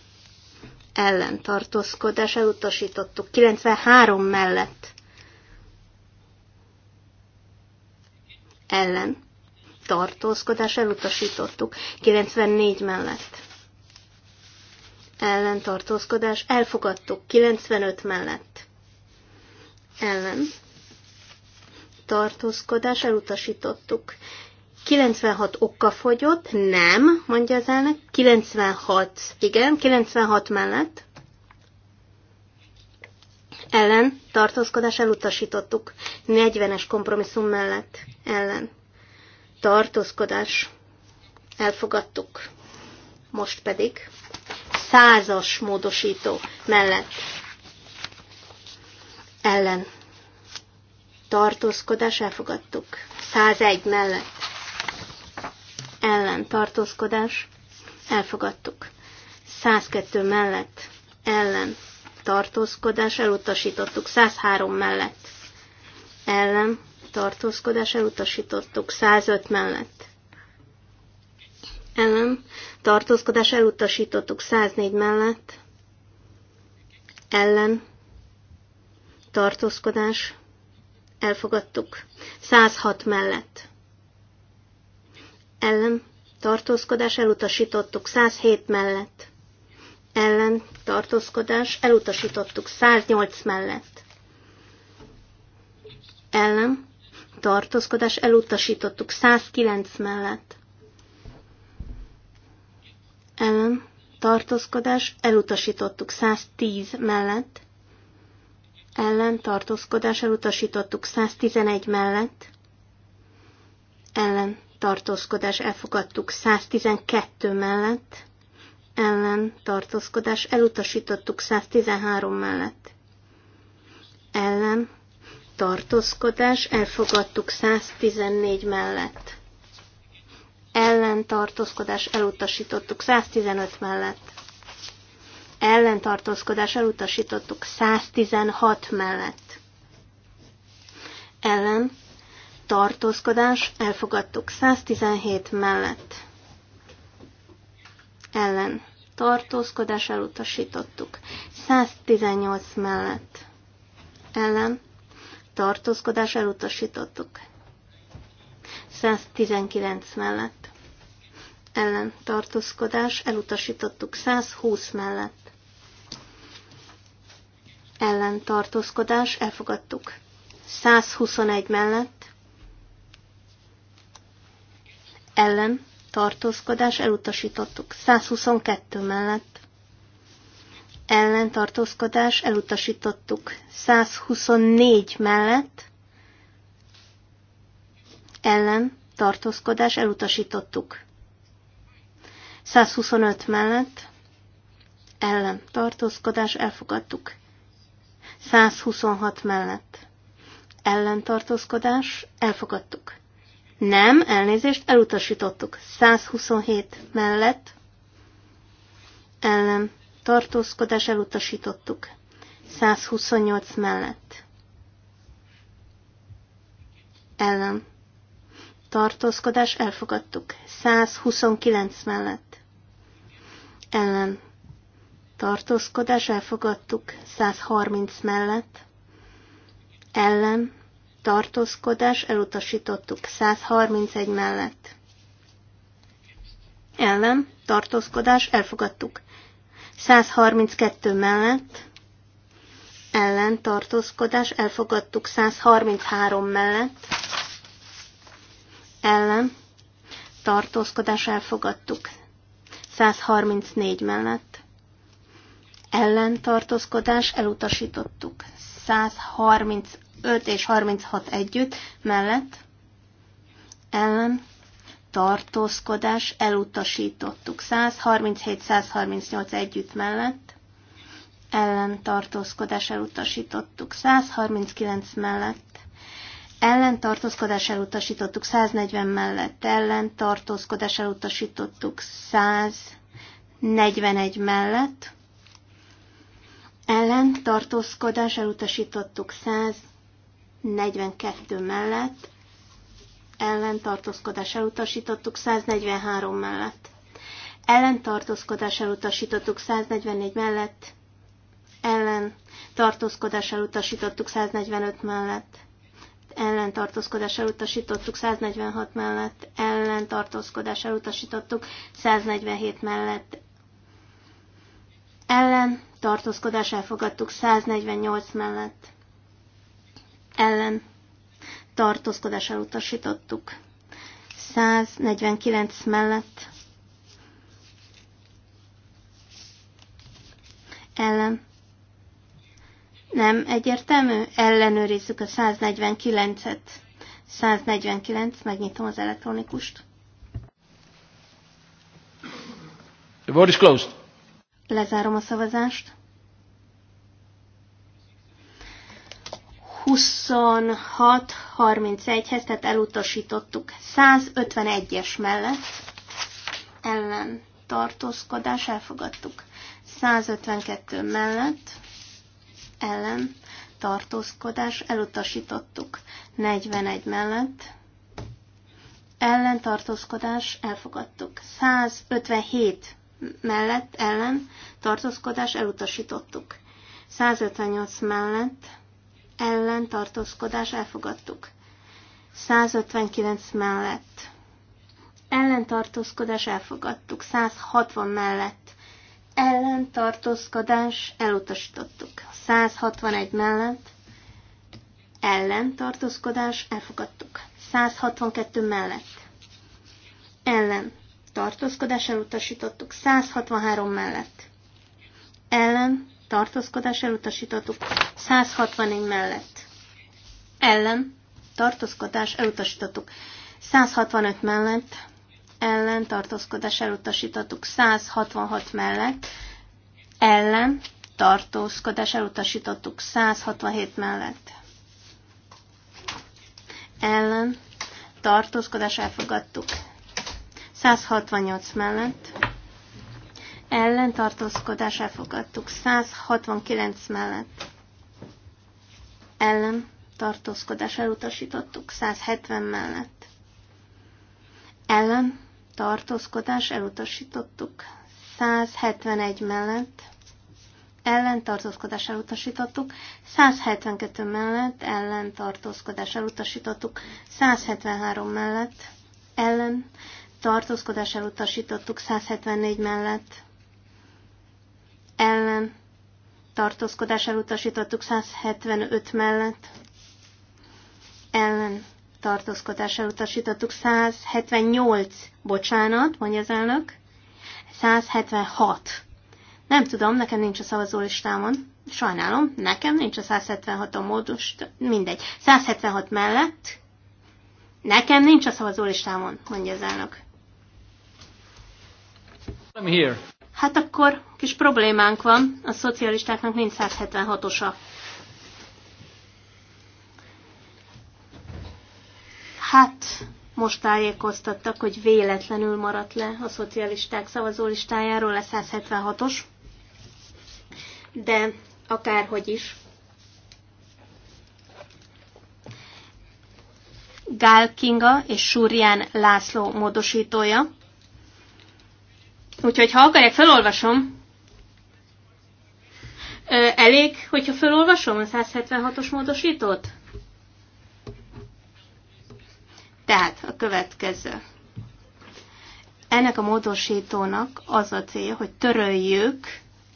Ellen tartózkodás elutasítottuk 93 mellett. Ellen tartózkodás elutasítottuk 94 mellett ellen tartózkodás elfogadtuk 95 mellett ellen tartózkodás elutasítottuk 96 okka fogyott, nem, mondja az elnök, 96, igen, 96 mellett ellen tartózkodás elutasítottuk, 40-es kompromisszum mellett ellen tartózkodás elfogadtuk. Most pedig százas módosító mellett ellen tartózkodás elfogadtuk. 101 mellett ellen tartózkodás elfogadtuk. 102 mellett ellen tartózkodás elutasítottuk. 103 mellett ellen tartózkodás elutasítottuk. 105 mellett ellen tartózkodás elutasítottuk 104 mellett, ellen tartózkodás elfogadtuk 106 mellett, ellen tartózkodás elutasítottuk 107 mellett, ellen tartózkodás elutasítottuk 108 mellett, ellen tartózkodás elutasítottuk 109 mellett, ellen tartózkodás, elutasítottuk 110 mellett, ellen tartózkodás, elutasítottuk 111 mellett, ellen tartózkodás, elfogadtuk 112 mellett, ellen tartózkodás, elutasítottuk 113 mellett, ellen tartózkodás, elfogadtuk 114 mellett ellentartózkodás elutasítottuk 115 mellett, ellentartózkodás elutasítottuk 116 mellett, ellen tartózkodás elfogadtuk 117 mellett, ellen tartózkodás elutasítottuk 118 mellett, ellen tartózkodás elutasítottuk 119 mellett ellen tartózkodás, elutasítottuk 120 mellett. Ellen tartózkodás, elfogadtuk 121 mellett. Ellen tartózkodás, elutasítottuk 122 mellett. Ellen tartózkodás, elutasítottuk 124 mellett. Ellen tartózkodás, elutasítottuk 125 mellett ellen tartózkodás elfogadtuk. 126 mellett ellen tartózkodás elfogadtuk. Nem, elnézést, elutasítottuk. 127 mellett ellen tartózkodás elutasítottuk. 128 mellett ellen tartózkodás elfogadtuk. 129 mellett ellen tartózkodás elfogadtuk 130 mellett, ellen tartózkodás elutasítottuk 131 mellett, ellen tartózkodás elfogadtuk 132 mellett, ellen tartózkodás elfogadtuk 133 mellett, ellen tartózkodás elfogadtuk 134 mellett ellentartózkodás elutasítottuk. 135 és 36 együtt mellett ellen tartózkodás elutasítottuk. 137-138 együtt mellett ellen tartózkodás elutasítottuk. 139 mellett ellentartózkodás elutasítottuk 140 mellett, ellentartózkodás elutasítottuk 141 mellett, ellentartózkodás elutasítottuk 142 mellett, ellentartózkodás elutasítottuk 143 mellett, ellentartózkodás elutasítottuk 144 mellett, ellentartózkodás elutasítottuk 145 mellett, ellentartózkodás elutasítottuk, 146 mellett ellentartózkodás elutasítottuk, 147 mellett ellen tartózkodás elfogadtuk, 148 mellett ellen tartózkodás elutasítottuk, 149 mellett ellen nem egyértelmű? Ellenőrizzük a 149-et. 149, megnyitom az elektronikust. The vote is closed. Lezárom a szavazást. 26-31-hez, tehát elutasítottuk. 151-es mellett ellen tartózkodás elfogadtuk. 152 mellett ellen tartózkodás elutasítottuk. 41 mellett ellen tartózkodás elfogadtuk. 157 mellett ellen tartózkodás elutasítottuk. 158 mellett ellen tartózkodás elfogadtuk. 159 mellett ellen tartózkodás elfogadtuk. 160 mellett ellentartózkodás elutasítottuk. 161 mellett ellentartózkodás elfogadtuk. 162 mellett ellen tartózkodás elutasítottuk. 163 mellett ellen tartózkodás elutasítottuk. 164 mellett ellen tartózkodás elutasítottuk. 165 mellett ellen tartózkodás elutasítottuk 166 mellett, ellen tartózkodás elutasítottuk 167 mellett, ellen tartózkodás elfogadtuk 168 mellett, ellen tartózkodás elfogadtuk 169 mellett, ellen tartózkodás elutasítottuk 170 mellett, ellen tartózkodás elutasítottuk. 171 mellett ellen tartózkodás elutasítottuk, 172 mellett ellen tartózkodás elutasítottuk, 173 mellett ellen tartózkodás elutasítottuk, 174 mellett ellen tartózkodás elutasítottuk, 175 mellett ellen tartózkodás utasítottuk, 178, bocsánat, mondja az elnök, 176. Nem tudom, nekem nincs a szavazólistámon. Sajnálom, nekem nincs a 176 a módus, mindegy. 176 mellett nekem nincs a szavazólistámon, mondja az elnök. I'm here. Hát akkor kis problémánk van, a szocialistáknak nincs 176-osa. Hát, most tájékoztattak, hogy véletlenül maradt le a szocialisták szavazólistájáról a 176-os, de akárhogy is. Gál Kinga és Súrján László módosítója. Úgyhogy ha akarják, felolvasom. Ö, elég, hogyha felolvasom a 176-os módosítót? Tehát a következő. Ennek a módosítónak az a célja, hogy töröljük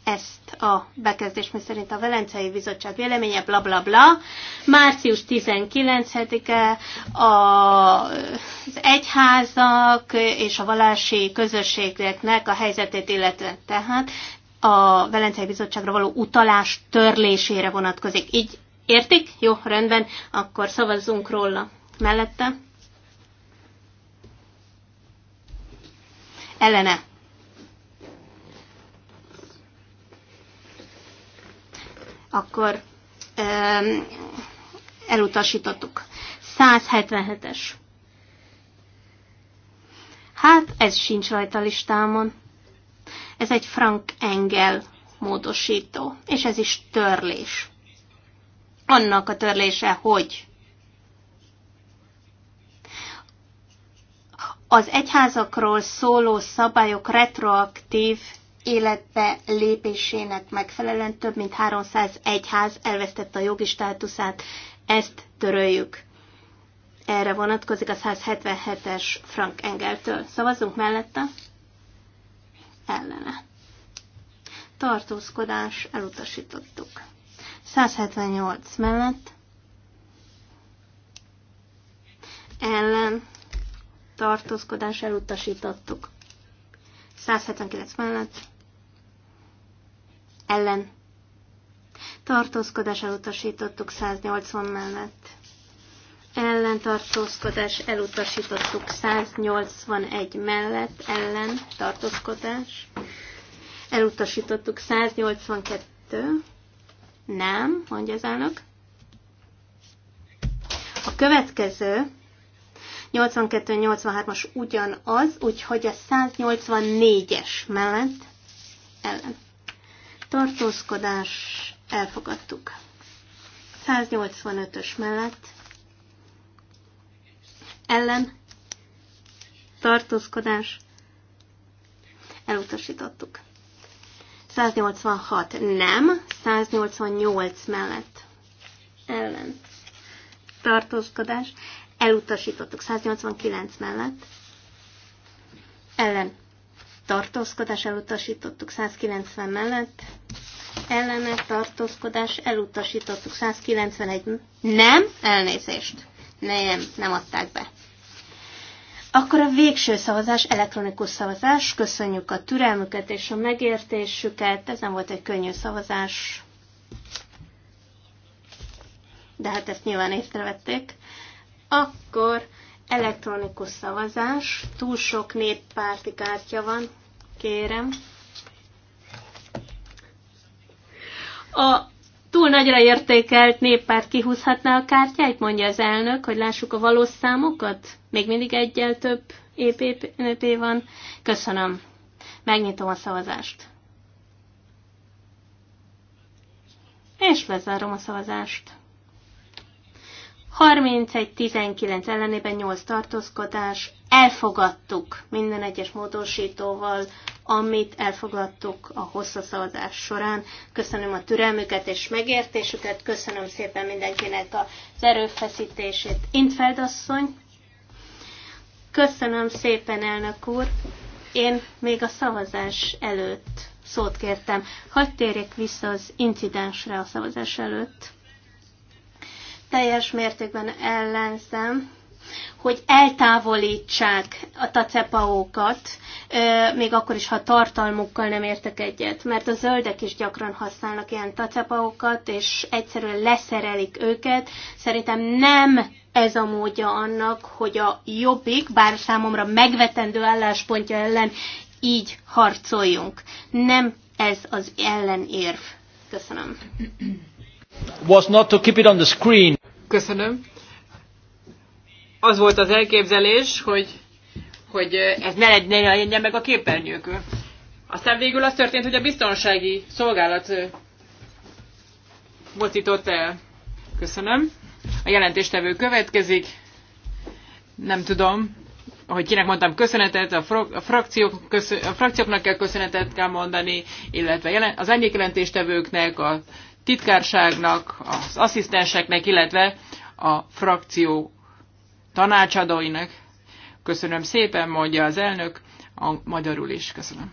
ezt a bekezdést, mi szerint a Velencei Bizottság véleménye, bla bla bla. Március 19-e az egyházak és a valási közösségeknek a helyzetét illetve. Tehát a Velencei Bizottságra való utalás törlésére vonatkozik. Így értik? Jó, rendben, akkor szavazzunk róla. Mellette? ellene. Akkor um, elutasítottuk. 177-es. Hát ez sincs rajta listámon. Ez egy Frank Engel módosító, és ez is törlés. Annak a törlése, hogy az egyházakról szóló szabályok retroaktív életbe lépésének megfelelően több mint 300 egyház elvesztette a jogi státuszát, ezt töröljük. Erre vonatkozik a 177-es Frank Engeltől. Szavazunk mellette? Ellene. Tartózkodás elutasítottuk. 178 mellett. Ellen tartózkodás elutasítottuk. 179 mellett ellen tartózkodás elutasítottuk 180 mellett. ellen. tartózkodás elutasítottuk 181 mellett, ellen tartózkodás. Elutasítottuk 182. Nem, mondja az elnök. A következő 82-83-as ugyanaz, úgyhogy a 184-es mellett ellen. Tartózkodás elfogadtuk. 185-ös mellett ellen tartózkodás elutasítottuk. 186 nem, 188 mellett ellen tartózkodás elutasítottuk 189 mellett, ellen tartózkodás elutasítottuk 190 mellett, ellene tartózkodás elutasítottuk 191, nem, elnézést, nem, nem adták be. Akkor a végső szavazás, elektronikus szavazás, köszönjük a türelmüket és a megértésüket, ez nem volt egy könnyű szavazás, de hát ezt nyilván észrevették. Akkor elektronikus szavazás. Túl sok néppárti kártya van, kérem. A túl nagyra értékelt néppárt kihúzhatná a kártyáit, mondja az elnök, hogy lássuk a valós számokat. Még mindig egyel több EPP van. Köszönöm. Megnyitom a szavazást. És lezárom a szavazást. 31-19 ellenében 8 tartózkodás. Elfogadtuk minden egyes módosítóval, amit elfogadtuk a hosszaszavazás során. Köszönöm a türelmüket és megértésüket, köszönöm szépen mindenkinek az erőfeszítését. Intfeld asszony, köszönöm szépen elnök úr, én még a szavazás előtt szót kértem. Hadd térjek vissza az incidensre a szavazás előtt teljes mértékben ellenszem, hogy eltávolítsák a tacepaókat, még akkor is, ha tartalmukkal nem értek egyet, mert a zöldek is gyakran használnak ilyen tacepaókat, és egyszerűen leszerelik őket. Szerintem nem ez a módja annak, hogy a jobbik, bár számomra megvetendő álláspontja ellen így harcoljunk. Nem ez az ellenérv. Köszönöm. Was not to keep it on the screen. Köszönöm. Az volt az elképzelés, hogy, hogy ez ne legyen ne meg a képernyők. Aztán végül az történt, hogy a biztonsági szolgálat mozított el. Köszönöm. A jelentéstevő következik. Nem tudom, hogy kinek mondtam, köszönetet, a, frak- a, frakciók, köszön- a frakcióknak kell köszönetet kell mondani, illetve az egyik jelentéstevőknek, a titkárságnak, az asszisztenseknek, illetve a frakció tanácsadóinak. Köszönöm szépen, mondja az elnök, a magyarul is. Köszönöm.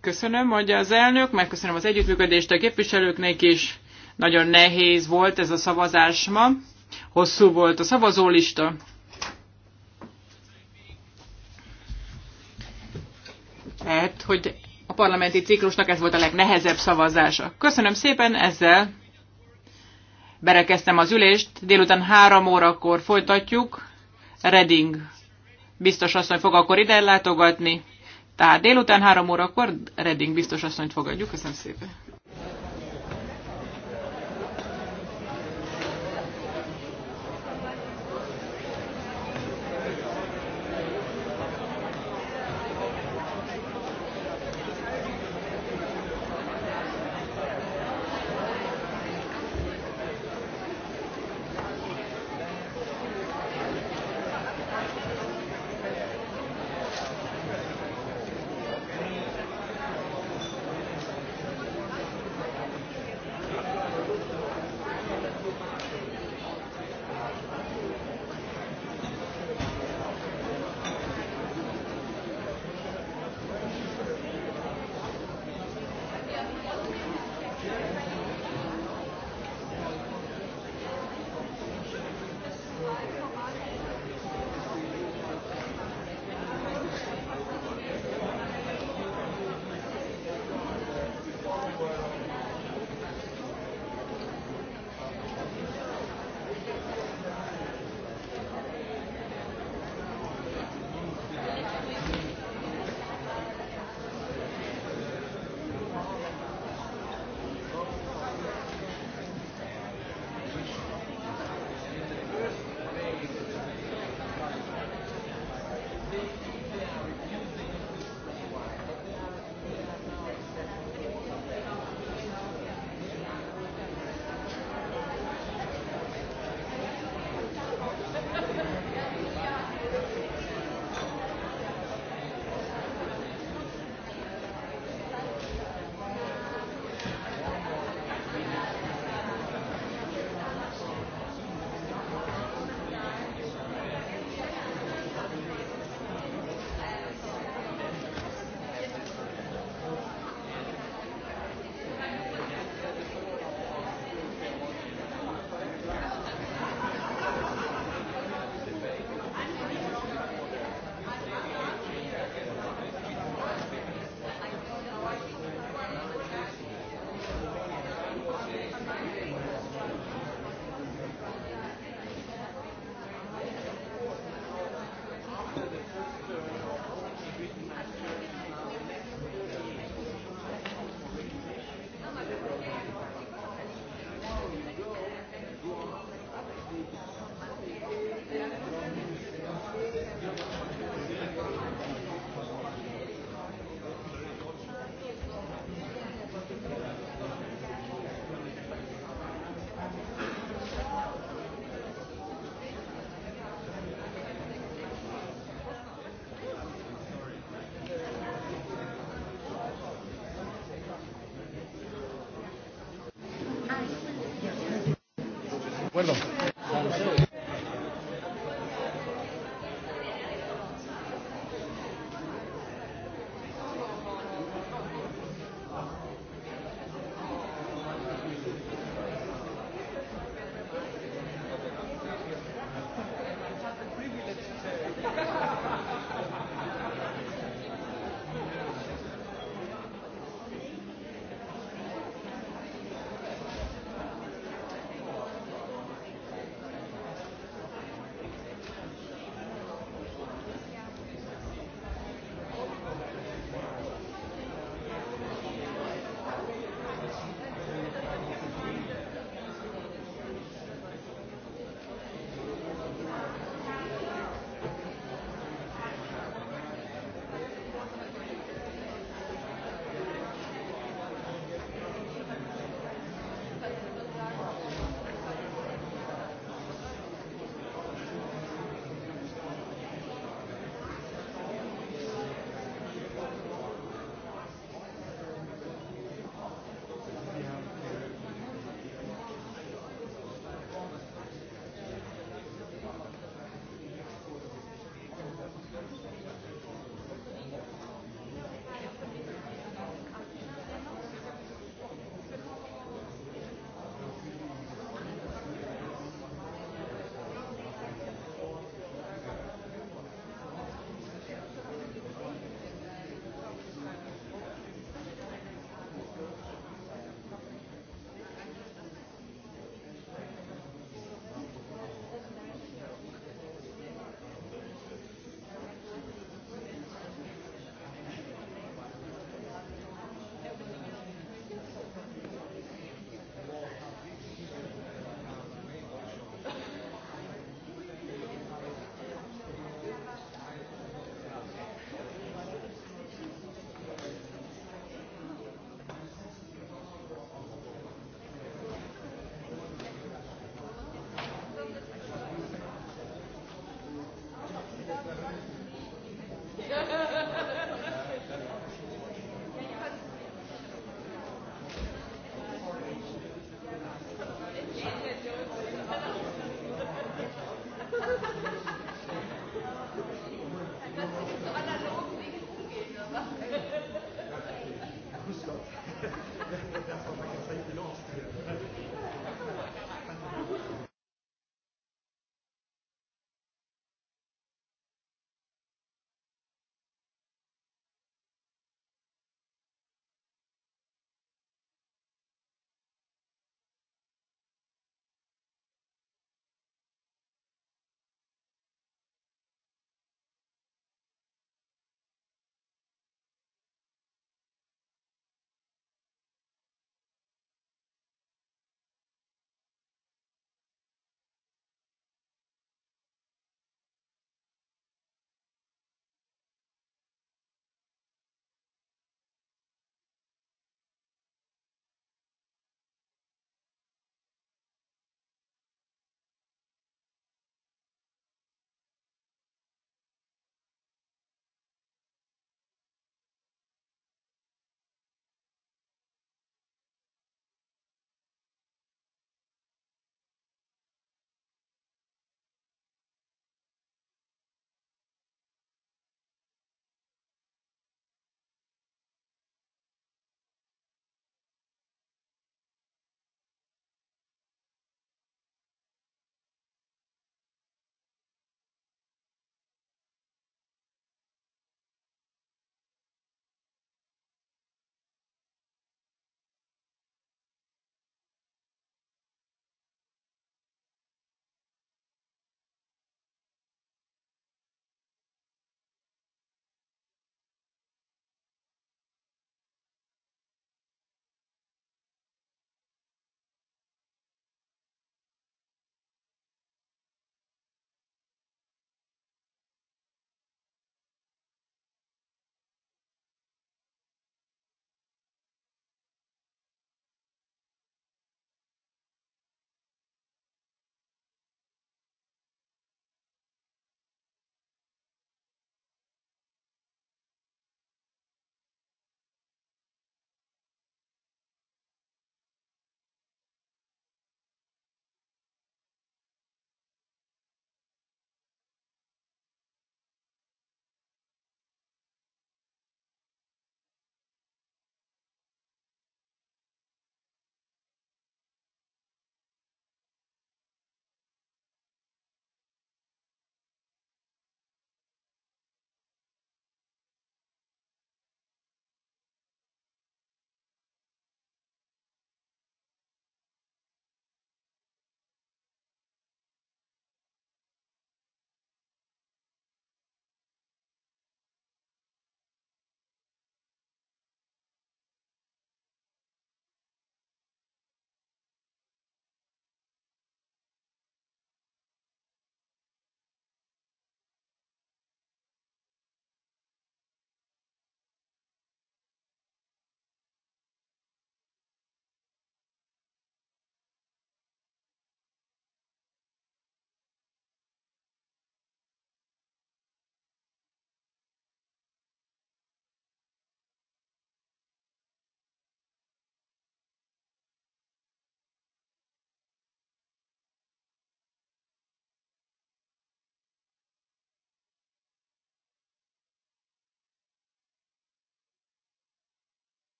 Köszönöm, mondja az elnök, megköszönöm az együttműködést a képviselőknek is. Nagyon nehéz volt ez a szavazás ma. Hosszú volt a szavazólista. Lehet, hogy a parlamenti ciklusnak ez volt a legnehezebb szavazása. Köszönöm szépen, ezzel Berekeztem az ülést, délután három órakor folytatjuk. Reding biztos asszony fog akkor ide látogatni. Tehát délután három órakor Reding biztos asszonyt fogadjuk. Köszönöm szépen.